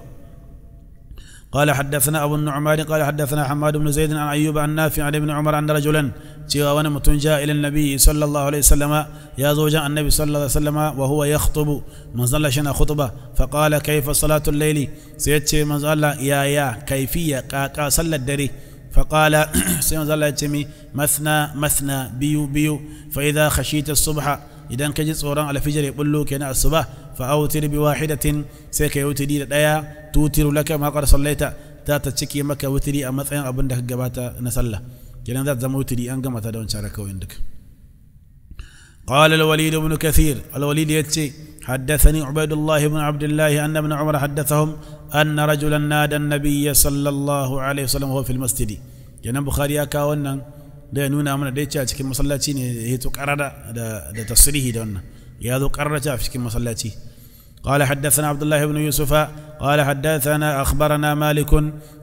قال حدثنا أبو النعمان قال حدثنا حماد بن زيد عن أيوب عن نافع عن ابن عمر عن رجلا سوى وانا متنجا إلى النبي صلى الله عليه وسلم يا زوج النبي صلى الله عليه وسلم وهو يخطب من صلى شنا خطبة فقال كيف صلاة الليل سيتشي من صلى يا يا كيفية قا قا صلى الدري فقال سيدنا الله يتمي مثنى مثنى بيو بيو فإذا خشيت الصبح إذا كجت صورا على فجر يقول كنا الصبح فأوتر بواحدة سيك يوتري دايا توتر لك ما قد صليت تاتا تشكي مكة وتري أما ثين أبن دك جباتا نسلا كنا ذات زم وتري أن جمعت دون شارك ويندك قال الوليد بن كثير الوليد يتشي حدثني عبيد الله بن عبد الله أن ابن عمر حدثهم أن رجلا نادى النبي صلى الله عليه وسلم وهو في المسجد جنا بخاري كاونا ده نونا من ده تشا dai مصلاتي ني masallaci ne ده to karara يا ذو قرر تشا wannan مصلاتي قال حدثنا عبد الله بن يوسف قال حدثنا أخبرنا مالك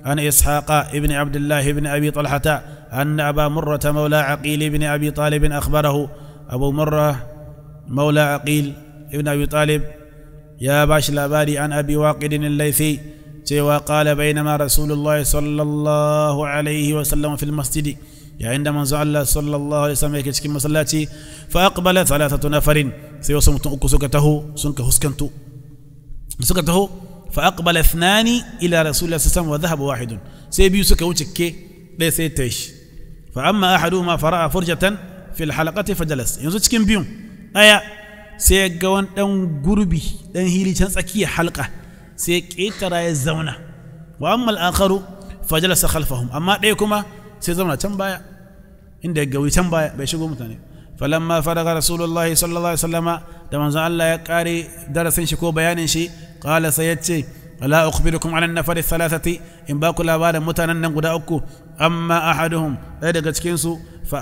عن إسحاق ابن عبد الله بن أبي طلحة أن أبا مرة مولى عقيل بن أبي طالب أخبره أبو مرة مولى عقيل ابن أبي طالب يا باش الأباري عن أبي واقد الليثي سوى قال بينما رسول الله صلى الله عليه وسلم في المسجد يعني عندما زعل صلى الله عليه وسلم يكشكي مسلاتي فأقبل ثلاثة نفر سوى سمت أكو سكته سنك هسكنت سكته فأقبل اثنان إلى رسول الله صلى الله عليه وسلم وذهب واحد سيبيو سكه وشك ليس يتعيش فأما أحدهما فرأى فرجة في الحلقة فجلس ينزل تشكين بيوم أيا sai ya ga wani ɗan gurbi ɗan hili can tsakiya halka sai ya ƙetara ya zauna wa ammal akharu fajalasa khalfahum amma ɗaya kuma sai zauna can baya inda ya ga gawi can baya bai shigo mutane falamma faraga rasulullahi sallallahu alaihi wasallama da manzon Allah ya kare darasin shi ko bayanin shi qala sayace ya ce ala ukhbirukum ala an-nafar ath-thalathati in ba ku da mutanen nan guda uku amma ahaduhum ɗaya daga cikin su fa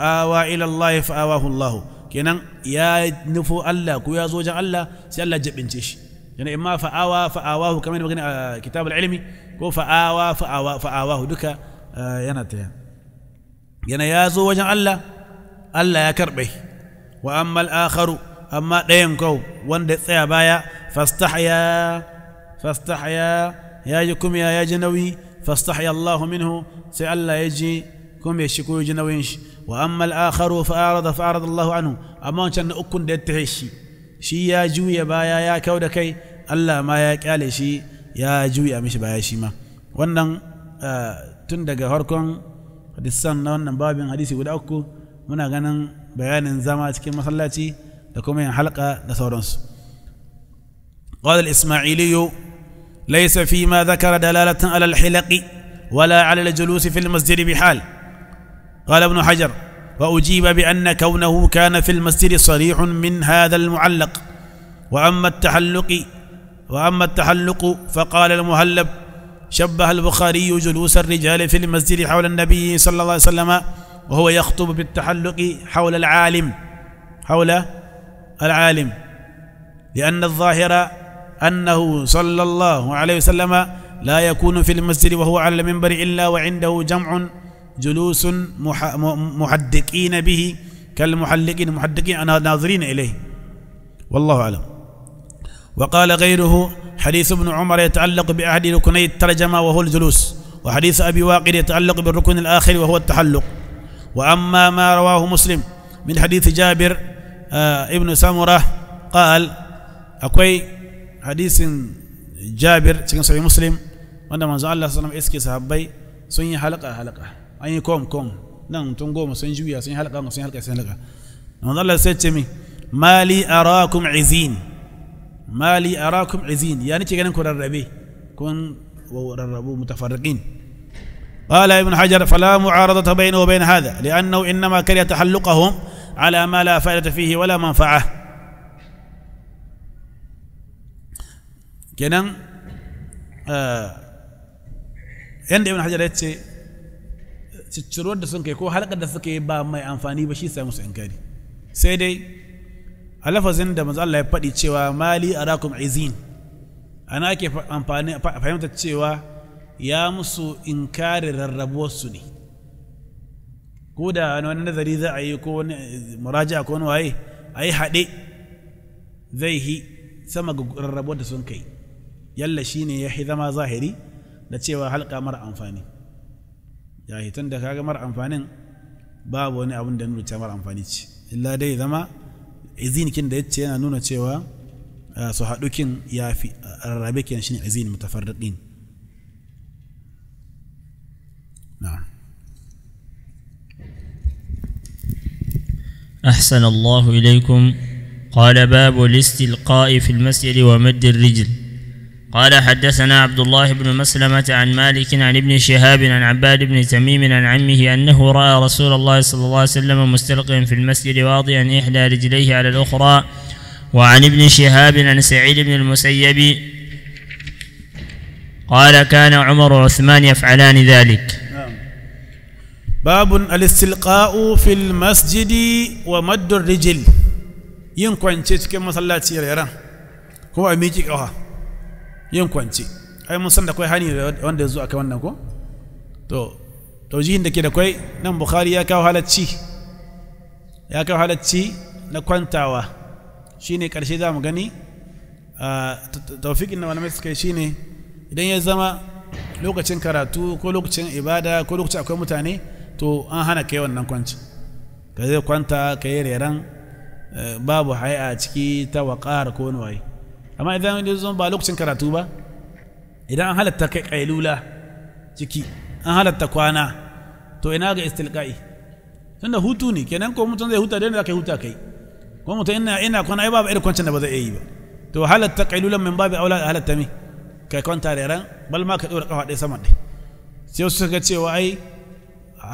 ila Allah fa awahu Allah kenan ya nufo Allah ko ya zo wajen Allah sai Allah jabince shi yana imma fa'awa fa'awahu kamar magana a kitabul ilmi ko fa'awa fa'awa fa'awahu duka yana ta yana ya zo wajen Allah Allah ya karbe wa amma al-akharu amma dayan ko wanda tsaya baya fastahya fastahya ya yakum ya ji fastahya Allah minhu sai Allah yaji kuma ya shi ko ya shi واما الاخر فاعرض فاعرض الله عنه اما كان اكون ده تهشي شي يا جويا بايا يا كودكاي الله ما يا قال شي يا جويا مش بايا شي ما wannan tun daga harkon hadisan na wannan babin hadisi guda uku muna ganin bayanin zama cikin masallaci da kuma yin halka da sauransu قال الإسماعيلي ليس فيما ذكر دلالة على الحلق ولا على الجلوس في المسجد بحال قال ابن حجر وأجيب بأن كونه كان في المسجد صريح من هذا المعلق وأما التحلق وأما التحلق فقال المهلب شبه البخاري جلوس الرجال في المسجد حول النبي صلى الله عليه وسلم وهو يخطب بالتحلق حول العالم حول العالم لأن الظاهر أنه صلى الله عليه وسلم لا يكون في المسجد وهو على المنبر إلا وعنده جمع جلوس محدقين به كالمحلقين محدقين ناظرين إليه والله أعلم وقال غيره حديث ابن عمر يتعلق بأحد ركني الترجمة وهو الجلوس وحديث أبي واقد يتعلق بالركن الآخر وهو التحلق وأما ما رواه مسلم من حديث جابر آه ابن سمرة قال أكوي حديث جابر cikin مسلم muslim wanda manzo الله صلى الله عليه وسلم اسكي sun yi حلقة حلقة an yi kom kom nan tun goma sun juya sun halka sun halka sun halka manzo Allah sai ce mi mali arakum izin mali arakum izin ya nake ganin ku rarrabe kun rarrabu mutafarriqin قال ابن حجر فلا معارضة بينه وبين هذا لأنه إنما كره تحلقهم على ما لا فائدة فيه ولا منفعة كنا آه عند ابن حجر يتسي cicciro da sun kai ko halka da suka yi ba mai amfani ba shi sai musu inkari sai dai alafazin da manzo Allah ya faɗi cewa mali arakum izin ana ake amfani fahimta cewa ya musu inkari rarrabuwar su ne ko da wani nazari za a yi ko wani muraja ko wani waye a yi haɗe zai hi sama ga rarrabuwar da sun kai yalla shine ya zama zahiri da cewa halka mara amfani ya hitan da kaga mara amfanin babu wani abin da nuna mara amfani ce illa dai zama izinikin da yace yana nuna cewa su haɗukin ya fi rarrabe kenan shine izin mutafarriqin na'am أحسن الله إليكم قال باب الاستلقاء في المسجد ومد الرجل قال حدثنا عبد الله بن مسلمة عن مالك عن ابن شهاب عن عباد بن تميم عن عمه أنه رأى رسول الله صلى الله عليه وسلم مستلقيا في المسجد واضيا إحدى رجليه على الأخرى وعن ابن شهاب عن سعيد بن المسيب قال كان عمر وعثمان يفعلان ذلك نعم. باب الاستلقاء في المسجد ومد الرجل ينكو تشيك مصلاة سيريرا هو أميتك أوها yin kwance ai mun san da kai hani wanda ya zo akai wannan ko to taujihin da ke da kai nan bukhari ya kawo halacci ya kawo halacci na kwantawa shine karshe za mu gani taufikin na malamai suka yi shine idan ya zama lokacin karatu ko lokacin ibada ko lokacin akwai mutane to an hana kai wannan kwanci ka zai kwanta ka yi reren eh, babu haya a ciki ta waƙar ko wani waye amma idan ya zo ba lokacin karatu ba idan an halatta kai kailula ciki an halatta kwana to ina ga istilqa'i tunda hutu ne kenan ko mutum zai huta da kai huta kai ko mutum ina ina kwana ai babu irin kwancin da ba zai yi ba to halatta kailula min babu aula halatta mi kai kwanta da ran bal ma ka dora kafa dai sama dai sai wasu ga cewa ai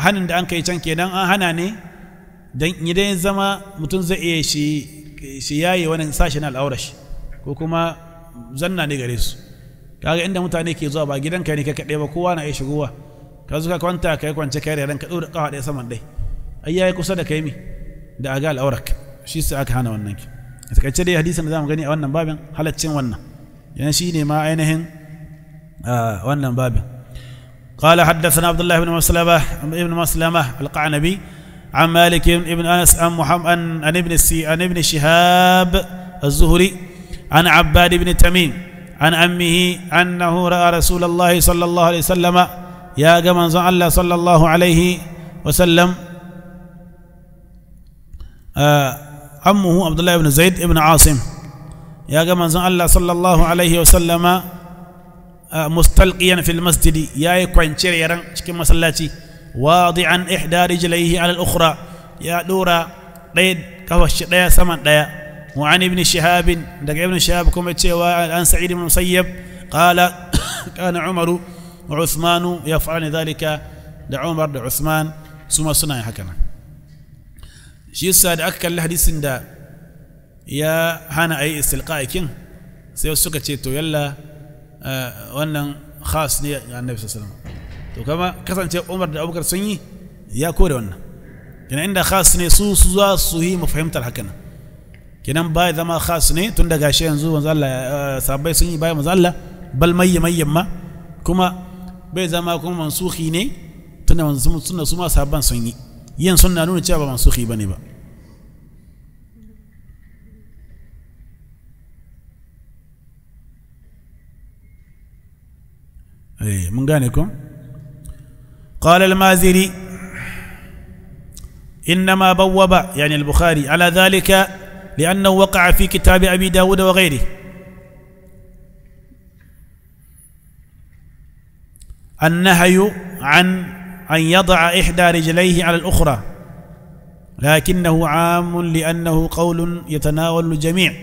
hanin da an kai can kenan an hana ne dan idan zama mutum zai iya shi shi yayi wani sashi na al'aurashi ko kuma zanna ne gare su kaga inda mutane ke zuwa ba gidanka ne ka kaɗai ba kowa na iya shigowa ka zo kwanta ka yi kwance kai ran ka ɗora ƙawa ɗaya saman ɗai ai yayi kusa da kai mi da aga al'aurak shi sa aka hana wannan ki a takaice dai hadisin da zamu gani a wannan babin halaccin wannan yan shi ne ma ainihin wannan babin قال حدثنا عبد الله بن مسلمة ابن مسلمة القعنبي عن مالك ابن انس عن محمد عن ابن السي عن ابن شهاب الزهري عن عباد بن تميم عن أمه أنه رأى رسول الله صلى الله عليه وسلم يا جماعة الله صلى الله عليه وسلم عمه آه، عبد الله بن زيد بن عاصم يا جماعة الله صلى الله عليه وسلم آه، مستلقيا في المسجد يا يكون شريرا كما صلاتي واضعا إحدى رجليه على الأخرى يا دورا ريد كفش ريا سمن ريا wa an ibn shihab daga ibn shihab kuma cewa an sa'id ibn musayyab qala kana umaru wa uthman yaf'alani dhalika da umar da uthman suma suna haka nan shi yasa da aka kalli hadisin da ya hana ayi istilqa'ikin sai suka ce to yalla wannan khas ne ga annabi sallallahu alaihi wasallam kasance umar da abubakar sun ya kore wannan kina inda ne su su za su haka kenan baya zama khas ne tun daga shi yanzu manzo Allah sabai sun yi baya manzo Allah bal mayya mayyan ma kuma bai zama kuma mansuhi ne tun da sunna su ma sahabban sun yi yin sunna nuna cewa ba mansuhi bane ba eh mun gane قال المازري إنما بوب يعني البخاري على ذلك لأنه وقع في كتاب أبي داود وغيره النهي عن أن يضع إحدى رجليه على الأخرى لكنه عام لأنه قول يتناول الجميع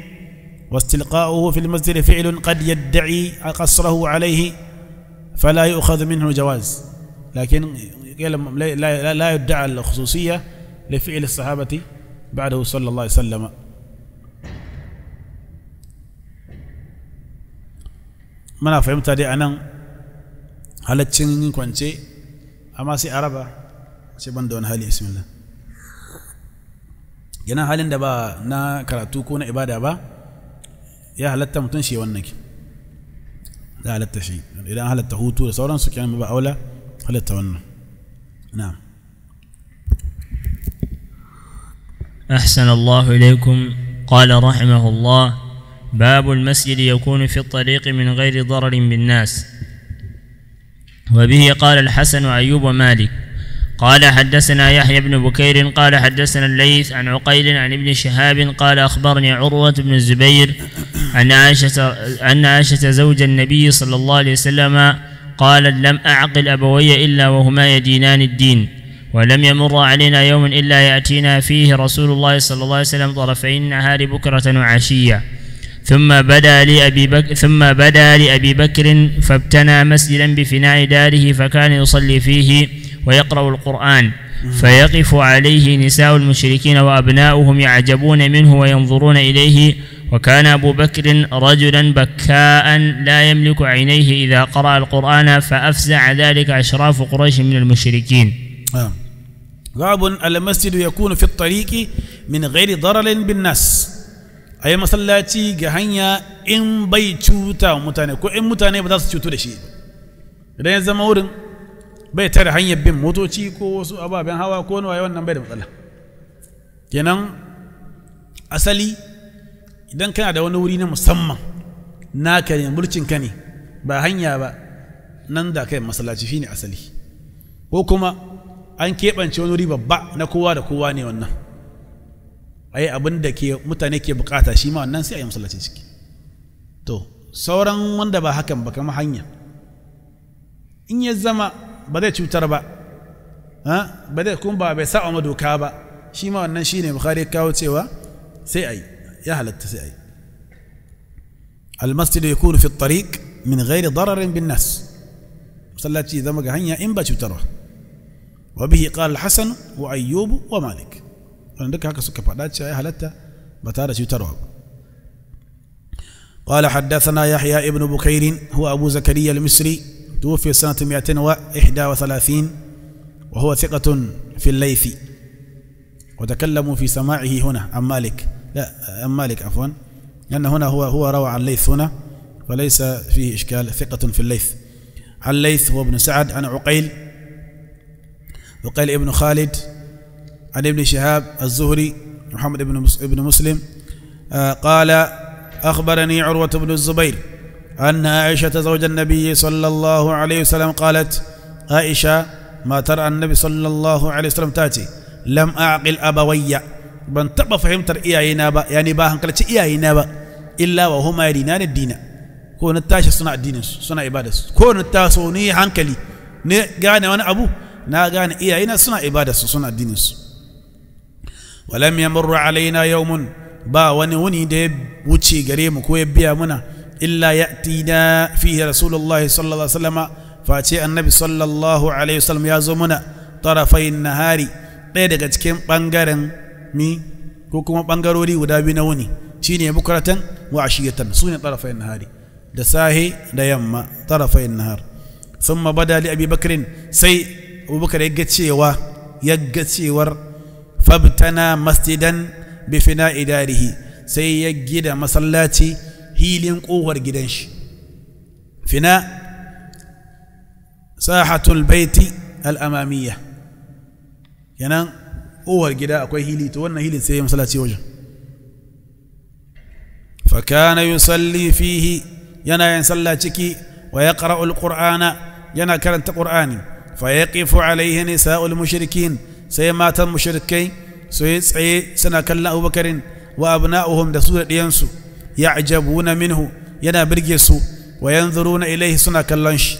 واستلقاؤه في المسجد فعل قد يدعي قصره عليه فلا يؤخذ منه جواز لكن لا, لا يدعى الخصوصية لفعل الصحابة بعده صلى الله عليه وسلم mana fahimta dai anan halaccin kwance amma sai araba sai ban da wani hali bismillah yana halin da ba na karatu ko na ibada ba ya halatta mutum shi wannan ki za halatta shi idan halatta hutu da sauransu kenan ba aula halatta wannan na'am أحسن الله إليكم قال رحمه الله باب المسجد يكون في الطريق من غير ضرر بالناس وبه قال الحسن أيوب ومالك قال حدثنا يحيى بن بكير قال حدثنا الليث عن عقيل عن ابن شهاب قال أخبرني عروة بن الزبير أن عائشة أن عائشة زوج النبي صلى الله عليه وسلم قالت لم أعقل أبوي إلا وهما يدينان الدين ولم يمر علينا يوم إلا يأتينا فيه رسول الله صلى الله عليه وسلم طرفي النهار بكرة وعشية ثم بدا لأبي بكر ثم بدا لأبي بكر فابتنى مسجدا بفناء داره فكان يصلي فيه ويقرأ القرآن فيقف عليه نساء المشركين وأبناؤهم يعجبون منه وينظرون إليه وكان أبو بكر رجلا بكاء لا يملك عينيه إذا قرأ القرآن فأفزع ذلك أشراف قريش من المشركين آه. غاب المسجد يكون في الطريق من غير ضرر بالناس a yi masallaci ga hanya in bai cuta mutane ko in mutane ba za su cutu da shi idan ya zama wurin bai tare hanyar bin motoci ko wasu ababen hawa ko wani waye wannan bai da matsala kenan asali idan kana da wani wuri na musamman na naka ne ka ne ba hanya ba nan da kai masallaci shine asali ko kuma an keɓance wani wuri babba na kowa da kowa ne wannan ai abin da ke mutane ke bukata shi ma wannan sai a yi masallaci ciki to sauran wanda ba hakan ba kama hanya in ya zama ba zai cutar ba ba zai kuma ba bai sa'a doka ba shi ma wannan shine bukari kawo cewa sai a yi ya halatta sai a yi almasjidu ya kunu fi tariq min ghairi dararin bin nas masallaci zama ga hanya in ba cutarwa wa bihi qala al-hasan wa ayyub wa malik waɗanda duka haka suka faɗa cewa ya halatta ba tare da cutarwa ba قال حدثنا يحيى ابن بكير هو أبو زكريا المصري توفي سنة 231 وهو ثقة في الليث وتكلموا في سماعه هنا عن مالك لا عن مالك عفوا لأن هنا هو هو روى عن الليث هنا فليس فيه إشكال ثقة في الليث عن الليث هو ابن سعد عن عقيل عقيل ابن خالد عن ابن شهاب الزهري محمد بن ابن مسلم آه، قال أخبرني عروة بن الزبير أن عائشة زوج النبي صلى الله عليه وسلم قالت عائشة ما ترى النبي صلى الله عليه وسلم تاتي لم أعقل أبوي بن تبا فهمت إياه نابا يعني باهن قالت إياه نابا إلا وهما يدينان الدين كون التاش صنع الدين صنع عبادة كون التاسوني هنكلي ني غاني وانا أبو نا غاني إياه صنع عبادة صنع الدين walam yamurru alaina yawmun ba wani wuni da ya wuce gare mu ko ya biya muna illa ya'tina fihi rasulullahi sallallahu alaihi wasallam face annabi sallallahu alaihi wasallam ya zo muna tarafain ɗaya daga cikin ɓangaren mi ko kuma ɓangarori guda biyu na wuni shine bukratan wa ashiyatan sune tarafain nahari da sahi da yamma tarafain nahar thumma bada li abi bakrin sai abubakar ya ga cewa ya ga cewar fabtana masjidan bifina idarihi sai ya gida masallaci hilin ƙofar gidan shi fina sahatul baiti al'amamiya yanan ƙofar gida akwai hili to wannan hilin sai ya masallaci wajen fakana yusalli fihi yana yin sallah ciki wa ya ƙara'ul ƙur'ana yana karanta ƙur'ani fa ya ƙifu alaihi nisa'ul mushrikin sai matan mushrikai su yi tsaye suna kallon abubakarin wa abna'uhum da su da ɗiyansu na minhu yana birge su wa yanzuruna ilaihi suna kallon shi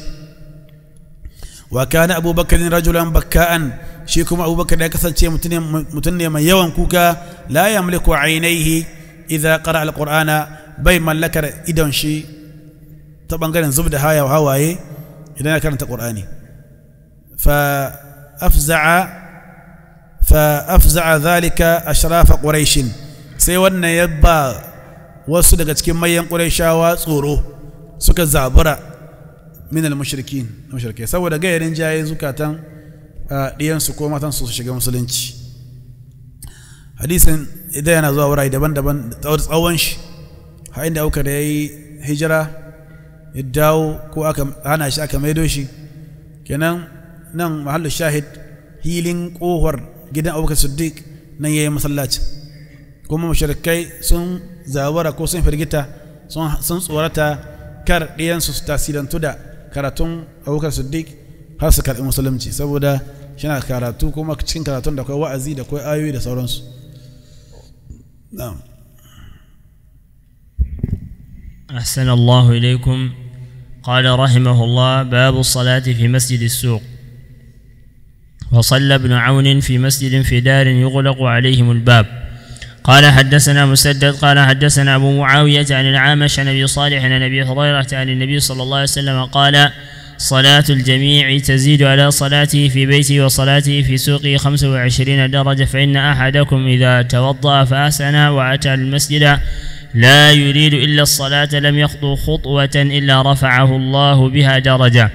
wa kana abubakarin rajulan bakka'an shi kuma abubakar ya kasance mutum ne mai yawan kuka la yamliku ainihi idza qara alqur'ana bai mallakar idon shi ta bangaren zubda haya hawaye idan ya karanta qur'ani fa afza'a zalika ذلك sharafa قريش sai wannan ya ba wasu daga cikin mayan ƙurayshawa tsoro suka zabura min al-mushrikin mushrike saboda gairin jaye zukatan su ko matan su shiga musulunci hadisin idan yana zuwa wurare daban-daban tsawon shi ha inda auka da ya hijira ya dawo ko aka hana shi aka maido shi kenan nan mahallu shahid hilin kohar gidan abubakar siddiq nan yayi masallaci kuma mushrikai sun zawara ko sun firgita sun tsorata kar ɗiyansu su tasirantu da karatun abubakar siddiq har su karɓi musulunci saboda shina karatu kuma cikin karatun da akwai wa'azi da akwai ayoyi da sauransu أحسن الله إليكم قال رحمه الله باب الصلاة في مسجد السوق وصلى ابن عون في مسجد في دار يغلق عليهم الباب قال حدثنا مسدد قال حدثنا أبو معاوية عن العامش عن أبي صالح عن أبي هريرة عن النبي صلى الله عليه وسلم قال صلاة الجميع تزيد على صلاته في بيته وصلاته في سوقه 25 وعشرين درجة فإن أحدكم إذا توضأ فأسعن وأتى المسجد لا يريد إلا الصلاة لم يخطو خطوة إلا رفعه الله بها درجة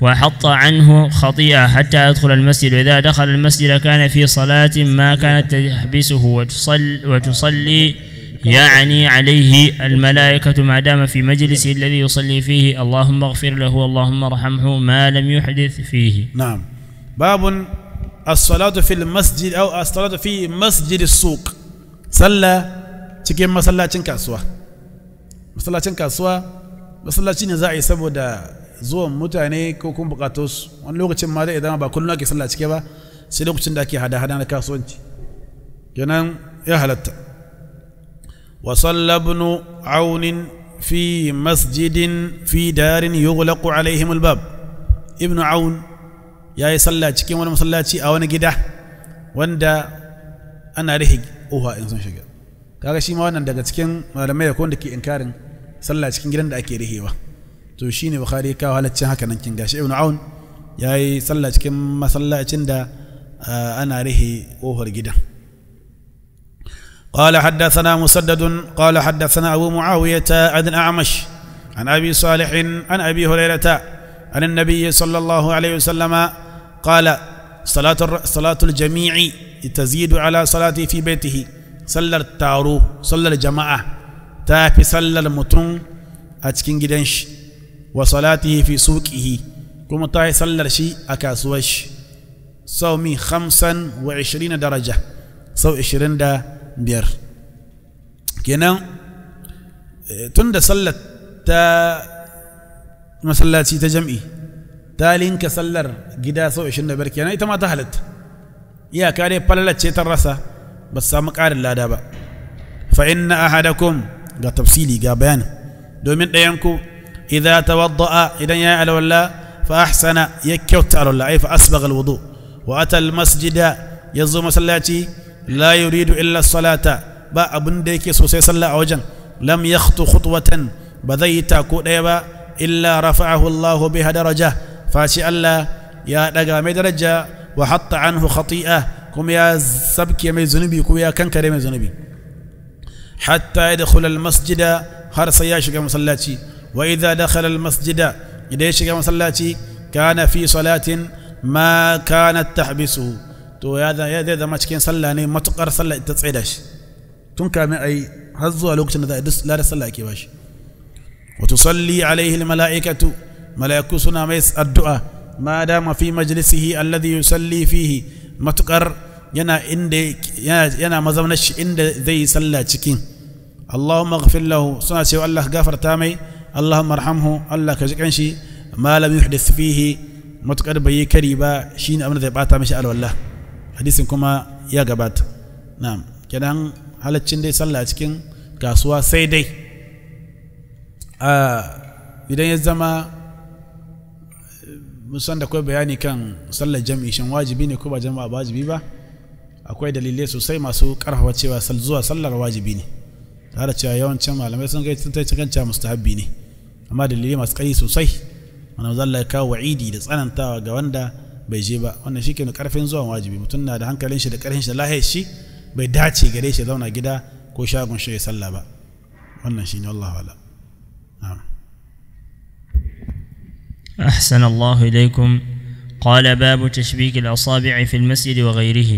وحط عنه خطيئة حتى يدخل المسجد وإذا دخل المسجد كان في صلاة ما كانت تحبسه وتصل وتصلي يعني عليه الملائكة ما دام في مجلسه الذي يصلي فيه اللهم اغفر له اللهم ارحمه ما لم يحدث فيه نعم باب الصلاة في المسجد أو الصلاة في مسجد السوق صلى تكيم ما صلى masallacin ما صلى ne ما صلى yi zuwan mutane ko kuma su wani lokacin ma zai zama ba kullum ake sallah cike ba sai lokacin da ake hada-hada na kasuwanci kenan ya halatta wa sallabnu aunin fi masjidin fi darin yughlaqu alaihim albab ibnu aun ya yi sallah cikin wani masallaci a wani gida wanda ana rihi uha in sun shiga kaga shi ma wannan daga cikin malamai da wanda ke inkarin sallah cikin gidan da ake rihewa to shine bukhari kawo halaccin haka nan kin gashi ibnu aun yayi sallah cikin masallacin da ana rihi kofar gidan قال حدثنا مسدد قال حدثنا أبو معاوية عن الأعمش عن أبي صالح عن أبي هريرة عن النبي صلى الله عليه وسلم قال صلاة صلاة الجميع تزيد على صلاتي في بيته صلى التارو صلى الجماعة تافي صلى المتون أتكين جدنش wa salatihi fi suqihi kuma ta yi sallar shi a kasuwar shi sau mi hamsan wa ishirin daraja sau ishirin da biyar kenan eh, tun da sallar ta masallaci ta jam'i ta linka sallar gida sau ishirin da biyar kenan ita ma ta halatta iyaka dai falalace ta rasa ba su samu ƙarin lada ba fa'in na ahadakum ga tafsili ga bayanin domin ku. إذا توضأ إذا يا الولا فأحسن يكوت الله أي فأسبغ الوضوء وأتى المسجد يزو مسلاتي لا يريد إلا الصلاة با أبن ديكي سوسي صلى أوجن لم يخطو خطوة بذيتا كوديبا إلا رفعه الله بها درجة فاشي الله يا دقا درجة وحط عنه خطيئة كم يا سبك يا ميزنبي كم يا كنكر يا مي حتى يدخل المسجد هرس ياشك مسلاتي wa idza dakhala al masjida idan ya shiga masallaci kana fi salatin ma kanat tahbisuhu ya zai zama cikin sallah ne matukar sallah ta tsaida shi tun kamin ai har zuwa lokacin da za a duk ladar sallah ake bashi wa tusalli alaihi al mala'iku suna mai addu'a ma dama fi majlisihi alladhi yusalli fihi matukar yana inda shi inda zai yi sallah cikin Allahumma ghafir lahu suna cewa Allah gafarta mai اللهم ارحمه الله كجكن شي ما لم يحدث فيه متقد بي ba با شين da ذي باتا مشي alwala حديث كما يا غبات نعم كدان halaccin dai sallah cikin kasuwa sai dai idan ya zama musan da kai bayani kan sallar jam'i shin wajibi ne ko ba jama'a ba wajibi ba akwai dalilai sosai masu karfafa cewa zuwa sallar wajibi ne tare cewa yawancin malamai sun gaita ta cikin mustahabbi ne amma dalilai masu ƙarfi sosai wannan zalla ya kawo wa'idi da tsanantawa ga wanda bai je ba wannan shi ke karfin zuwan wajibi mutum na da hankalin shi da karfin shi da lahiyar shi bai dace gare shi zauna gida ko shagon shi ya sallah ba wannan shi ne Allah ala أحسن الله إليكم قال باب تشبيك الأصابع في المسجد وغيره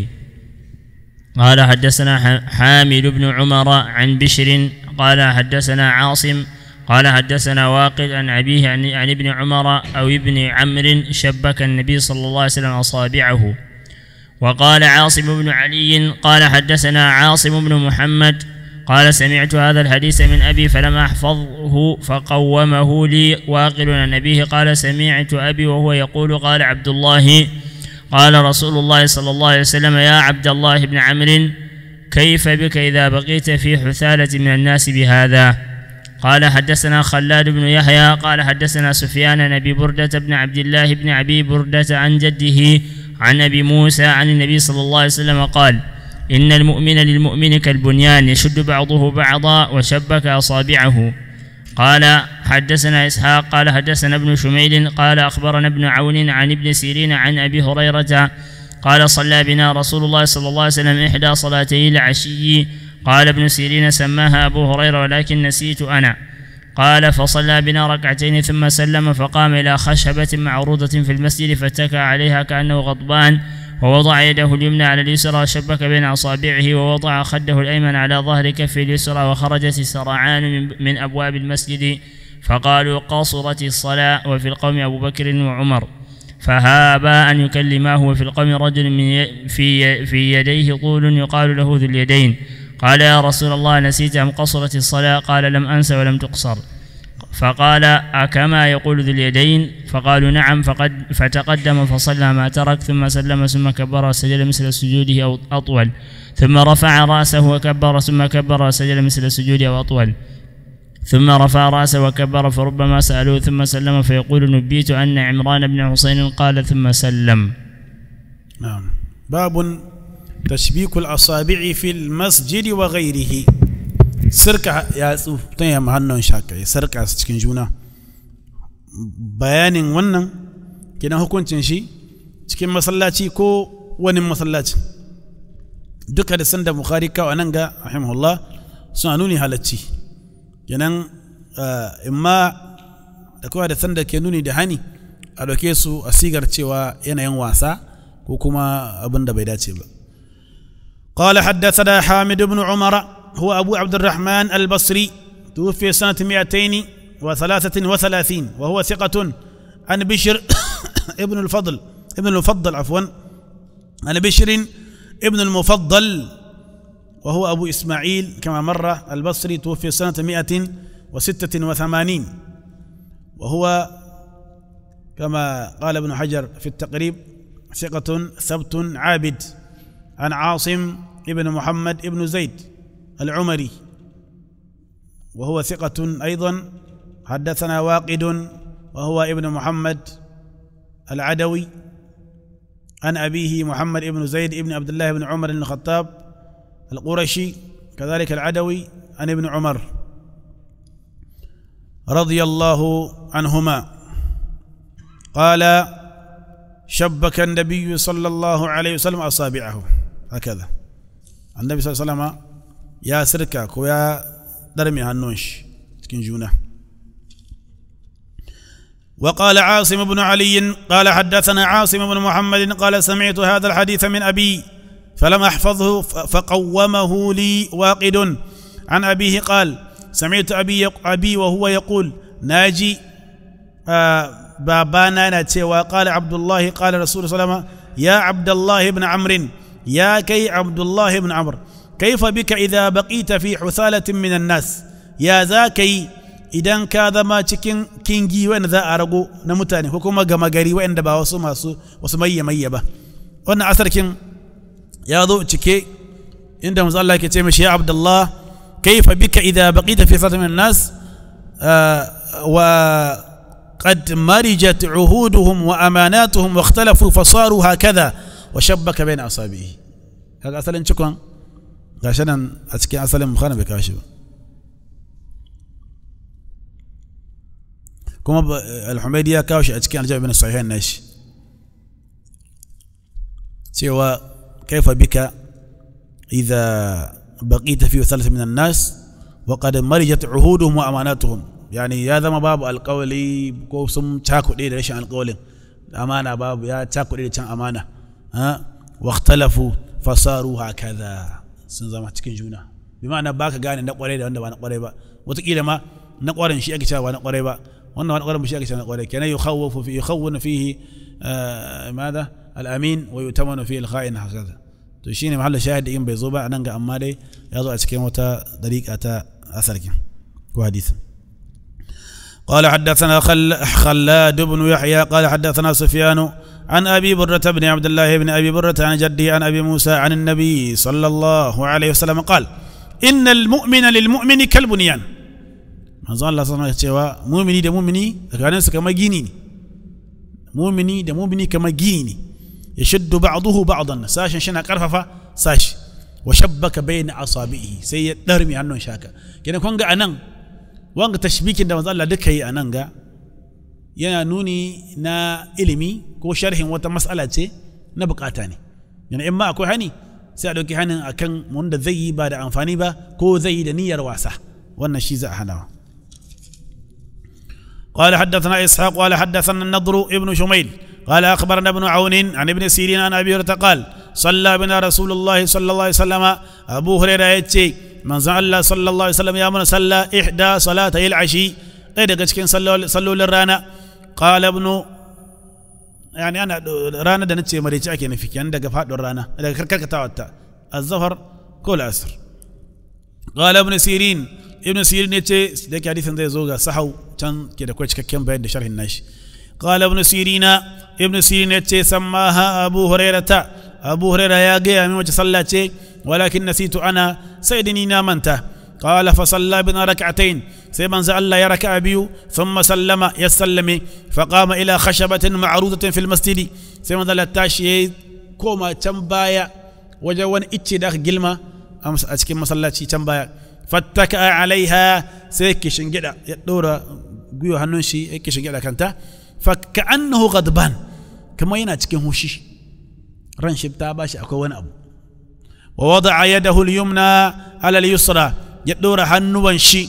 قال حدثنا حامد بن عمر عن بشر قال حدثنا عاصم قال حدثنا واقد عن أبيه عن, عن ابن عمر أو ابن عمرو شبك النبي صلى الله عليه وسلم أصابعه وقال عاصم بن علي قال حدثنا عاصم بن محمد قال سمعت هذا الحديث من أبي فلم أحفظه فقومه لي واقل عن أبيه قال سمعت أبي وهو يقول قال عبد الله قال رسول الله صلى الله عليه وسلم يا عبد الله بن عمرو كيف بك إذا بقيت في حثالة من الناس بهذا قال حدثنا خلاد بن يحيى قال حدثنا سفيان عن ابي برده بن عبد الله بن ابي برده عن جده عن ابي موسى عن النبي صلى الله عليه وسلم قال ان المؤمن للمؤمن كالبنيان يشد بعضه بعضا وشبك اصابعه قال حدثنا اسحاق قال حدثنا ابن شميل قال اخبرنا ابن عون عن ابن سيرين عن ابي هريره قال صلى بنا رسول الله صلى الله عليه وسلم احدى صلاتي العشي قال ابن سيرين سماها أبو هريرة ولكن نسيت أنا قال فصلى بنا ركعتين ثم سلم فقام إلى خشبة معروضة في المسجد فاتكى عليها كأنه غضبان ووضع يده اليمنى على اليسرى وشبك بين أصابعه ووضع خده الأيمن على ظهر كفه اليسرى وخرجت سرعان من أبواب المسجد فقالوا قصرت الصلاة وفي القوم أبو بكر وعمر فهابا أن يكلماه وفي القوم رجل من في, في يديه طول يقال له ذو اليدين قال يا رسول الله نسيت أم قصرت الصلاة قال لم أنس ولم تقصر فقال أكما يقول ذو اليدين فقالوا نعم فقد فتقدم فصلى ما ترك ثم سلم ثم كبر سجل مثل سجوده أو أطول ثم رفع رأسه وكبر ثم كبر سجل مثل سجوده أو أطول ثم رفع رأسه وكبر فربما سألوه ثم سلم فيقول نبيت أن عمران بن حسين قال ثم سلم نعم باب tashbikul asabi'i fil masjidi wa ghairihi sirka yatsu ta yamma hannun shakai sirka su juna bayanin wannan gidan hukuncin shi cikin masallaci ko wani masallaci duka da sanda bukhari nan ga rahimahullah suna nuni halacci kenan imma da kowa ke nuni da hani a su a sigar cewa yanayin wasa ko kuma abin da bai dace ba قال حدثنا حامد بن عمر هو أبو عبد الرحمن البصري توفي سنة 233 وهو ثقة عن بشر ابن الفضل ابن المفضل عفوا عن بشر ابن المفضل وهو أبو إسماعيل كما مر البصري توفي سنة 186 وهو كما قال ابن حجر في التقريب ثقة ثبت عابد عن عاصم ابن محمد ابن زيد العمري وهو ثقة أيضا حدثنا واقد وهو ابن محمد العدوي عن أبيه محمد ابن زيد ابن عبد الله بن عمر بن الخطاب القرشي كذلك العدوي عن ابن عمر رضي الله عنهما قال شبك النبي صلى الله عليه وسلم أصابعه هكذا النبي صلى الله عليه وسلم يا سركا كويا درمي هنوش تكين وقال عاصم بن علي قال حدثنا عاصم بن محمد قال سمعت هذا الحديث من أبي فلم أحفظه فقومه لي واقد عن أبيه قال سمعت أبي, أبي وهو يقول ناجي آه، بابانا نتي وقال عبد الله قال رسول الله صلى الله عليه وسلم يا عبد الله بن عمرو يا كي عبد الله بن عمرو كيف بك إذا بقيت في حثالة من الناس يا ذاكي إذا كذا ما تكين كينجي وين ذا أرجو نمتاني حكومة جمعري وين دبا وسوم وسوم وسوم أيه يبا وأنا أثر يا ذو تكي إن دم زال لك تمشي يا عبد الله كيف بك إذا بقيت في حثالة من الناس آه وقد مرجت عهودهم وأماناتهم واختلفوا فصاروا هكذا وشبك بين أصابعه هذا أصلا شكرا عشان أتكي أصلا مخانا بكاشو كما الحميدية كاوش أتكي الجامع بين الصحيحين ناش سوى كيف بك إذا بقيت في ثلث من الناس وقد مرجت عهودهم وأماناتهم يعني ذا ما باب القول كوسم تاكو دي ليش عن يعني القول أمانة باب يا تاكو دي أمانة ها واختلفوا فصاروا هكذا سنزام تكن جونا بمعنى باك قال انك قريبا وانا وانا قريبا وتقيل ما نقوار شيء اكيد وانا قريبا وانا وانا قريبا شيء اكيد وانا قريبا كان يخوف في يخون فيه آه ماذا الامين ويؤتمن فيه الخائن هكذا تو شيء محل شاهد ان بيزوبا انا اما لي يضع سكين وتا دريك اتا اثرك وحديث قال حدثنا خل خلاد بن يحيى قال حدثنا سفيان عن أبي برة بن عبد الله بن أبي برة عن جدي عن أبي موسى عن النبي صلى الله عليه وسلم قال إن المؤمن للمؤمن كالبنيان مازال الله صلى الله عليه وسلم مؤمني دا مؤمني كانس كما جيني مؤمني دا مؤمني كما جيني يشد بعضه بعضا ساش شنا كرففا ساش وشبك بين أصابعه سيد درمي عنه شاكا كان كونغا أنان وانغ تشبيك دا مازال الله دكي أنانغا yana nuni na ilimi ko sharhin wata matsala ce na bukata ne yana in ma akwai hani sai a ɗauki hanin akan wanda zai yi ba da amfani ba ko zai yi da niyyar wasa wannan shi za a hanawa قال حدثنا إسحاق قال حدثنا النضر ابن شميل قال أخبرنا ابن عون عن ابن سيرين عن أبي هريرة قال صلى بنا رسول الله صلى الله عليه وسلم أبو هريرة يتشي من صلى صلى الله عليه وسلم يا من صلى إحدى صلاتي العشي إذا إيه كان صلوا للرانا قال ابن يعني انا رانا ده نتي مريتش اكي نفيك انا ده قفاد رانا ده كركك تاوتا الظهر كل عصر قال ابن سيرين ابن سيرين نتي ده كي حديث انده زوغا صحو چان كي ده كويتش كيم بيد ده شرح الناش قال ابن سيرين ابن سيرين نتي سماها ابو هريرة ابو هريرة يا جي امي وچ صلى ولكن نسيت انا سيدني نامنته قال فصلى بنا ركعتين سيما زعل يرك أبيو ثم سلم يسلمي فقام إلى خشبة معروضة في المسجد سيما زعل تاشي كوما تنبايا وجوان إتشي داخل قلمة أمس أتكي مسلاتي تنبايا فاتكأ عليها سيكي شنجدا يدورا قيو هنونشي ايكي شنجدا كانتا فكأنه غضبان كما ينا تكي هوشي رنشب تاباش أكو وين أبو ووضع يده اليمنى على اليسرى يدورا هنوانشي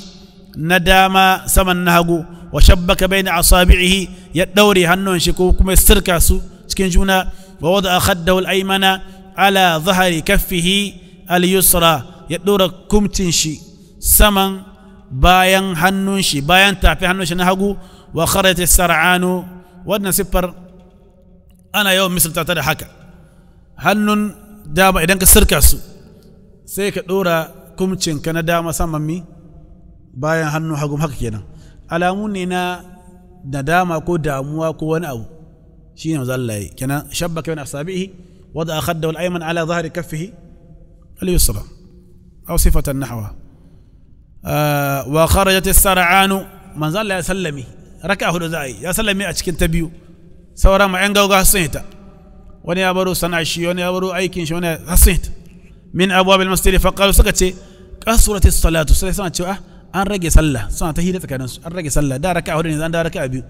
na dama saman nahagu wa shabbaka bayna asabi'ihi ya daure hannun shi ko kuma sirka su cikin juna wa wada khaddahu al-aymana ala zahari ya dora kumcin shi saman bayan hannun shi bayan tafi hannun shi na hagu wa kharajat sar'anu wannan siffar ana yawan misalta ta da haka hannun dama idan ka sirka sai ka dora kumcinka na dama saman mi bayan hannu hagu haka kenan alamun ne na nadama ko damuwa ko wani abu shine manzo Allah kenan shabbaka bin asabihi wada khaddahu al-ayman ala dhahri kaffihi al-yusra aw sifatan nahwa wa kharajat as-sar'an man zalla ya sallami raka hudu za ya sallami a cikin ta biyu ma yan gauga sun wani ya baro sana shi wani ya baro aikin shi wani sun hita min abwabil masjid fa qalu suka ce qasurat as-salatu sai suna cewa an rage sallah suna ta hira tsakanin su an rage sallah da raka'a hudu ne an da biyu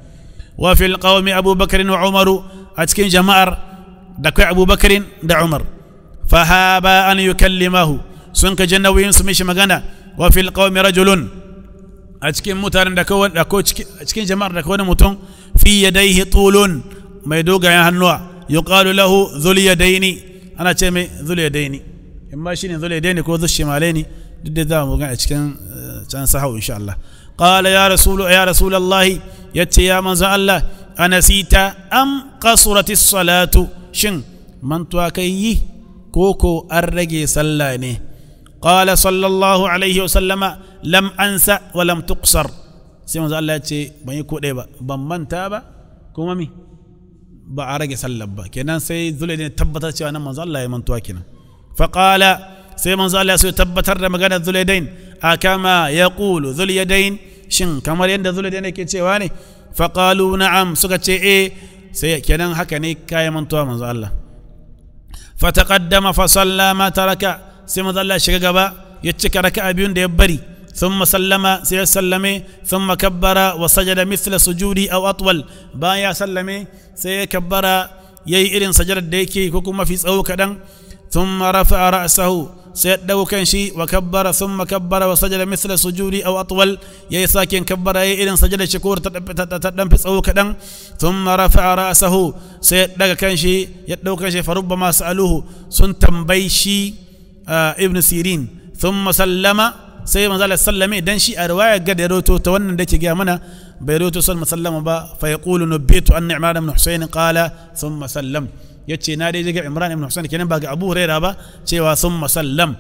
wa fil qawmi abubakar wa umaru a cikin jama'ar da kai abubakar da umar fa haba an yukallimahu sun ka ji nauyin su mishi magana wa fil qawmi rajulun a cikin mutanen da kawai da ko cikin jama'ar da kawai mutum fi tulun mai dogayen hannuwa yuqalu lahu dhul yadaini ana ce mai dhul yadaini imma shine dhul yadaini ko دام وقاعد كان آه، كان صحو ان شاء الله قال يا رسول يا رسول الله يا يا من زال الله انسيت ام قصرت الصلاه شن من توكي كوكو ارجي صلاني قال صلى الله عليه وسلم لم انسى ولم تقصر سي من زال الله يتي بني كودي با بن من تابا كوما مي با ارجي صلى با كينان سي ذل تبتت انا من زال الله من توكينا فقال سيمن زالي سو تبتر مغانا ذو اليدين أكما آه، يقول ذو اليدين شن كما يند ذو اليدين كي تيواني فقالوا نعم سوكا اي سي كنان هكا ني كاي من توا فتقدم فصلى ما ترك سيمن زالي شكاقبا يتشك ركا أبيون دي ثم سلم سي سلم ثم كبر وسجد مثل سجودي أو أطول بايا سلم سي كبر يي إرن سجد ديكي كوكوما في سوكا ثم رفع رأسه سيد سيدو كنشي وكبر ثم كبر وسجد مثل سجودي او اطول يسا كن كبر اي ان سجد شكور تدم كدن ثم رفع راسه سيدو كنشي يدو كنشي فربما سالوه سنتم بيشي آه ابن سيرين ثم سلم سي ما زال سلمي دنشي ارواي قد يروتو تونن ديتي جامنا بيروتو سلم سلم با فيقول نبيت ان عمران بن حسين قال ثم سلم ce na dai ga Imran ibn Husayn kenan ba ga Abu Huraira ba cewa sun masallam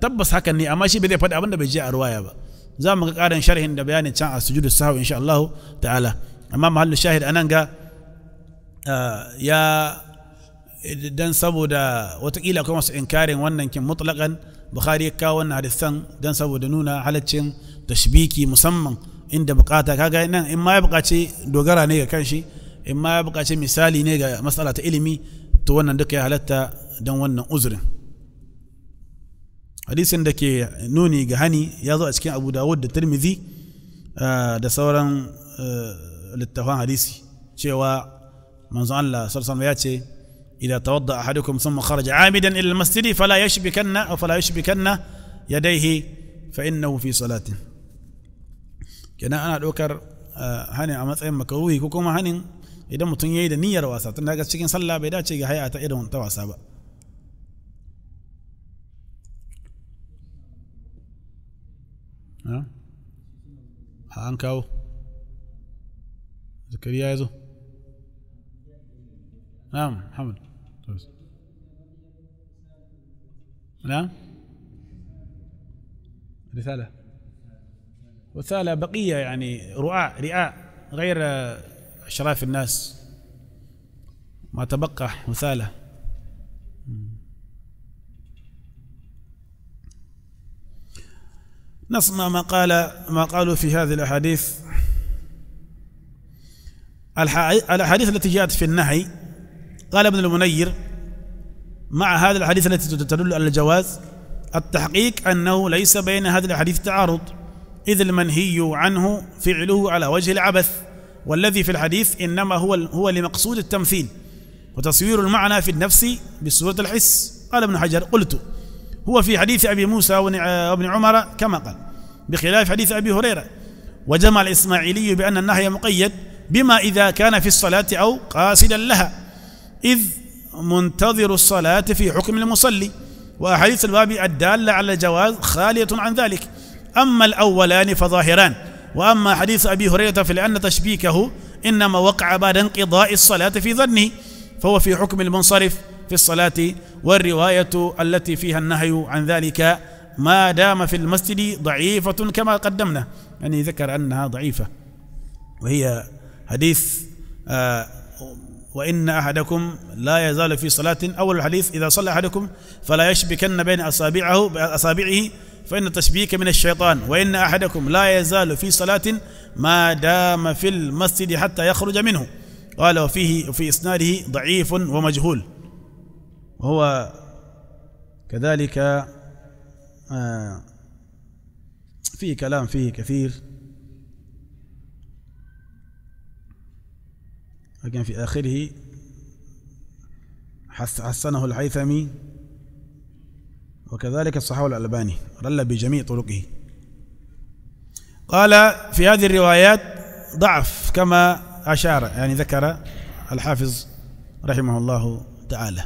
tabbas hakan ne amma shi bai zai faɗi abin da bai je a ruwaya ba za mu ga ƙarin sharhin da bayanin can a sujudu sahwi insha Allah ta'ala amma mahallu shahid anan ga ah, ya dan saboda watakila akwai masu inkarin wannan kin mutlaƙan bukhari ya kawo wannan hadisan dan saboda nuna halaccin tashbiki musamman inda bukata kaga nan in ma ya bukaci dogara ne ga kanshi in ma ya bukaci misali ne ga matsala ta ilimi to wannan duka ya halatta don wannan uzurin hadisin da ke nuni ga hani ya zo a cikin abu dawud da tirmidhi ah, da sauran ah, littafan hadisi cewa manzon Allah sallallahu ya ce idan tawadda ahadukum thumma kharaja amidan ila almasjid fala yashbikanna aw fala yashbikanna yadayhi fa innahu fi salatin kenan ana ɗaukar ah, hanin a matsayin makaruhi ko kuma hanin idan mutun yayi da niyyar wasa tun daga cikin sallah bai dace ga haya ta irin ta wasa ba ha an kawo zakariya yazo na'am hamad نعم رسالة رسالة بقية يعني رعاء رعاء غير إشراف الناس ما تبقى مثاله نسمع ما قال ما قالوا في هذه الأحاديث الأحاديث التي جاءت في النهي قال ابن المنير مع هذه الأحاديث التي تدل على الجواز التحقيق أنه ليس بين هذه الأحاديث تعارض إذ المنهي عنه فعله على وجه العبث والذي في الحديث إنما هو هو لمقصود التمثيل وتصوير المعنى في النفس بصورة الحس قال ابن حجر قلت هو في حديث أبي موسى وابن عمر كما قال بخلاف حديث أبي هريرة وجمع الإسماعيلي بأن النهي مقيد بما إذا كان في الصلاة أو قاصدا لها إذ منتظر الصلاة في حكم المصلي وأحاديث الباب الدالة على الجواز خالية عن ذلك أما الأولان فظاهران وأما حديث أبي هريرة فلأن تشبيكه إنما وقع بعد انقضاء الصلاة في ظنه فهو في حكم المنصرف في الصلاة والرواية التي فيها النهي عن ذلك ما دام في المسجد ضعيفة كما قدمنا يعني ذكر أنها ضعيفة وهي حديث آه، وإن أحدكم لا يزال في صلاة أول الحديث إذا صلى أحدكم فلا يشبكن بين أصابعه أصابعه فإن التشبيك من الشيطان وإن أحدكم لا يزال في صلاة ما دام في المسجد حتى يخرج منه قال وفيه وفي إسناده ضعيف ومجهول وهو كذلك آه، فيه كلام فيه كثير لكن في آخره حسنه الحيثمي وكذلك الصحاوي الألباني رل بجميع طرقه قال في هذه الروايات ضعف كما أشار يعني ذكر الحافظ رحمه الله تعالى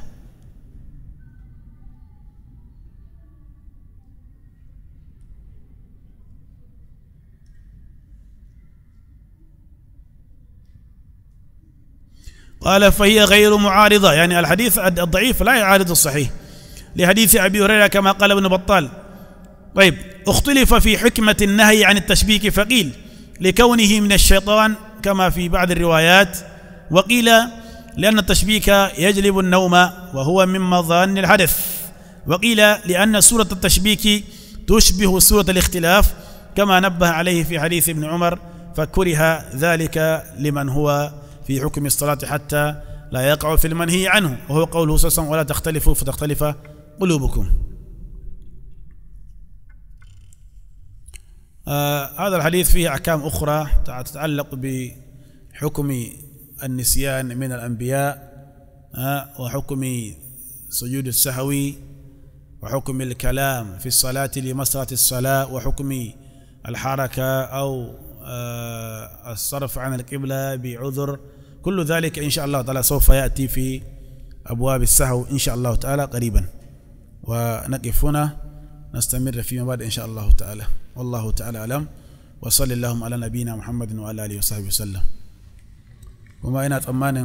قال فهي غير معارضة يعني الحديث الضعيف لا يعارض الصحيح لحديث أبي هريرة كما قال ابن بطال طيب اختلف في حكمة النهي عن التشبيك فقيل لكونه من الشيطان كما في بعض الروايات وقيل لأن التشبيك يجلب النوم وهو من مظان الحدث وقيل لأن سورة التشبيك تشبه سورة الاختلاف كما نبه عليه في حديث ابن عمر فكره ذلك لمن هو في حكم الصلاة حتى لا يقع في المنهي عنه وهو قوله صلى الله عليه وسلم ولا تختلفوا فتختلف قلوبكم آه هذا الحديث فيه أحكام أخرى تتعلق بحكم النسيان من الأنبياء آه وحكم سجود السهوي وحكم الكلام في الصلاة لمسرة الصلاة وحكم الحركة أو آه الصرف عن القبلة بعذر كل ذلك إن شاء الله تعالى سوف يأتي في أبواب السهو إن شاء الله تعالى قريباً ونقف هنا نستمر فيما بعد إن شاء الله تعالى والله تعالى أعلم وصلى اللهم على نبينا محمد وعلى آله وصحبه وسلم وما أنا أتأمن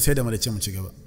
sai da mu ci gaba